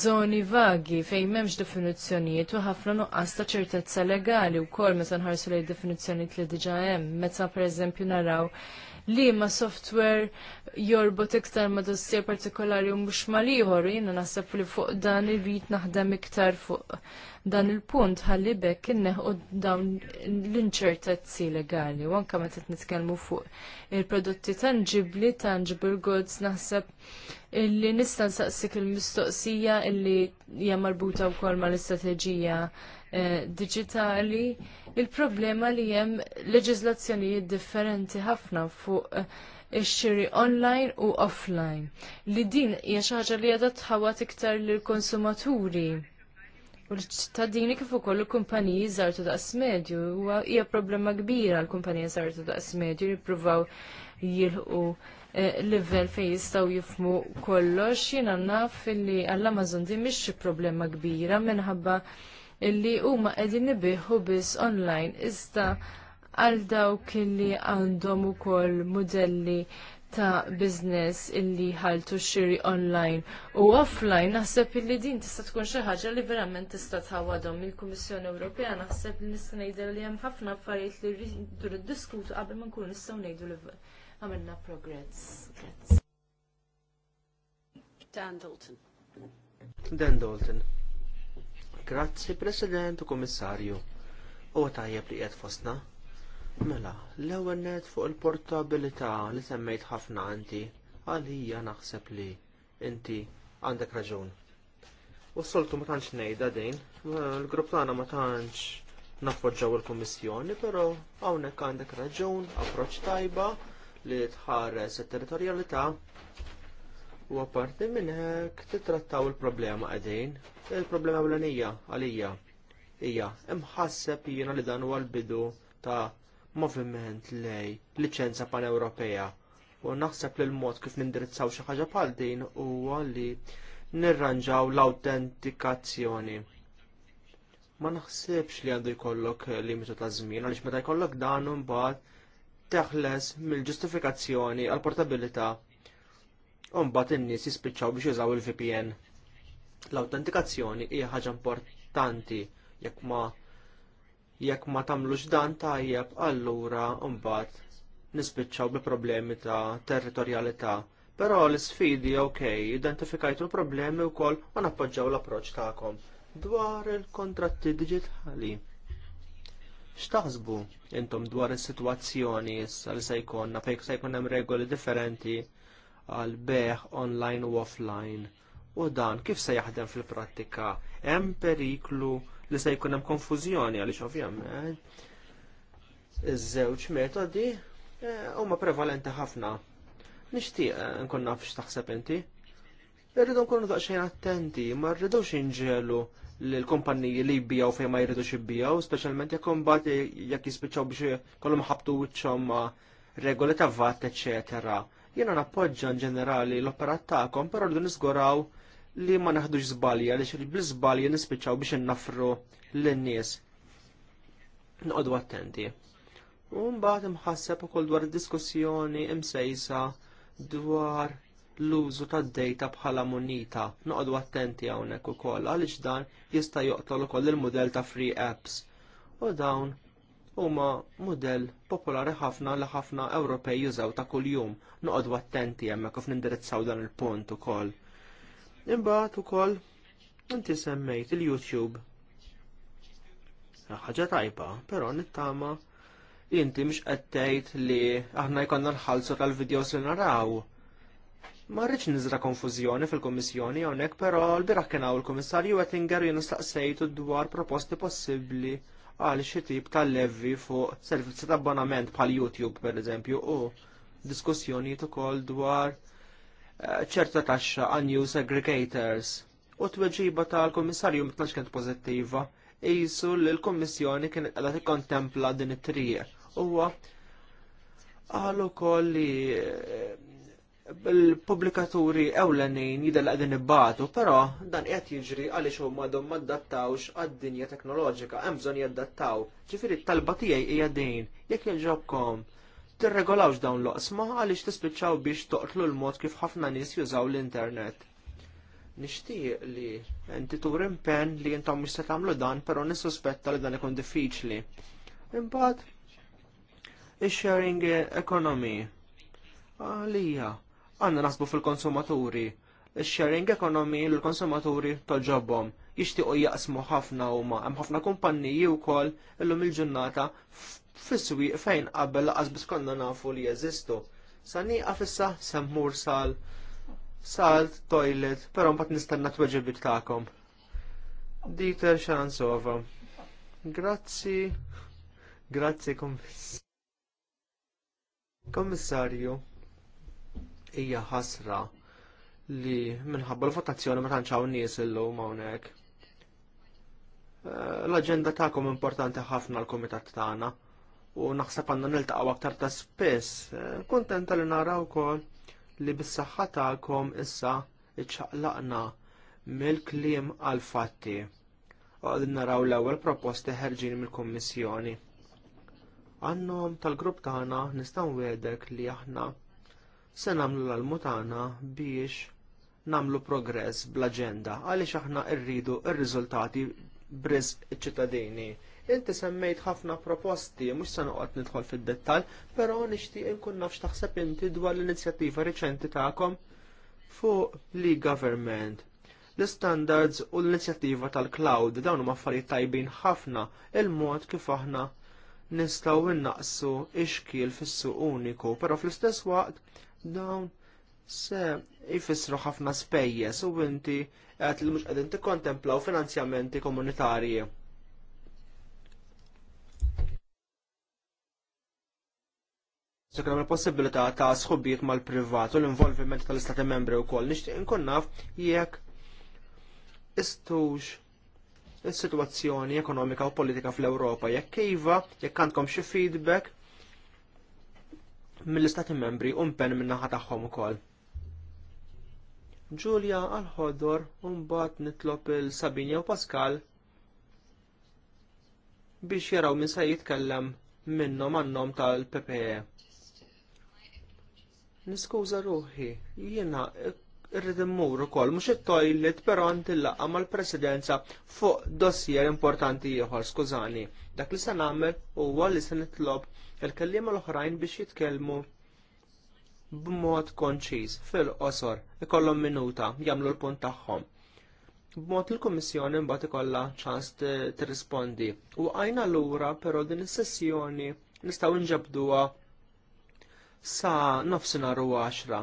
zoni vagi fejn m'hemmx definizzjonijiet u ħafna nuqqas ta' ċertezza legali wkoll meta nħarsu lejn definizzjonijiet li diġà hemm, meta pereżempju naraw li ma software jorbot iktar ma dossier partikolari u mux maliħor, jina nasab li fuq dan irrit naħdem iktar fuq dan il-punt ħalli bekk u dawn l-inċertezzi legali. U anke meta nitkellmu fuq il-prodotti tangibli, tangible goods, naħseb illi nista' nsaqsik il-mistoqsija illi hija marbuta wkoll mal-istrateġija eh, digitali. Il-problema li hemm leġiżlazzjonijiet differenti ħafna fuq eh, ix-xiri online u offline. Li din hija xi ħaġa li qiegħda tħawat iktar lill konsumaturi U l-ċittadini kif ukoll il-kumpaniji żgħar daqs medju huwa hija problema kbira l-kumpaniji żgħar daqs medju jippruvaw jilħu eh, livell fejn jistgħu jifmu kollox jiena naf illi għall-Amazon di mhix problema kbira minħabba illi huma qegħdin nibiħu biss online iżda għal dawk illi għandhom ukoll modelli ta' business illi ħaltu xiri online u offline naħseb illi din tista' tkun xi ħaġa li verament tista' tħawadhom il-Kummissjoni Ewropea naħseb li nista' ngħidher li hemm ħafna affarijiet li rridu niddiskutu qabel ma nkunu nistgħu ngħidu li għamilna progress. Dan Dalton. Dan Dalton. Grazzi President u Kummissarju. Huwa tajjeb li qiegħed fostna. Mela, l-ewwel net fuq il-portabilità li semmejt ħafna inti għalija naħseb li inti għandek raġun. U s-soltu ma tantx ngħidha din, l-grupp tagħna ma tantx naffoġġaw il-Kummissjoni, però hawnhekk għandek raġun, approċċ tajba li tħares it-territorjalità u apparti minn hekk titrattaw il-problema qegħdin, il-problema ewlenija għalija hija imħasseb jiena li dan huwa l-bidu ta' moviment lej liċenza pan u naħseb li l-mod kif nindirizzaw xi ħaġa bħal din huwa li nirranġaw l-awtentikazzjoni. Ma naħsibx li għandu jkollok limitu ta' żmien għaliex meta jkollok dan imbagħad teħles mill-ġustifikazzjoni għall portabilità u mbagħad in-nies jispiċċaw biex jużaw il-VPN. L-awtentikazzjoni hija ħaġa importanti jekk ma' Jekk ma tagħmlux dan tajjeb, allura mbagħad nispiċċaw bi problemi ta' territorjalità. Però l-sfidi ok, identifikajtu l-problemi wkoll u nappoġġaw l-approċċ tagħkom dwar il-kontratti digitali. X'taħsbu intom dwar is-sitwazzjoni issa li se jkollna fejn se jkun hemm regoli differenti għal beħ online u offline u dan kif se jaħdem fil-prattika hemm periklu li se jkun hemm konfużjoni għaliex ovvjament iż-żewġ metodi eh, huma prevalenti ħafna. Nixtieq eh, nkun naf x'taħseb inti. Irridu nkunu daqsxejn attenti, ma rridux inġelu l-kumpanniji li jibbijaw fejn ma jridux jibbijaw, speċjalment jekk imbagħad jekk jispiċċaw biex kollhom ħabtu wiċċhom regoli ta' vatt, eċetera. Jiena nappoġġa ġenerali l-operat tagħkom, però rridu niżguraw li ma naħdux żbalja li xil bil-żbalja nispiċċaw biex innafru lin-nies. Noqogħdu attenti. Un mbagħad imħasseb ukoll dwar diskussjoni imsejsa dwar l-użu tad dejta bħala munita. Noqogħdu attenti hawnhekk ukoll għaliex dan jista' joqtol ukoll il-mudell ta' free apps. U dawn huma mudell popolari ħafna li ħafna Ewropej jużaw ta' kuljum. Noqogħdu attenti hemmhekk kif nindirizzaw dan il-punt ukoll Imbagħad ukoll inti semmejt il-YouTube. Ħaġa tajba, però nittama inti mx qed tgħid li aħna jkollna nħallsu tal-videos li naraw. Ma rridx niżra konfużjoni fil-Kummissjoni hawnhekk, però l-biraħ kien hawn il-Kummissarju jenu jien nistaqsejtu dwar proposti possibbli għal xi tip tal-levvi fuq servizzi ta' abbonament bħal YouTube pereżempju u diskussjonijiet ukoll dwar ċerta taxxa għan new aggregators. U t-weġiba tal-Komissarju mitnax kent pozittiva, jisu li l komissjoni kienet għadha tikkontempla din it-triq. Huwa għalu koll li eh, l-publikaturi ewlenin jidel għadin ibbatu, pero dan qed jiġri għaliex huma għadhom ma ddattawx għad-dinja teknoloġika, hemm bżonn jaddattaw. Ġifieri t-talba tiegħi hija din, jekk jilġobkom tirregolawx dawn l-oqsma għaliex tispiċċaw biex toqtlu l-mod kif ħafna nies jużaw l-internet. Nixtieq li inti tur impenn li intom mhux se tagħmlu dan, però nissuspetta li dan ikun diffiċli. Imbagħad is sharing economy. Għalija, għandna naħsbu fil-konsumaturi. Ix-sharing economy l-konsumaturi toġobhom jixtiequ jaqsmu ħafna huma hemm ħafna kumpanniji wkoll illum il-ġurnata fissuwi fejn qabel laqas biss konna nafu li jeżistu. Sani għafissa semmur sal sal toilet, però mbagħad nistenna weġib tagħkom. Dieter Xaransova. Grazzi. Grazzi kommiss. Kommissarju. Hija ħasra li minħabba l-votazzjoni ma tanċaw nies illum hawnhekk. Eh, l-aġenda tagħkom importanti ħafna l-kumitat tagħna u naħseb għandna niltaqgħu aktar ta' spiss. Kuntenta li naraw kol li bis-saħħa tagħkom issa iċċaqlaqna mill-kliem għal fatti. Għadin naraw l-ewwel proposti ħerġin mill-Kummissjoni. Għannom tal-grupp tagħna nistgħu wiedek li aħna se nagħmlu l tagħna biex nagħmlu progress bl-aġenda għaliex aħna rridu r-riżultati briż iċ-ċittadini. Inti semmejt ħafna proposti, mhux se noqgħod nidħol fid-dettall, però nixtieq inkun nafx taħseb inti dwar l-inizjattiva riċenti tagħkom fuq li government l-standards u l-inizjattiva tal-cloud dawn huma affarijiet tajbin ħafna il-mod kif aħna nistgħu innaqsu iċkil fis uniku, però fl-istess waqt dawn se jfissru ħafna spejjeż u inti l li mhux qegħdin tikkontemplaw finanzjamenti komunitarji Sekram il-possibilità ta' sħobiet mal-privat u l-involviment tal-Istati membri u koll. Nishtiq nkunnaf naf jekk istux il-situazzjoni ekonomika u politika fl-Europa. Jekk iva, jekk għandkom xi feedback mill-Istati membri u mpen naħa tagħhom ukoll. Ġulja għal-ħodor mbagħad nitlob il-Sabinja u Pascal biex jaraw min se jitkellem minnhom għannom tal-PPE. Niskuża ruħi, jiena irrid immur ukoll mhux it-toilet però ntillaqa' mal-presidenza fuq dossier importanti ieħor, skużani. Dak li se nagħmel huwa li se nitlob il-kelliem l-oħrajn biex jitkellmu b'mod konċiż fil-qosor ikollhom minuta jagħmlu l-punt tagħhom. B'mod il-Kummissjoni mbagħad ikollha ċans tirrispondi. U għajna lura però din is-sessjoni nistgħu nġabduha sa nofsinhar u għaxra.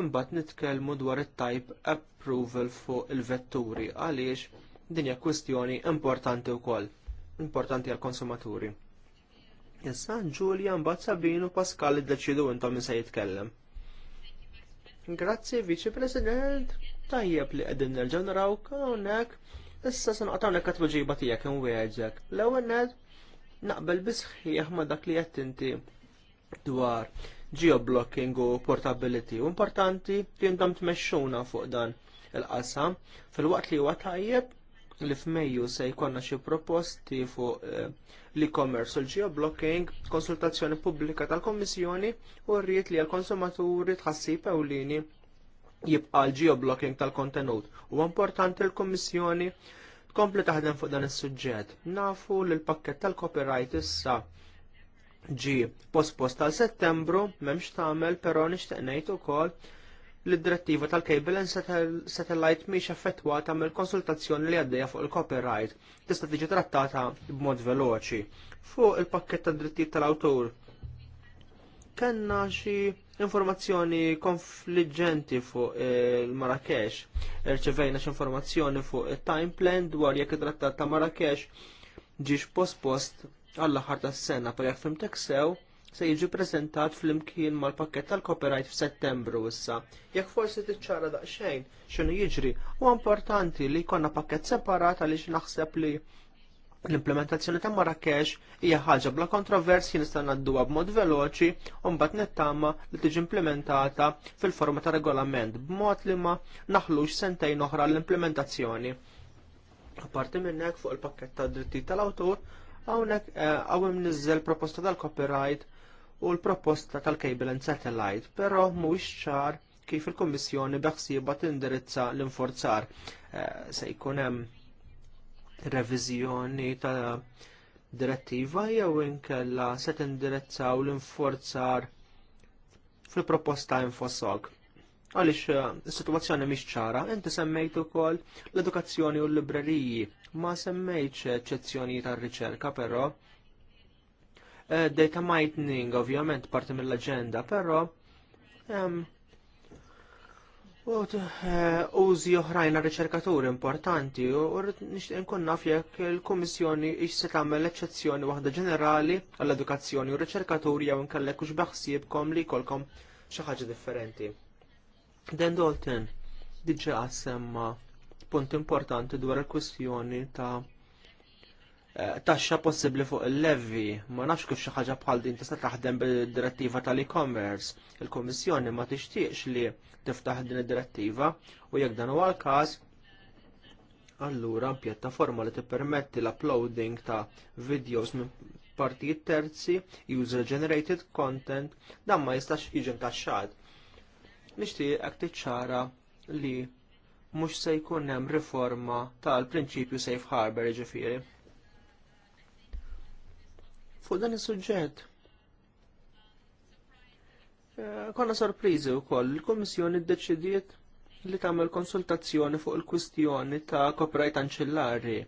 Imbagħad nitkellmu dwar it-type approval fuq il-vetturi għaliex din hija kwistjoni importanti wkoll, importanti għall konsumaturi. Issa Ġulja mbagħad Sabin u Pascal iddeċidu intom min se jitkellem. Grazzi, Viċi President, tajjeb li qegħdin nerġa' narawk hawnhekk. Issa se noqgħod hawnhekk qed ġiba tiegħek imwieġek. L-ewwel ned naqbel bisħieħ ma' dak li qed inti dwar geoblocking u portability. U importanti li jindam tmexxuna fuq dan il-qasam. Fil-waqt li huwa tajjeb li f'Mejju se jkollna xi proposti fuq eh, l-e-commerce u l-geoblocking, konsultazzjoni pubblika tal komissjoni u rrit li l-konsumaturi tħassib ewlini jibqa l-geoblocking tal-kontenut. U importanti l komissjoni tkompli taħdem fuq dan is-suġġett. Nafu li l-pakket tal-copyright issa ġi pospost tal settembru m'hemmx tagħmel però nixtieq ngħid ukoll li d-direttiva tal-Cable and Satellite mhix effettwata mill-konsultazzjoni li għaddejja fuq il-copyright tista' tiġi trattata b'mod veloċi. Fuq il-pakket tad drittijiet tal-awtur kellna xi informazzjoni konfliġenti fuq il-Marrakesh. Eh, Irċevejna x'informazzjoni fuq it-time plan dwar jekk it-trattat ta' Marrakesh ġiex post-post għall-aħħar tas-sena per film fimtek sew se jiġi fl flimkien mal-pakket tal-copyright f'Settembru issa. Jekk forsi tiċċara daqsxejn x'inhu jiġri, huwa importanti li jkollna pakket separat għaliex naħseb li l-implementazzjoni ta' Marrakesh hija ħaġa bla kontroversji nista' nadduha b'mod veloċi u mbagħad nittama li tiġi implementata fil-forma ta' regolament b'mod li ma naħlux sentejn oħra l-implementazzjoni. Apparti minn hekk fuq il-pakket ta' dritti tal-awtur, Hawnhekk hawn eh, nizzel proposta tal-copyright u l-proposta tal-cable and satellite, però mhuwiex ċar kif il-Kommissjoni beħsieba tindirizza l-inforzar eh, se jkun hemm reviżjoni ta' direttiva jew inkella se tindirizzaw l-inforzar fil-proposta infosog. Għalix, eh, situazzjoni mhix ċara, inti semmejt ukoll l-edukazzjoni u l-libreriji, ma semmejtx eċċezzjoni tar-riċerka però. Eh, data mining ovvjament parti mill-aġenda, però eh, użi oħrajn riċerkaturi importanti u nixtieq nkun naf jekk il-Kummissjoni ix se tagħmel eċċezzjoni waħda ġenerali għall-edukazzjoni u riċerkaturi jew inkellek hux beħsiebkom li jkollkom xi ħaġa differenti. Dan Dalton diġa semma punt importanti dwar il-kwestjoni ta' eh, taxxa possibbli fuq il-levi, ma nafx kif xi ħaġa bħal din tista' taħdem bid-direttiva tal-e-commerce. Il-Kummissjoni ma tixtieqx li tiftaħ din id-direttiva u jekk dan huwa l-każ, allura pjattaforma li tippermetti l-uploading ta' videos minn partijiet terzi, user generated content, dan ma jistax jiġi mtaxxat nixtieqek tiċċara li mhux se jkun hemm riforma tal-prinċipju safe harbor jiġifieri. Fuq dan is-suġġett. Eh, konna sorpriżi wkoll il-Kummissjoni ddeċidiet li tagħmel konsultazzjoni fuq il-kwistjoni ta' copyright anċillari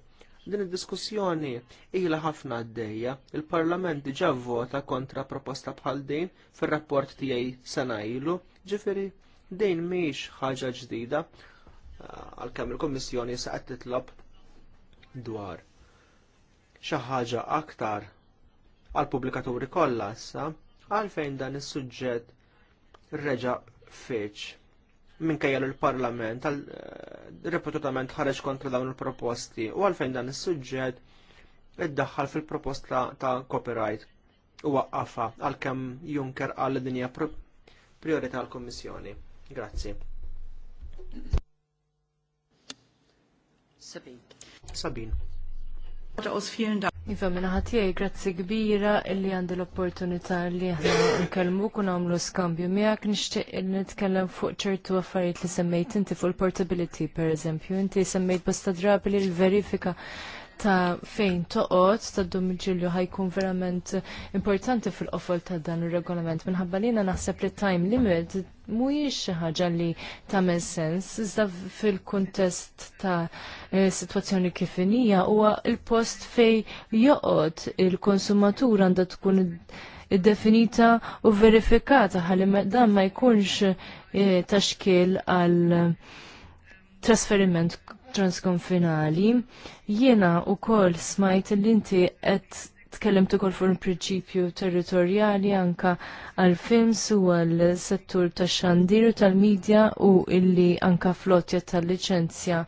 Din id-diskussjoni ilha ħafna għaddejja. Il-Parlament diġà vvota kontra proposta bħal din fir-rapport tiegħi sena ilu, ġifiri din miex ħaġa ġdida eh, għalkemm il-Kummissjoni se qed titlob dwar xi ħaġa aktar għall pubblikaturi kollha issa għalfejn dan is-suġġett reġa' feċ minkejja l-Parlament għal eh, ħareġ kontra dawn il-proposti u għalfejn dan is-suġġett iddaħħal fil-proposta ta' copyright u waqqafa għalkemm Juncker għal dinja priorità għal kommissjoni Grazzi. Sabin. Sabin. Iva minna ħatijaj, grazzi kbira illi għandi l-opportunità li ħna nkellmu kun għamlu skambju miegħek nixtieq illi nitkellem fuq ċertu affarijiet li semmejt inti fuq il-portability per eżempju. Inti semmejt bosta drabi li l-verifika ta' fejn toqgħod ta' domicilju ħajkun verament importanti fil-qofol ta' dan ir-regolament minħabba li naħseb li time limit mhuwiex xi ħaġa li tagħmel sens iżda fil-kuntest ta' eh, sitwazzjoni kif hija huwa l post fej joqgħod il-konsumatur għandha tkun iddefinita u verifikata ħalli dan ma jkunx eh, taxkil għal trasferiment transkonfinali. Jiena wkoll smajt l inti qed tkellimt ukoll fuq il-prinċipju territorjali anka għal films u għal settur tax xandiru tal-medja u illi anka flotja tal-liċenzja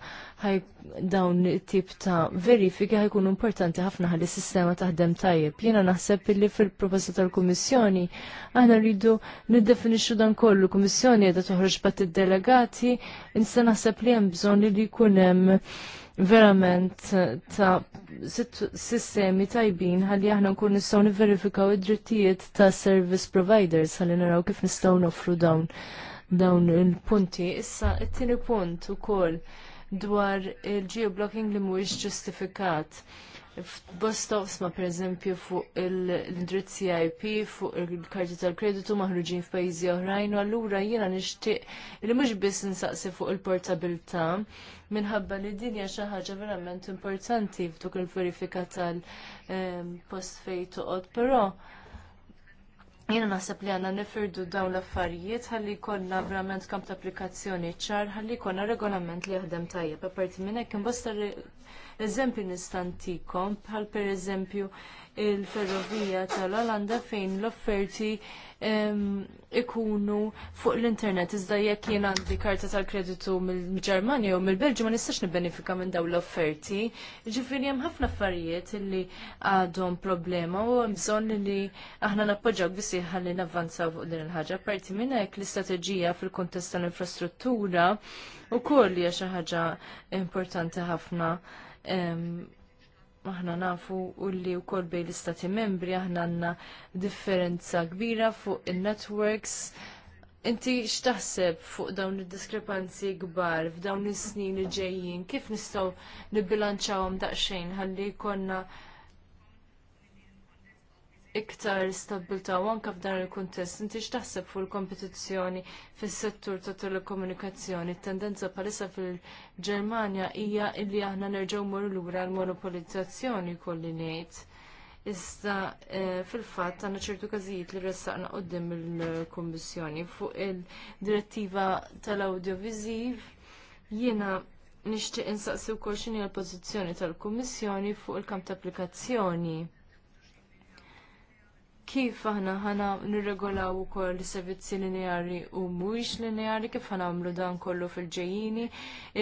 ħaj dawn tip ta' verifika ħajkun importanti ħafna ħalli s-sistema taħdem tajjeb. Jiena naħseb li fil-proposta tal-Kummissjoni aħna rridu niddefinixxu dan kollu. Kummissjoni qiegħda toħroġ bat id-delegati, insa naħseb li hemm bżonn li jkun hemm verament ta' sistemi tajbin ħalli aħna nkun nistgħu niverifikaw id-drittijiet ta' service providers ħalli naraw kif nistgħu nofru dawn dawn il-punti. Issa, it-tieni punt ukoll dwar il-geoblocking li mhuwiex ġustifikat. Bosta osma per eżempju fuq l-indrizzi IP, fuq il-karti tal-kreditu maħruġin f'pajjiżi oħrajn, u allura jiena nixtieq li mhux biss nsaqsi fuq il-portabilità minħabba li din hija xi ħaġa verament importanti f'dok il-verifika tal-post ehm, fejn toqgħod, però Jena naħseb li għanna nifirdu dawn l-affarijiet ħalli jkollna verament kamp ta' applikazzjoni ċar ħalli jkollna regolament li jaħdem tajjeb. Apparti minn hekk bosta eżempju nistantikom bħal pereżempju il-ferrovija tal-Olanda fejn l-offerti ikunu fuq l-internet. Iżda jekk jien għandi karta tal-kreditu mill-Ġermanja u mill-Belġu ma nistax nibbenefika minn dawn l-offerti. Ġifieri hemm ħafna affarijiet li għadhom problema u hemm bżonn li aħna nappoġġaw biss ħalli navvanzaw fuq din il-ħaġa. Parti minn hekk l-istrateġija fil-kontest tal-infrastruttura u koll hija xi ħaġa importanti ħafna aħna nafu u li u kol bej l-istati membri aħna għanna differenza kbira fuq il-networks. Inti xtaħseb fuq dawn il-diskrepanzi kbar f'dawn is-snin li ġejjin, kif nistgħu nibbilanċawhom daqsxejn ħalli konna iktar stabilta u anke f'dan il-kuntest inti x'taħseb fuq il-kompetizzjoni fis-settur ta' telekomunikazzjoni. Tendenza palissa fil-Ġermanja hija li aħna nerġgħu mor lura l-monopolizzazzjoni kolli ngħid. Issa eh, fil-fatt għandna ċertu każijiet li ressaqna qudiem il-Kummissjoni fuq il-Direttiva tal-Audiovisiv jiena nixtieq insaqsi wkoll x'inhi l-pożizzjoni tal-Kummissjoni fuq il-kamp ta' applikazzjoni kif aħna ħana nirregolaw ukoll servizzi lineari u mhuwiex lineari kif għamlu dan kollu fil-ġejjini,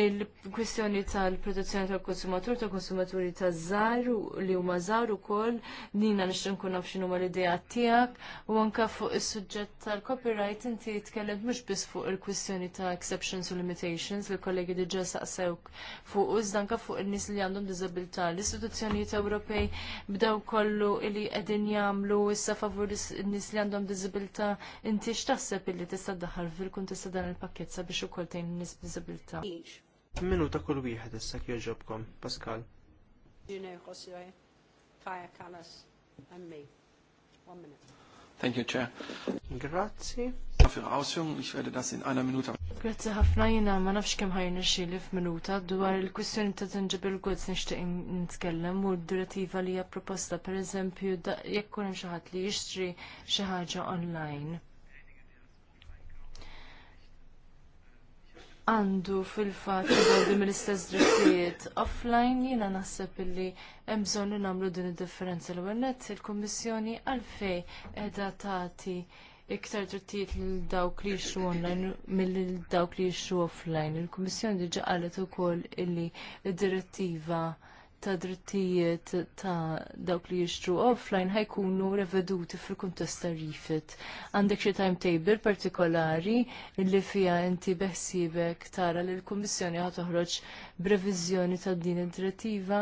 il-kwistjoni tal-protezzjoni tal-konsumatur tal-konsumaturi tal żgħar li huma żar ukoll nina nixtieq nkun naf x'inhuma l-idea tiegħek u anke fuq is-suġġett tal-copyright inti tkellimt mhux biss fuq il-kwistjoni ta' exceptions u limitations li kollegi diġà saqsew fuq iżda anke fuq il nies li għandhom diżabilità. L-istituzzjonijiet Ewropej bdew kollu li qegħdin jagħmlu issa favur nis li għandhom diżibilità inti x'taħseb illi tista' ddaħħal fil tista' dan il-pakkett sabiex ukoll tgħin nis nies Minu Minuta kull wieħed issa jogħġobkom, Pascal. You know Jose, Kaya Kallas and me. One minute. Thank you, Chair. Grazzi. Dafür Ausführung, ich werde das in einer Minute. Grazzi ħafna jina ma nafx kemm ħajna irxili f'minuta dwar il-kwistjoni ta' tangible goods nixtieq nitkellem u d-direttiva li hija proposta pereżempju jekk hemm xi ħadd li jixtri xi ħaġa online għandu fil-fat jgħoddi mill-istess drittijiet offline jiena naħseb illi hemm bżonn li nagħmlu din id-differenza l għennet il-Kummissjoni għalfej edha tagħti iktar drittijiet lil dawk li xru online milli dawk li xru offline. Il-Kummissjoni diġà qalet ukoll illi d-direttiva il ta' drittijiet ta' dawk li jixtru offline ħajkunu reveduti fil-kuntest ta' rifit. Għandek xi timetable partikolari li fija inti beħsibek tara li l-Kummissjoni ħad toħroġ b'reviżjoni ta' din id-direttiva.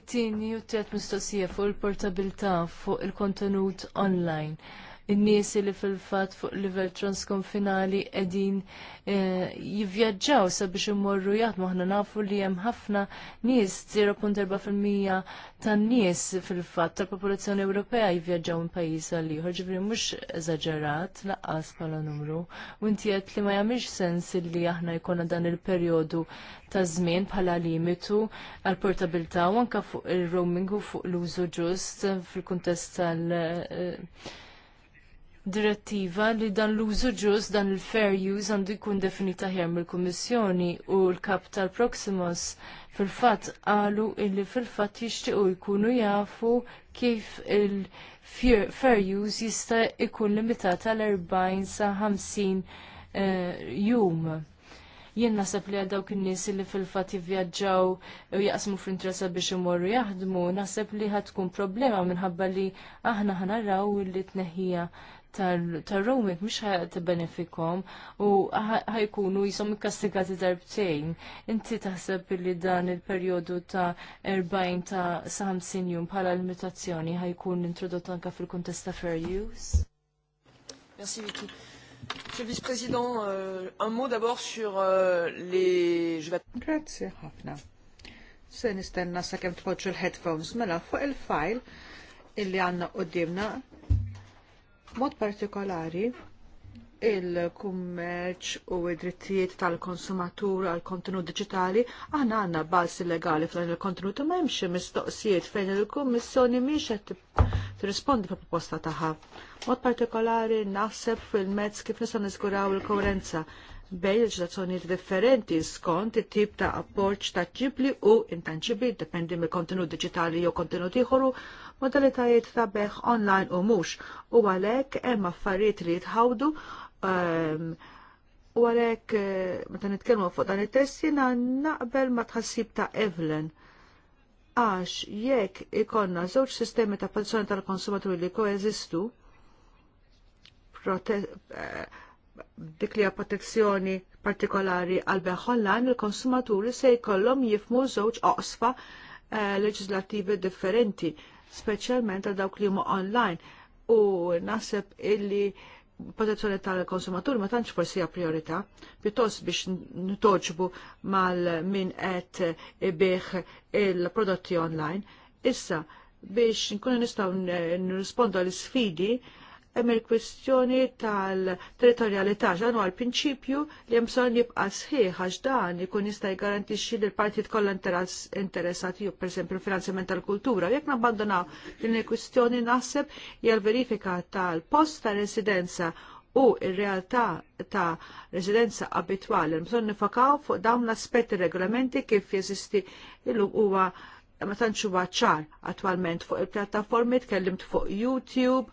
It-tieni u t-tiet mistoqsija fuq il-portabilità fuq il-kontenut online n-nies li fil-fatt fuq livell transkonfinali qegħdin eh, jivvjaġġaw sabiex imorru jaħdmu aħna nafu li hemm ħafna nies 0.4% tan-nies fil-fatt tal-popolazzjoni Ewropea jivvjaġġaw minn pajjiż għal ieħor, ġifieri mhux eżaġerat laqqas bħala numru. U inti qed li ma jagħmilx sens li aħna jkollna dan il-perjodu ta' żmien bħala limitu għal portabilità u anke fuq il-roaming u fuq l-użu ġust fil-kuntest tal- eh, direttiva li dan l-użu ġus dan il-fair use għandu jkun definita ħjar mill-Kummissjoni u l-kap tal-Proximus fil-fatt qalu illi fil-fatt jixtiequ jkunu jafu kif il-fair use jista' jkun limitata għal 40 sa 50 eh, jum jien nasab li għadaw in-nies li fil-fat jivvjaġġaw u jaqsmu fl-intresa biex imorru jaħdmu, nasab li ħatkun problema minħabba li aħna ħanaraw li tneħħija tar roaming mhux ħatibbenefikhom u ħajkunu jisom ikkastigati darbtejn. Inti taħseb li dan il-perjodu ta' 40 ta' 50 jum bħala limitazzjoni ħajkun introdott anke fil-kuntest ta' fair use? Merci Vicky. Monsieur le Vice-président, euh, un mot d'abord sur euh, les... Grazie, Hafna. Se nistenna sa' kem tpoġġu l-headphones mela fuq il-file illi għanna u dimna Mod partikolari, il-kummerċ u id-drittijiet tal-konsumatur għal kontenut digitali aħna għandna bażi legali f'dan il-kontenut u m'hemmx mistoqsijiet fejn il-Kummissjoni mhix qed tirrispondi fil-proposta tagħha. Mod partikolari naħseb fil-mezz kif nisa niżguraw il bej il leġislazzjonijiet differenti skont it-tip ta' approċċ taċċibli u intanċibli, dependi mill-kontenut digitali jew kontenut ieħor modalitajiet ta' beħ online u mhux u għalhekk hemm affarijiet li jitħawdu ehm, u għalhekk eh, meta nitkellmu fuq dan it-test jiena naqbel ma tħassib ta' Evelyn għax jekk ikonna żewġ sistemi ta' pensjoni tal-konsumaturi li koeżistu eh, dik li protezzjoni partikolari għal online, il-konsumaturi se jkollhom jifmu żewġ oqsfa eh, leġislattivi differenti speċjalment għal dawk li huma online u naħseb illi protezzjoni tal-konsumatur ma tantx forsi hija priorità, pjuttost biex nitoġbu mal min qed ibih il-prodotti online. Issa biex nkunu nistgħu nirrispondu għall sfidi hemm il-kwistjoni tal-territorjalità ġanu għal prinċipju li hemm bżonn jibqa' sħiħ għax dan ikun jista' jgarantixxi li l-partit kollha interessati jew pereżempju finanzjament tal-kultura. Jekk nabbandonaw din il-kwistjoni naħseb l verifika tal-post ta' residenza u ir-realtà ta' residenza abitwali bżonn nifakaw fuq dawn l-aspetti regolamenti kif jeżisti illum huwa ma tantx huwa ċar attwalment fuq il-pjattaformi tkellimt fuq YouTube,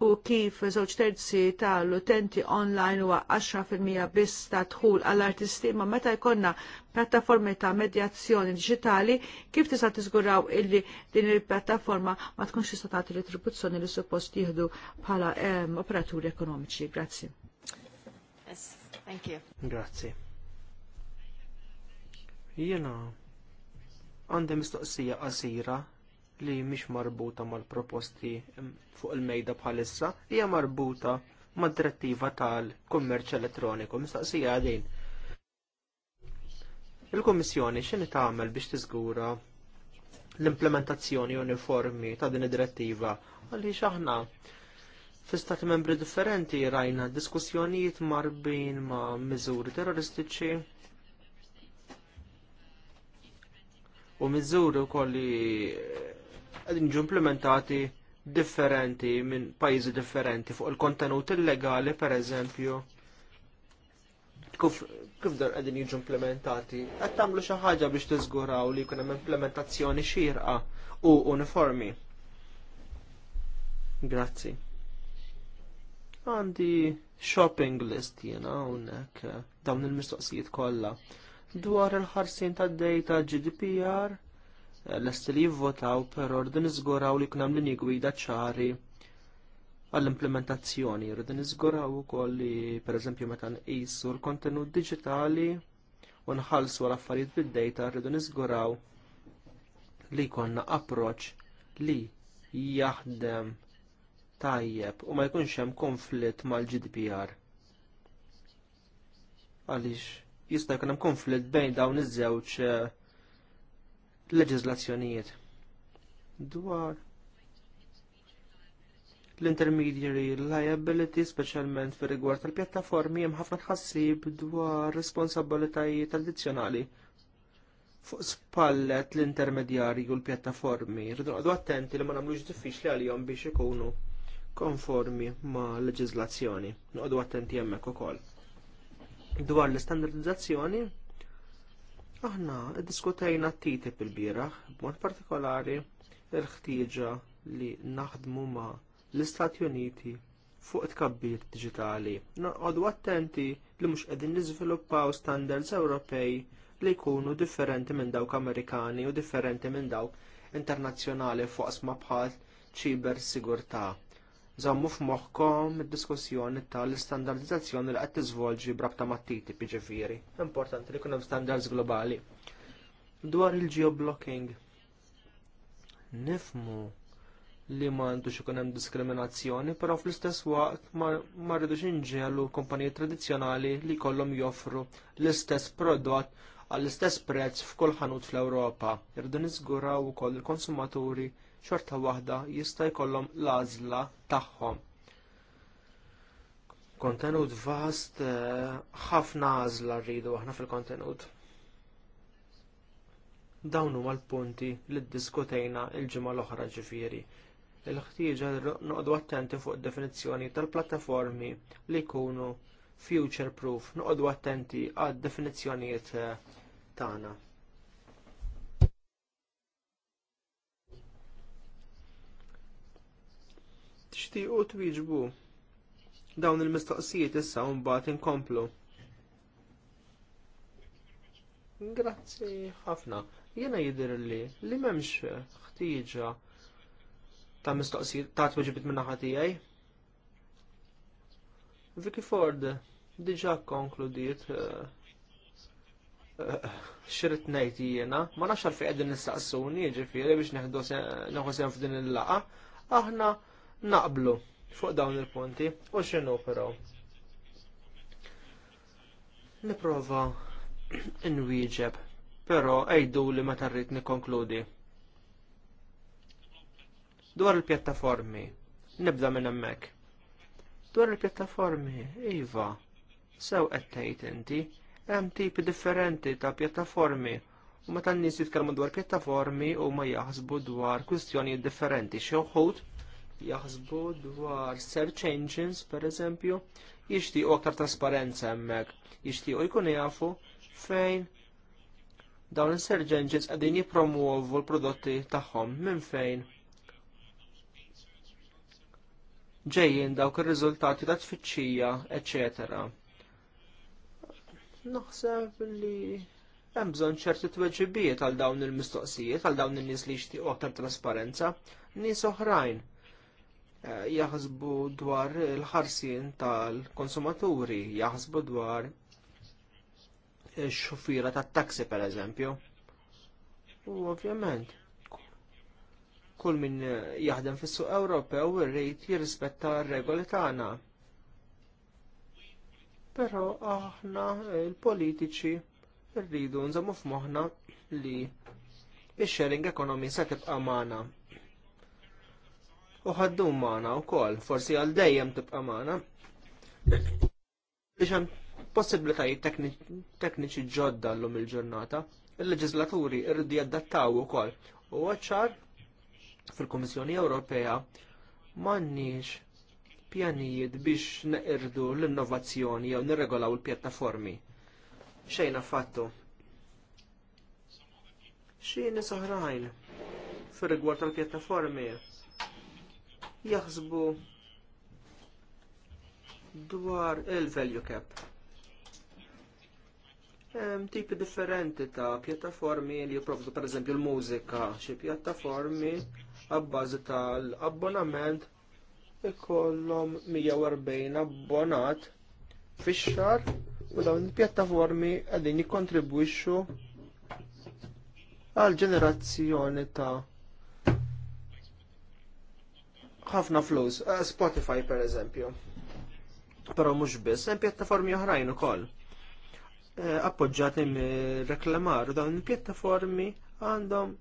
u kif żewġ terzi tal-utenti online huwa 10% biss ta' dħul għall-artisti, ma meta jkollna pjattaformi ta' medjazzjoni digitali, kif tista' tiżguraw illi din il-pjattaforma ma tkunx tista' tagħti retribuzzjoni li suppost jieħdu bħala ehm, operaturi ekonomiċi. Grazzi. Yes, thank you. Grazzi. Jiena għandi mistoqsija qasira li mhix marbuta mal-proposti fuq il-mejda bħalissa, hija marbuta mad-direttiva tal-kummerċ elettroniku mistaqsija għadin. Il-Kummissjoni x'inhi tagħmel biex tiżgura l-implementazzjoni uniformi ta' din id-direttiva għaliex aħna fi-stati membri differenti rajna diskussjonijiet marbin ma' miżuri terroristiċi u miżuri wkoll li qegħdin ġu implementati differenti minn pajjiżi differenti fuq il-kontenut illegali pereżempju. Kif kif dar għedin jiġu implementati? Qed tagħmlu xi ħaġa biex tiżguraw li jkun hemm implementazzjoni xirqa u uniformi. Grazzi. Għandi shopping list jena hawnhekk dawn il-mistoqsijiet kollha dwar il-ħarsin tad-data GDPR lesti li jivvotaw però rridu niżguraw li jkun hemm linji gwida ċari għall-implementazzjoni. Rridu niżguraw ukoll li pereżempju meta nqisu l-kontenut digitali u nħallsu l-affarijiet bid-dejta rridu niżguraw li jkollna approċċ li jaħdem tajjeb u ma jkunx hemm konflitt mal-GDPR. Għaliex jista' jkun hemm konflitt bejn dawn iż-żewġ leġiżlazzjonijiet dwar l-intermediary liability, speċjalment fir rigward tal-pjattaformi, hemm ħafna tħassib dwar responsabilitajiet addizzjonali fuq spallet l-intermedjari u l-pjattaformi. Rridu attenti li ma nagħmlux diffiċli għalihom biex ikunu konformi ma' leġiżlazzjoni. Noqogħdu attenti hemmhekk ukoll. Dwar l-istandardizzazzjoni, Aħna diskutajna t-titib il-biraħ, b'mod partikolari l-ħtieġa li naħdmu ma l-Istati Uniti fuq tkabbir digitali. Naqodu attenti li mhux qegħdin niżviluppaw standards Ewropej li jkunu differenti minn dawk Amerikani u differenti minn dawk internazzjonali fuq asma bħal ċiber sigurtà. Zammu f'moħħkom id-diskussjoni tal-istandardizzazzjoni li qed tiżvolġi brabta mat-TTIP ġifieri. Importanti li jkun hemm standards globali. Dwar il-geoblocking. Nifmu li m'għandux ikun hemm diskriminazzjoni, però fl-istess waqt ma rridux inġelu kumpaniji tradizzjonali li jkollhom joffru l-istess prodott għall-istess prezz f'kull ħanut fl-Ewropa. Irridu niżguraw ukoll il-konsumaturi xorta waħda jista' jkollhom l-għażla tagħhom. Kontenut vast eh, ħafna għażla rridu aħna fil-kontenut. Dawn huma l-punti li ddiskutejna l-ġimgħa l-oħra ġifieri. Il-ħtieġa noqogħdu attenti fuq id definizzjoni tal-plattaformi li jkunu future proof, noqogħdu attenti għad definizzjonijiet eh, tagħna. tixtiequ twieġbu dawn il-mistoqsijiet issa mbagħad inkomplu. Grazzi ħafna. Jiena jidher li li m'hemmx ħtieġa ta' mistoqsijiet ta' tweġibit minn naħa tiegħi. Vicky Ford diġà konkludiet eh, eh, xirrit ngħid jiena, ma nafx għalfejn għedin nistaqsuni, jiġifieri biex neħdu neħu f'din il-laqa, aħna naqblu fuq dawn il-punti u x'inhu però. n nwieġeb, però għajdu li ma tarrit nikkonkludi. Dwar il-pjattaformi, nibda minn hemmhekk. Dwar il-pjattaformi, iva, sew qed tgħid inti, hemm tipi differenti ta' pjattaformi u meta n-nies jitkellmu dwar pjattaformi huma jaħsbu dwar kwistjonijiet differenti xi wħud jaħsbu dwar search engines, pereżempju, jixtiequ aktar trasparenza hemmhekk, jixtiequ jkunu jafu fejn dawn is-search engines qegħdin jippromuovu l-prodotti tagħhom minn fejn. Ġejjin dawk ir-riżultati ta' tfittxija, eċetera. Naħseb li hemm bżonn ċerti tweġibiet għal dawn il-mistoqsijiet għal dawn in-nies li jixtiequ aktar trasparenza, nies oħrajn Eh, jaħsbu dwar il-ħarsien tal-konsumaturi, jaħsbu dwar il-xufira tat taxi per eżempju. U ovvjament, kull min jaħdem fis-suq Ewropew irrid jirrispetta r-regoli tagħna. Però aħna il-politiċi rridu nżammu f'moħħna li ix-sharing economy se tibqa' magħna u ħaddum magħna wkoll, forsi għal dejjem tibqa' magħna. Biex hemm possibilitajiet tekniċi ġodda llum il-ġurnata, il-leġislaturi irridu jaddattaw ukoll. U għacċar fil-Kummissjoni Ewropea m'għandniex pjanijiet biex neqirdu l-innovazzjoni jew nirregolaw il-pjattaformi. Xejn affattu. Xi soħrajn fir-rigward tal-pjattaformi jaħsbu dwar il-value cap. Hemm tipi differenti ta' pjattaformi li jipprovdu pereżempju l-mużika, xi pjattaformi għabbażi tal-abbonament ikollhom 140 abbonat fix-xar u dawn il-pjattaformi qegħdin jikkontribwixxu għal ġenerazzjoni ta' ħafna flus, eh, Spotify per eżempju. Però mhux biss, hemm pjattaformi oħrajn ukoll. Eh, Appoġġati reklamar dawn il-pjattaformi għandhom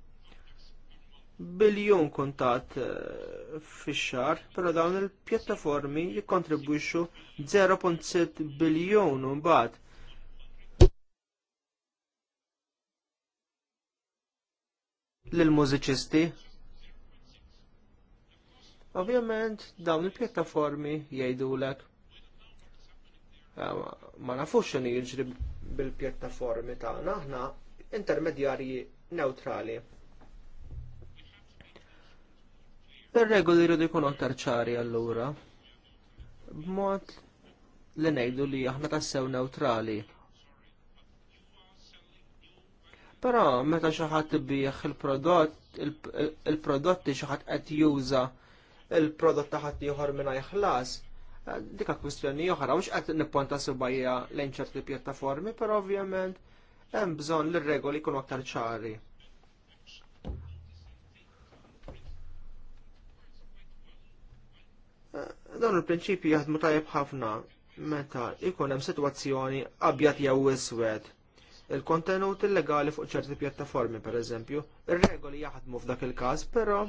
biljun kuntat eh, fix-xar, però dawn il-pjattaformi jikkontribwixxu 0.7 biljun mbagħad. Lil mużiċisti Ovvjament dawn il-pjattaformi jgħidulek ma nafux x'inhi jiġri bil-pjattaformi tagħna aħna intermedjarji neutrali. Ir-regoli jridu jkunu aktar ċari allura. B'mod li ngħidu li aħna tassew neutrali. Però meta xi ħadd ibbieħ il-prodott il-prodotti xi ħadd qed juża il-prodott ta' ħadd ieħor mingħajr ħlas. Eh, Dika kwistjoni oħra, mhux qed nipponta subajja lejn ċerti pjattaformi, però ovvjament hemm bżonn li regoli jkunu aktar ċari. Eh, dawn il-prinċipji jaħdmu tajjeb ħafna meta ikun hemm sitwazzjoni abjad jew iswed. Il-kontenut illegali fuq ċerti pjattaformi, pereżempju, ir-regoli jaħdmu f'dak il-każ, però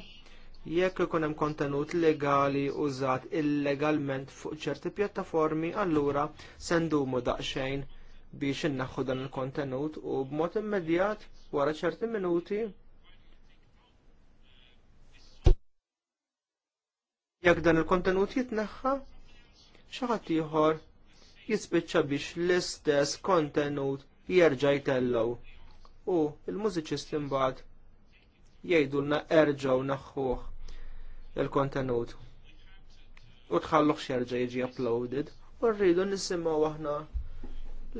Jekk ikun hemm kontenut legali użat illegalment fuq ċerti pjattaformi, allura sendumu daqsxejn biex innaħħu dan il-kontenut u b'mod immedjat wara ċerti minuti jekk dan il-kontenut jitneħħa, xaħat ieħor jispiċċa biex l-istess kontenut jerġa' jtellgħu. U l mużiċisti mbagħad jgħidulna erġgħu naħħuh il-kontenut u tħalluħ xerġa jiġi uploaded u rridu nisimmaw aħna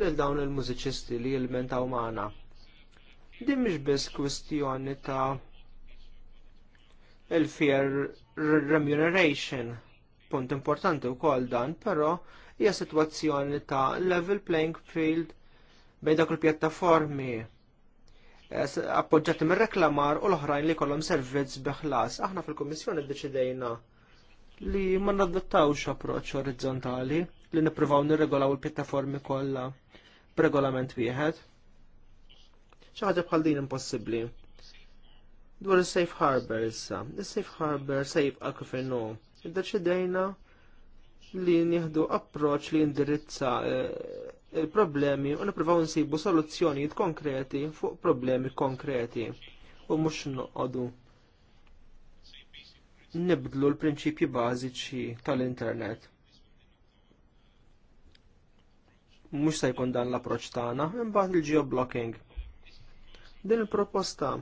lil dawn il-mużiċisti li jilmentaw maħna. Din mhix biss kwistjoni ta' il-fair remuneration, punt importanti wkoll dan, però hija sitwazzjoni ta' level playing field bejn dak il-pjattaformi appoġġati mir reklamar u l-oħrajn li kollhom servizz beħlas. Aħna fil-Kummissjoni ddeċidejna li ma nadottawx approċċ orizzontali li nippruvaw nirregolaw il-pjattaformi kollha b'regolament wieħed. Xi ħaġa bħal din impossibbli. Dwar is-safe harbor issa. Is-safe harbor se jibqa' kif hu. Iddeċidejna li nieħdu approċċ li indirizza eh, il-problemi u nippruvaw nsibu soluzzjonijiet konkreti fuq problemi konkreti u mhux noqogħdu nibdlu l-prinċipji bażiċi tal-internet. Mhux se jkun dan l-approċċ tagħna, imbagħad il-geoblocking. Din il-proposta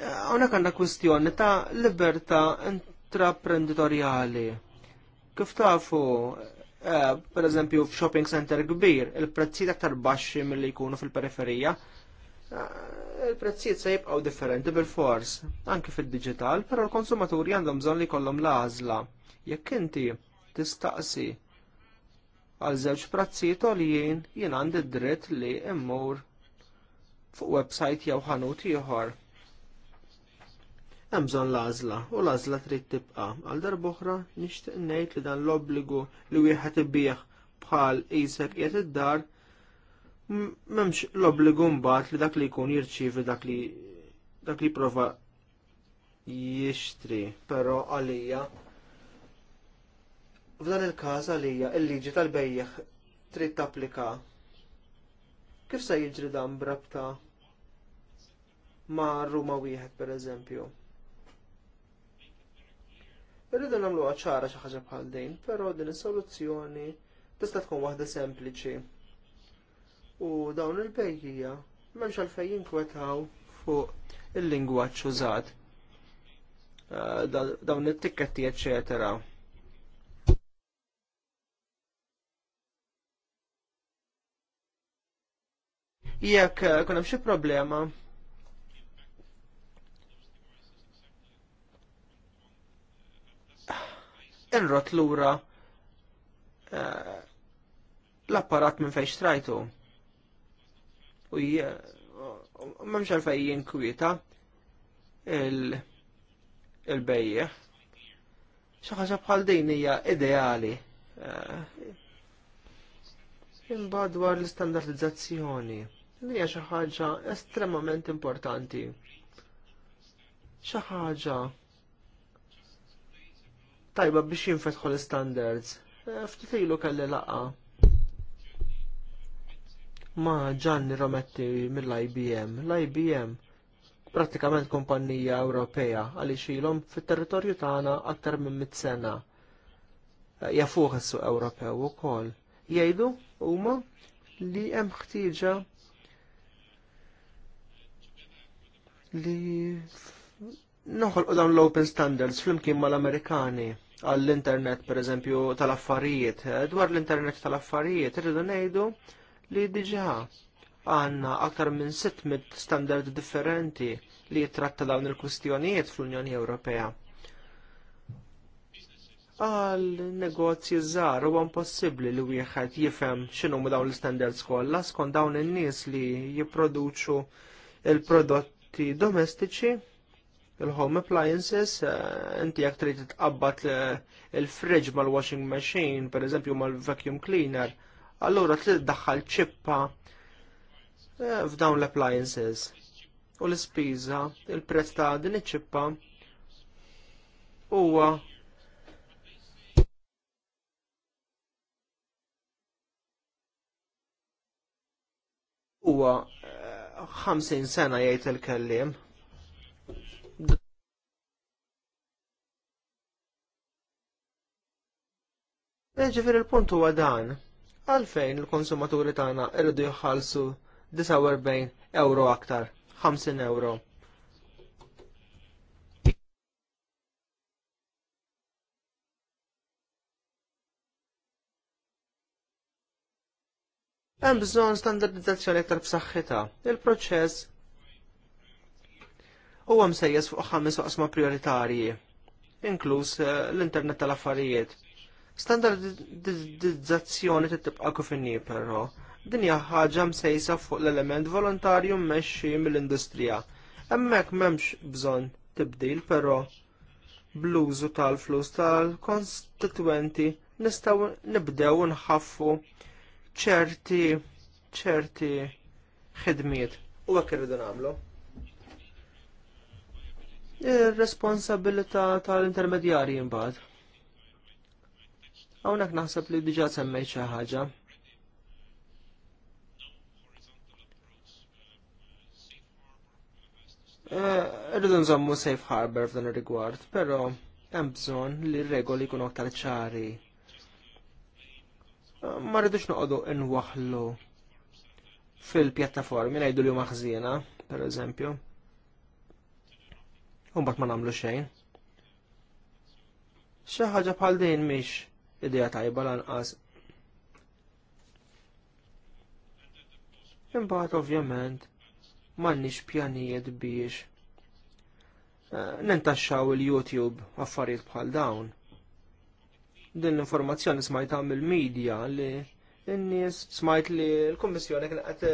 Għonek għanna kwistjoni ta' libertà intraprenditoriali. Kif tafu, eh, per eżempju, f'shopping center kbir, il-prezzijiet aktar baxxi mill-li jkunu fil-periferija, eh, il-prezzijiet se jibqgħu differenti bil-fors, anke fid-diġital, però l-konsumaturi għandhom bżonn li jkollhom l-għażla. Jekk inti tistaqsi għal żewġ prezzijiet għoljien jien għandi d-dritt li immur fuq website jew ħanut ieħor hemm bżonn l-għażla u l-għażla trid tibqa' għal darb'oħra nixtieq ngħid li dan l-obbligu li wieħed ibih bħal qisek qiegħed id-dar m'hemmx l-obbligu mbagħad li dak li jkun jirċievi dak li dak li prova jixtri, però għalija f'dan il-każ għalija il-liġi tal-bejjeħ trid tapplika. Kif se jiġri dan brabta ma' Ruma wieħed pereżempju? Irridu nagħmluha ċara xi ħaġa bħal din, però din is-soluzzjoni tista' tkun waħda sempliċi. U dawn il-bejjija m'hemmx għalfejn jinkwetaw fuq il-lingwaġġ użat. Eh, dawn it-tikketti eċetera. jekk eh, kun hemm xi problema inrot lura eh, l-apparat minn fejn xtrajtu. U memx għalfej jinkwieta il bejje ħaġa bħal din hija ideali. Eh, imbagħad dwar l-istandardizzazzjoni. Hija xi ħaġa estremament importanti. Xi ħaġa tajba biex jinfetħu l-standards. E, ftit ilu kelli laqa. Ma' Gianni Rometti mill-IBM. L-IBM prattikament kompanija Ewropea għaliex ilhom fit-territorju tagħna aktar minn mit sena. E, jafuh is-suq Ewropew ukoll. Jgħidu huma li hemm ħtieġa li noħolqu dawn l-open standards flimkien mal-Amerikani għall-internet pereżempju tal-affarijiet. Dwar l-internet tal-affarijiet irridu ngħidu li diġa' għandna aktar minn 600 standard differenti li jitratta dawn il-kwistjonijiet fl-Unjoni Ewropea. Għal negozji żgħar huwa impossibbli li wieħed jifhem x'inhuma dawn l-standards kollha skont dawn in-nies li jipproduċu il-prodotti domestiċi il-home appliances, eh, inti jekk trid tqabbat eh, il-fridge mal-washing machine, per eżempju mal-vacuum cleaner, allura trid daħħal ċippa eh, f'dawn l-appliances. U l-ispiża, il-prezz ta' din iċ-ċippa huwa huwa 50 sena jgħid il-kelliem. E ġifir il-punt huwa dan. Għalfejn il-konsumaturi tagħna irridu jħallsu 49 euro aktar, 50 euro. Hemm bżonn standardizzazzjoni aktar b'saħħitha. Il-proċess huwa msejjes fuq ħames oqsma prioritarji, inkluż eh, l-internet tal-affarijiet. Standardizzazzjoni tibqa' kufinni inni però din hija ħaġa msejsa fuq l-element volontarju mmexxi mill-industrija. Hemmhekk m'hemmx bżonn tibdil però bl-użu tal-flus tal-konstituenti nistgħu nibdew nħaffu ċerti ċerti ħidmiet u hekk irridu nagħmlu. Ir-responsabilità tal-intermedjarji imbagħad. Hawnhekk naħseb li diġà semmejt xi ħaġa. Eh, rridu nżommu safe harbor f'dan ir-rigward, però hemm bżonn li r-regoli jkunu aktar ċari. Eh, ma rridux noqogħdu inwaħħlu fil-pjattaformi ngħidu li huma ħżiena, pereżempju. U mbagħad ma nagħmlu xejn. Xi ħaġa bħal din mhix idea tajba lanqas. Imbagħad ovvjament m'għandniex pjanijiet biex eh, nentaxxaw il-YouTube affarijiet bħal dawn. Din l-informazzjoni smajta mill-medja li n-nies smajt li l-Kummissjoni kien qed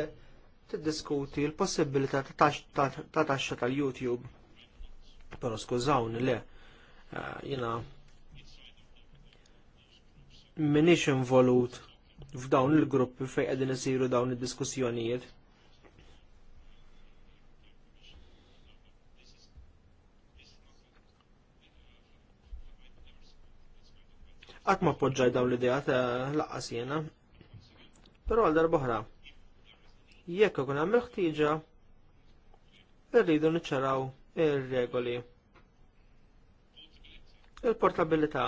tiddiskuti l-possibilità ta' taxxa tal-YouTube. Però skużawni le, eh, jina minix involut f'dawn il-gruppi fejn qegħdin isiru dawn id-diskussjonijiet. Qatt ma poġġaj dawn l-idea ta' laqqas jiena. Però għal darbohra, jekk ikun hemm ħtieġa irridu niċċaraw ir-regoli. Il-portabilità. il portabilità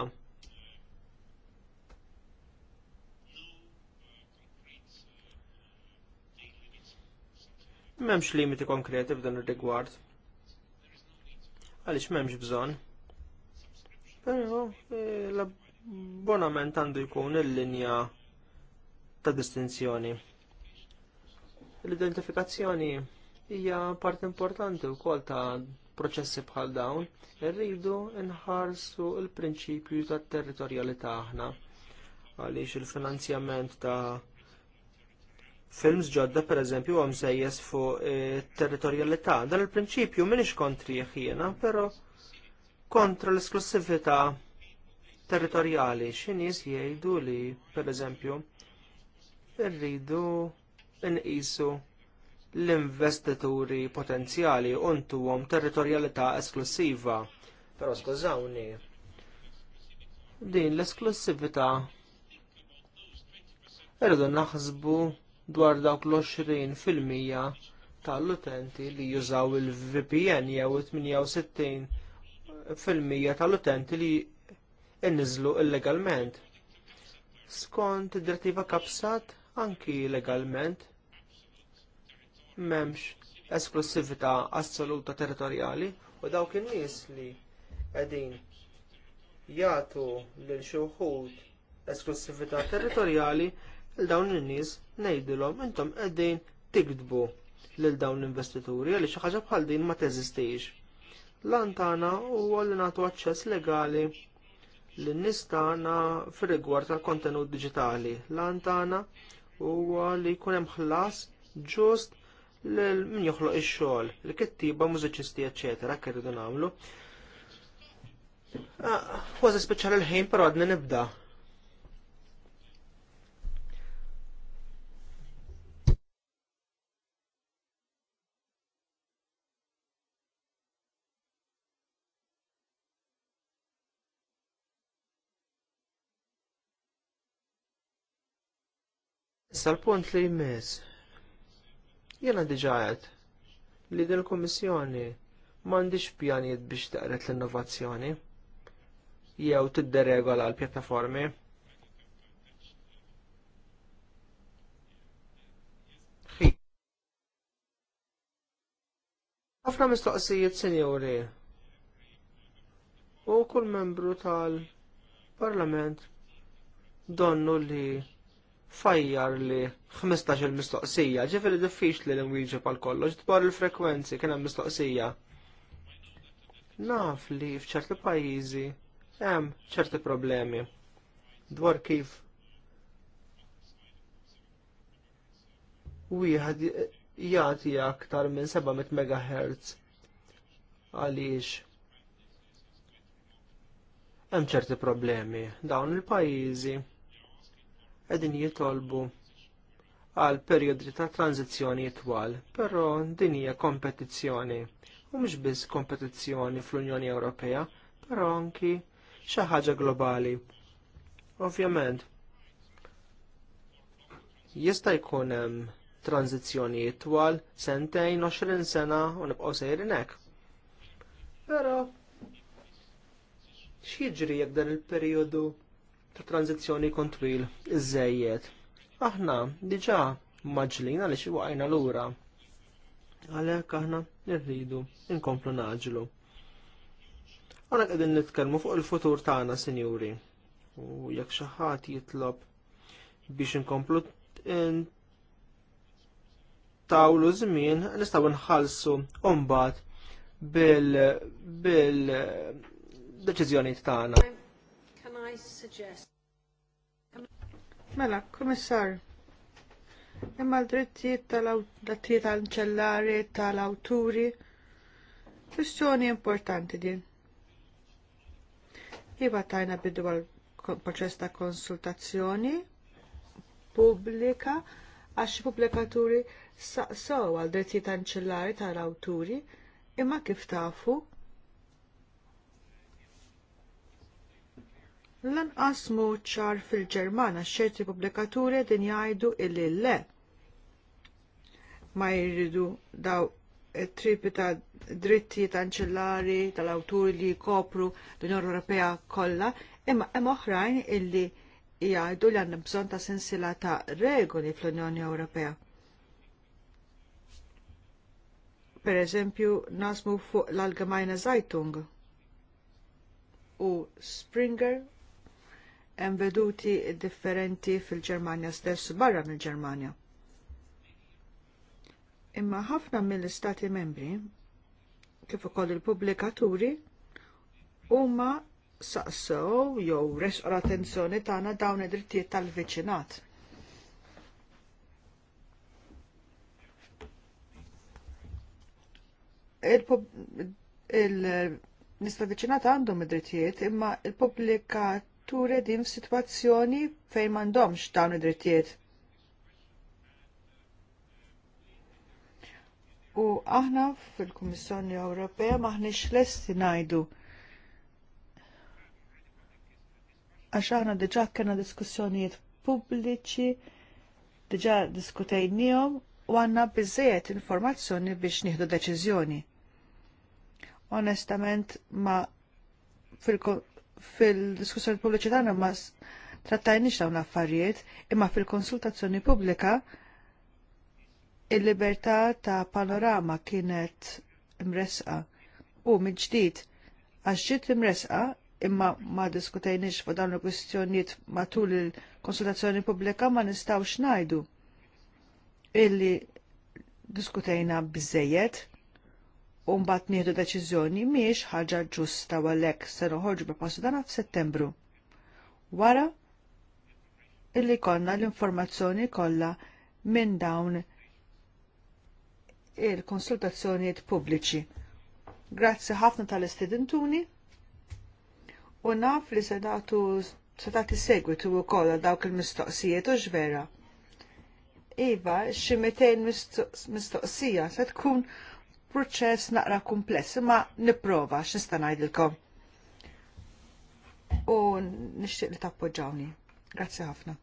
M'hemmx limiti konkreti f'dan ir-rigward. Għaliex m'hemmx bżonn. Però eh, l-abbonament għandu jkun il-linja ta' distinzjoni. L-identifikazzjoni hija part importanti wkoll ta' proċessi bħal dawn, irridu nħarsu l prinċipju tat territorjalità aħna għaliex il-finanzjament ta' films ġodda per eżempju għom sejjes fu eh, territorialità. Dan il-prinċipju minix kontri jħiena, pero kontra l-esklusivita territoriali. Xinis jgħidu li per eżempju irridu nqisu l-investituri potenzjali untu għom territorialità esklusiva. Pero skużawni, din l-esklusivita irridu naħsbu dwar dawk l-20 fil-mija tal-utenti li jużaw il-VPN jew 68 fil-mija tal-utenti li inniżlu illegalment. Skont id-direttiva kapsat anki legalment m'hemmx esklusività assoluta territorjali u dawk in-nies li qegħdin jagħtu lil xi wħud esklusività territorjali l dawn in-nies ngħidilhom intom qegħdin tikdbu lil dawn l-investituri għaliex xi ħaġa bħal din ma teżistix. Lan tagħna huwa li nagħtu aċċess legali lin nies tagħna fir tal-kontenut diġitali. Lan tagħna huwa li jkun hemm ħlas ġust lil min joħloq ix-xogħol, li kittiba mużiċisti, eċetera, kif irridu nagħmlu. Ah, kważi speċjal il-ħin però għadni nibda. Sal-punt li jmiss. Jena diġajet li din il-Komissjoni m'għandix pjanijiet biex taqret l-innovazzjoni jew tidderegola l-pjattaformi. ħafna mistoqsijiet sinjuri u kull membru tal-Parlament donnu li fajjar li 15 mistoqsija, li diffiċ li l-inwiġi pal kollox, dbar il-frekwenzi kien hemm mistoqsija. Naf li f'ċerti pajjiżi hemm ċerti problemi dwar kif wieħed jagħti aktar minn 700 MHz għaliex hemm ċerti problemi dawn il-pajjiżi qegħdin jitolbu għal periodi ta' tranzizjoni twal, però din hija kompetizzjoni u mhux biss kompetizzjoni fl-Unjoni Ewropea, però anki xi ħaġa globali. Ovvjament, jista' jkun hemm tranzizzjoni twal sentejn 20 sena u nibqgħu sejrin hekk. Però x'jiġri jekk dan il-perjodu ta' tranzizjoni kontwil il żejjed Aħna diġà maġlin għaliex waqajna lura. Għalhekk aħna nirridu inkomplu naġlu. Għana qegħdin nitkellmu fuq il-futur tagħna, sinjuri. U jekk xi ħadd jitlob biex inkomplu tawlu żmien nistgħu nħallsu mbagħad bil bil deċiżjoni tagħna suggest. Mela, komissar, imma l-drittijiet tal-drittijiet tal-ċellari, tal-awturi, kwistjoni importanti din. Iva tajna bidu għal-proċess ta' konsultazzjoni pubblika għax pubblikaturi saqsaw għal drittijiet tal-ċellari tal-awturi imma kif tafu Lanqas mu ċar fil-Ġermana xerti pubblikaturi din jgħidu illi le. Ma jridu daw tripi ta' dritti tanċellari tal-awturi li jkopru l-Unjoni Ewropea kollha, imma hemm oħrajn illi jgħidu li għandna bżonn ta' sensila ta' regoli fl-Unjoni Ewropea. Per eżempju, nasmu fuq l-Algemajna Zajtung u Springer hemm veduti differenti fil-Ġermanja stess barra mill-Ġermanja. Imma ħafna mill-Istati membri kif ukoll il-pubblikaturi huma saqsow jew resqu l-attenzjoni tagħna dawn id-drittijiet tal-viċinat. il-nista viċinata għandhom id-drittijiet, imma il-pubblikat ture din f'sitwazzjoni fejn m'għandhomx dawn id-drittijiet. U aħna fil-Kummissjoni Ewropea maħniex lesti ngħidu għax aħna diġà kena diskussjonijiet pubbliċi, diġà diskutejnijom u għandna bizzejet informazzjoni biex nieħdu deċiżjoni. Onestament ma fil fil-diskussjoni pubbliċi tagħna ma trattajniex dawn l-affarijiet, imma fil-konsultazzjoni pubblika il-libertà ta' panorama kienet imresqa u mill-ġdid għax ġiet imresqa imma ma diskutejniex fuq dawn il-kwistjonijiet matul il-konsultazzjoni pubblika ma nistgħux ngħidu illi diskutejna biżejjed u mbagħad nieħdu deċiżjoni miex ħaġa ġusta u għalhekk se noħorġu bi dana f'Settembru. Wara illi konna l-informazzjoni kollha minn dawn il-konsultazzjonijiet pubbliċi. Grazzi ħafna tal istidentuni u naf li se nagħtu se tagħti segwitu wkoll dawk il-mistoqsijiet u x'vera. Iva, xi 200 mistoqsija se tkun proċess naqra kumpless, imma nipprova x'nista' ngħidilkom. U nixtieq li tappoġġawni. Grazzi ħafna.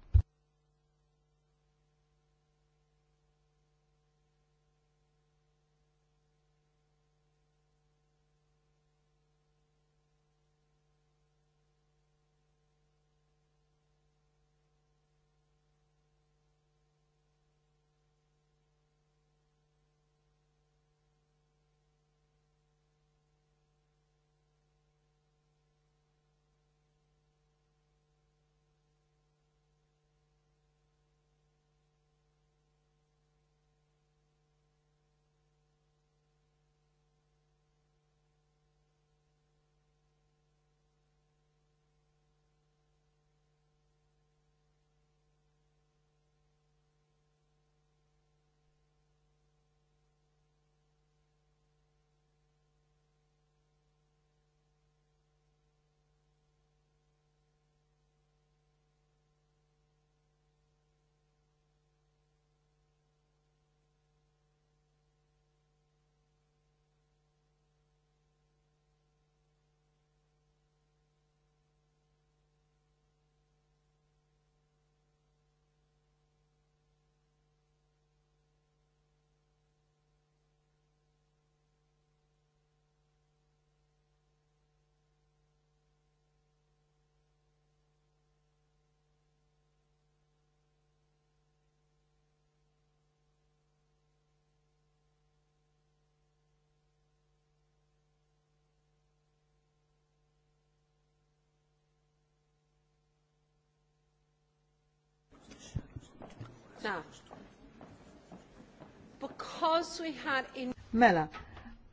Mela,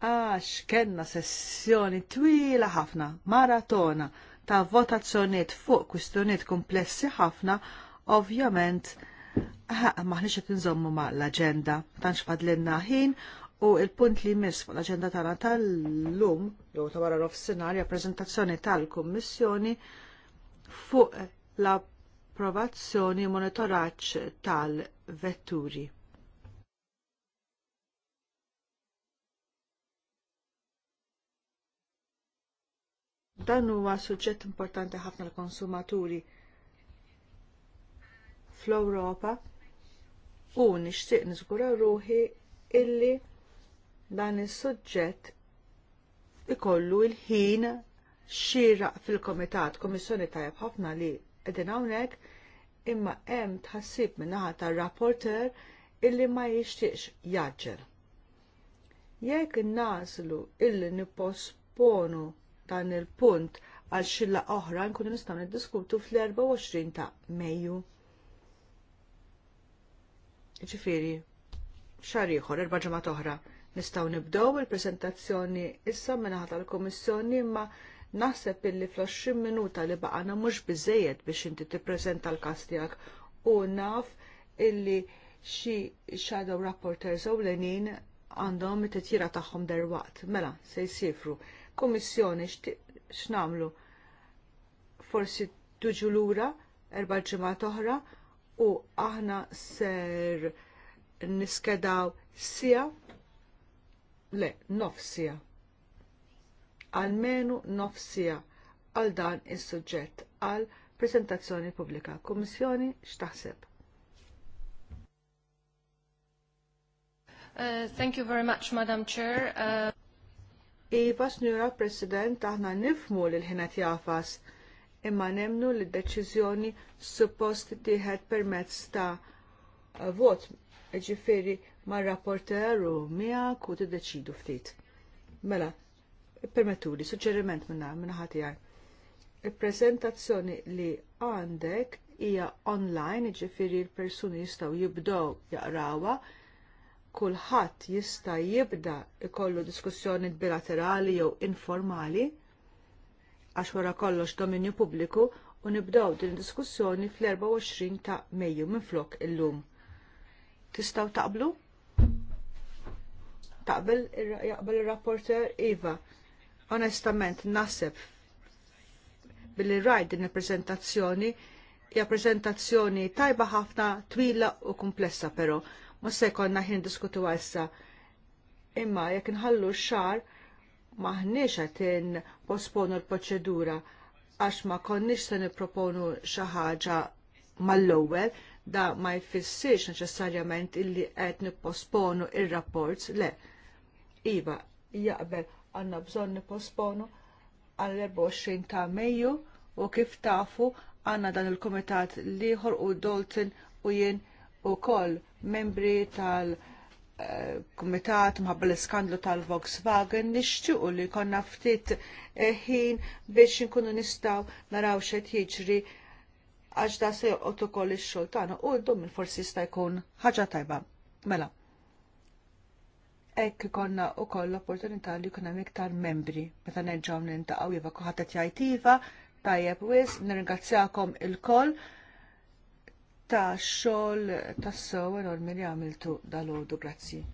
għax kena sessjoni twila ħafna, maratona, ta' votazzjoniet fuq kwistjoniet komplessi ħafna, ovvjament, maħniċ qed nżommu ma' l-agenda, tantx fadlinna ħin, u il-punt li jmiss fuq l-agenda tagħna tal-lum, jew ta' wara nofsinhar, prezentazzjoni tal-Kummissjoni fuq la' approvazzjoni u monitoraġġ tal-vetturi. Dan huwa suġġett importanti ħafna l-konsumaturi fl-Ewropa u nixtieq niżgura ruħi illi dan is-suġġett ikollu l ħin xieraq fil-Komitat Komissjoni tajjeb ħafna li edin hawnhekk imma hemm tħassib min-naħa tar-rapporter illi ma jixtieqx jaġġel. Jekk naslu illi niposponu dan il-punt għal xilla oħra nkunu nistgħu niddiskutu fl-24 ta' Mejju. Ġifieri, xahar ieħor, erba' ġimgħat oħra. Nistgħu nibdew il-preżentazzjoni issa mingħata tal-Kummissjoni imma Naħseb illi fl-20 minuta li baqana mhux biżejjed biex inti tippreżenta l-każ tiegħek u naf illi xi shadow rapporters ewlenin għandhom it-tira tagħhom derwaqt. Mela, se jsifru. Kummissjoni x'namlu? Forsi tuġu lura erba' ġimgħat oħra u aħna ser niskedaw sija le, nof sija għalmenu nofsija għal dan is-suġġett għal prezentazzjoni pubblika. Kummissjoni x'taħseb? Uh, thank you very much, Madam Chair. Uh... Iva, Signora President, aħna nifmu li l-ħinet jafas imma nemnu li d-deċiżjoni suppost tieħed permezz ta' vot ġifiri ma' rapporteru miegħek u tiddeċidu ftit. Mela, permettuli suġġeriment minna minna ħatijaj. Il-prezentazzjoni li għandek hija online, ġifiri l-persuni jistaw jibdow jaqrawa, kulħadd jista' jibda ikollu diskussjoni bilaterali jew informali għax wara kollox dominju pubbliku u nibdew din diskussjoni fl-24 ta' Mejju minflok illum. Tistgħu taqblu? Taqbel jaqbel ir-rapporter Iva onestament naħseb billi rajt din il-prezentazzjoni hija prezentazzjoni tajba ħafna, twila u komplessa però. Ma se konna ħin diskutu għessa. Imma jekk nħallu x-xar maħniex qed posponu l-proċedura għax ma konniex se nipproponu xi ħaġa mal-ewwel da ma jfissirx neċessarjament illi qed nipposponu ir-rapports, le. Iva, jaqbel għanna bżonn niposponu għall-24 ta' Mejju u kif tafu għandna dan il kumitat liħor u Dolton u jien koll membri tal- eh, kumitat mħabba l-skandlu tal-Volkswagen nixtiequ li konna ftit eh, ħin biex inkunu nistgħu naraw xed jiġri għax da se joqgħod ukoll ix-xogħol tagħna u ddum forsi jista' jkun ħaġa tajba. Mela, Ekk konna u koll opportunità li kuna miktar membri. Meta nerġaw nintaqaw jiva kuħatet jajtiva, tajjeb wis, nirringrazzjakom il-koll ta' xol ta' sew enormi li għamiltu dal-ħodu. Grazzi.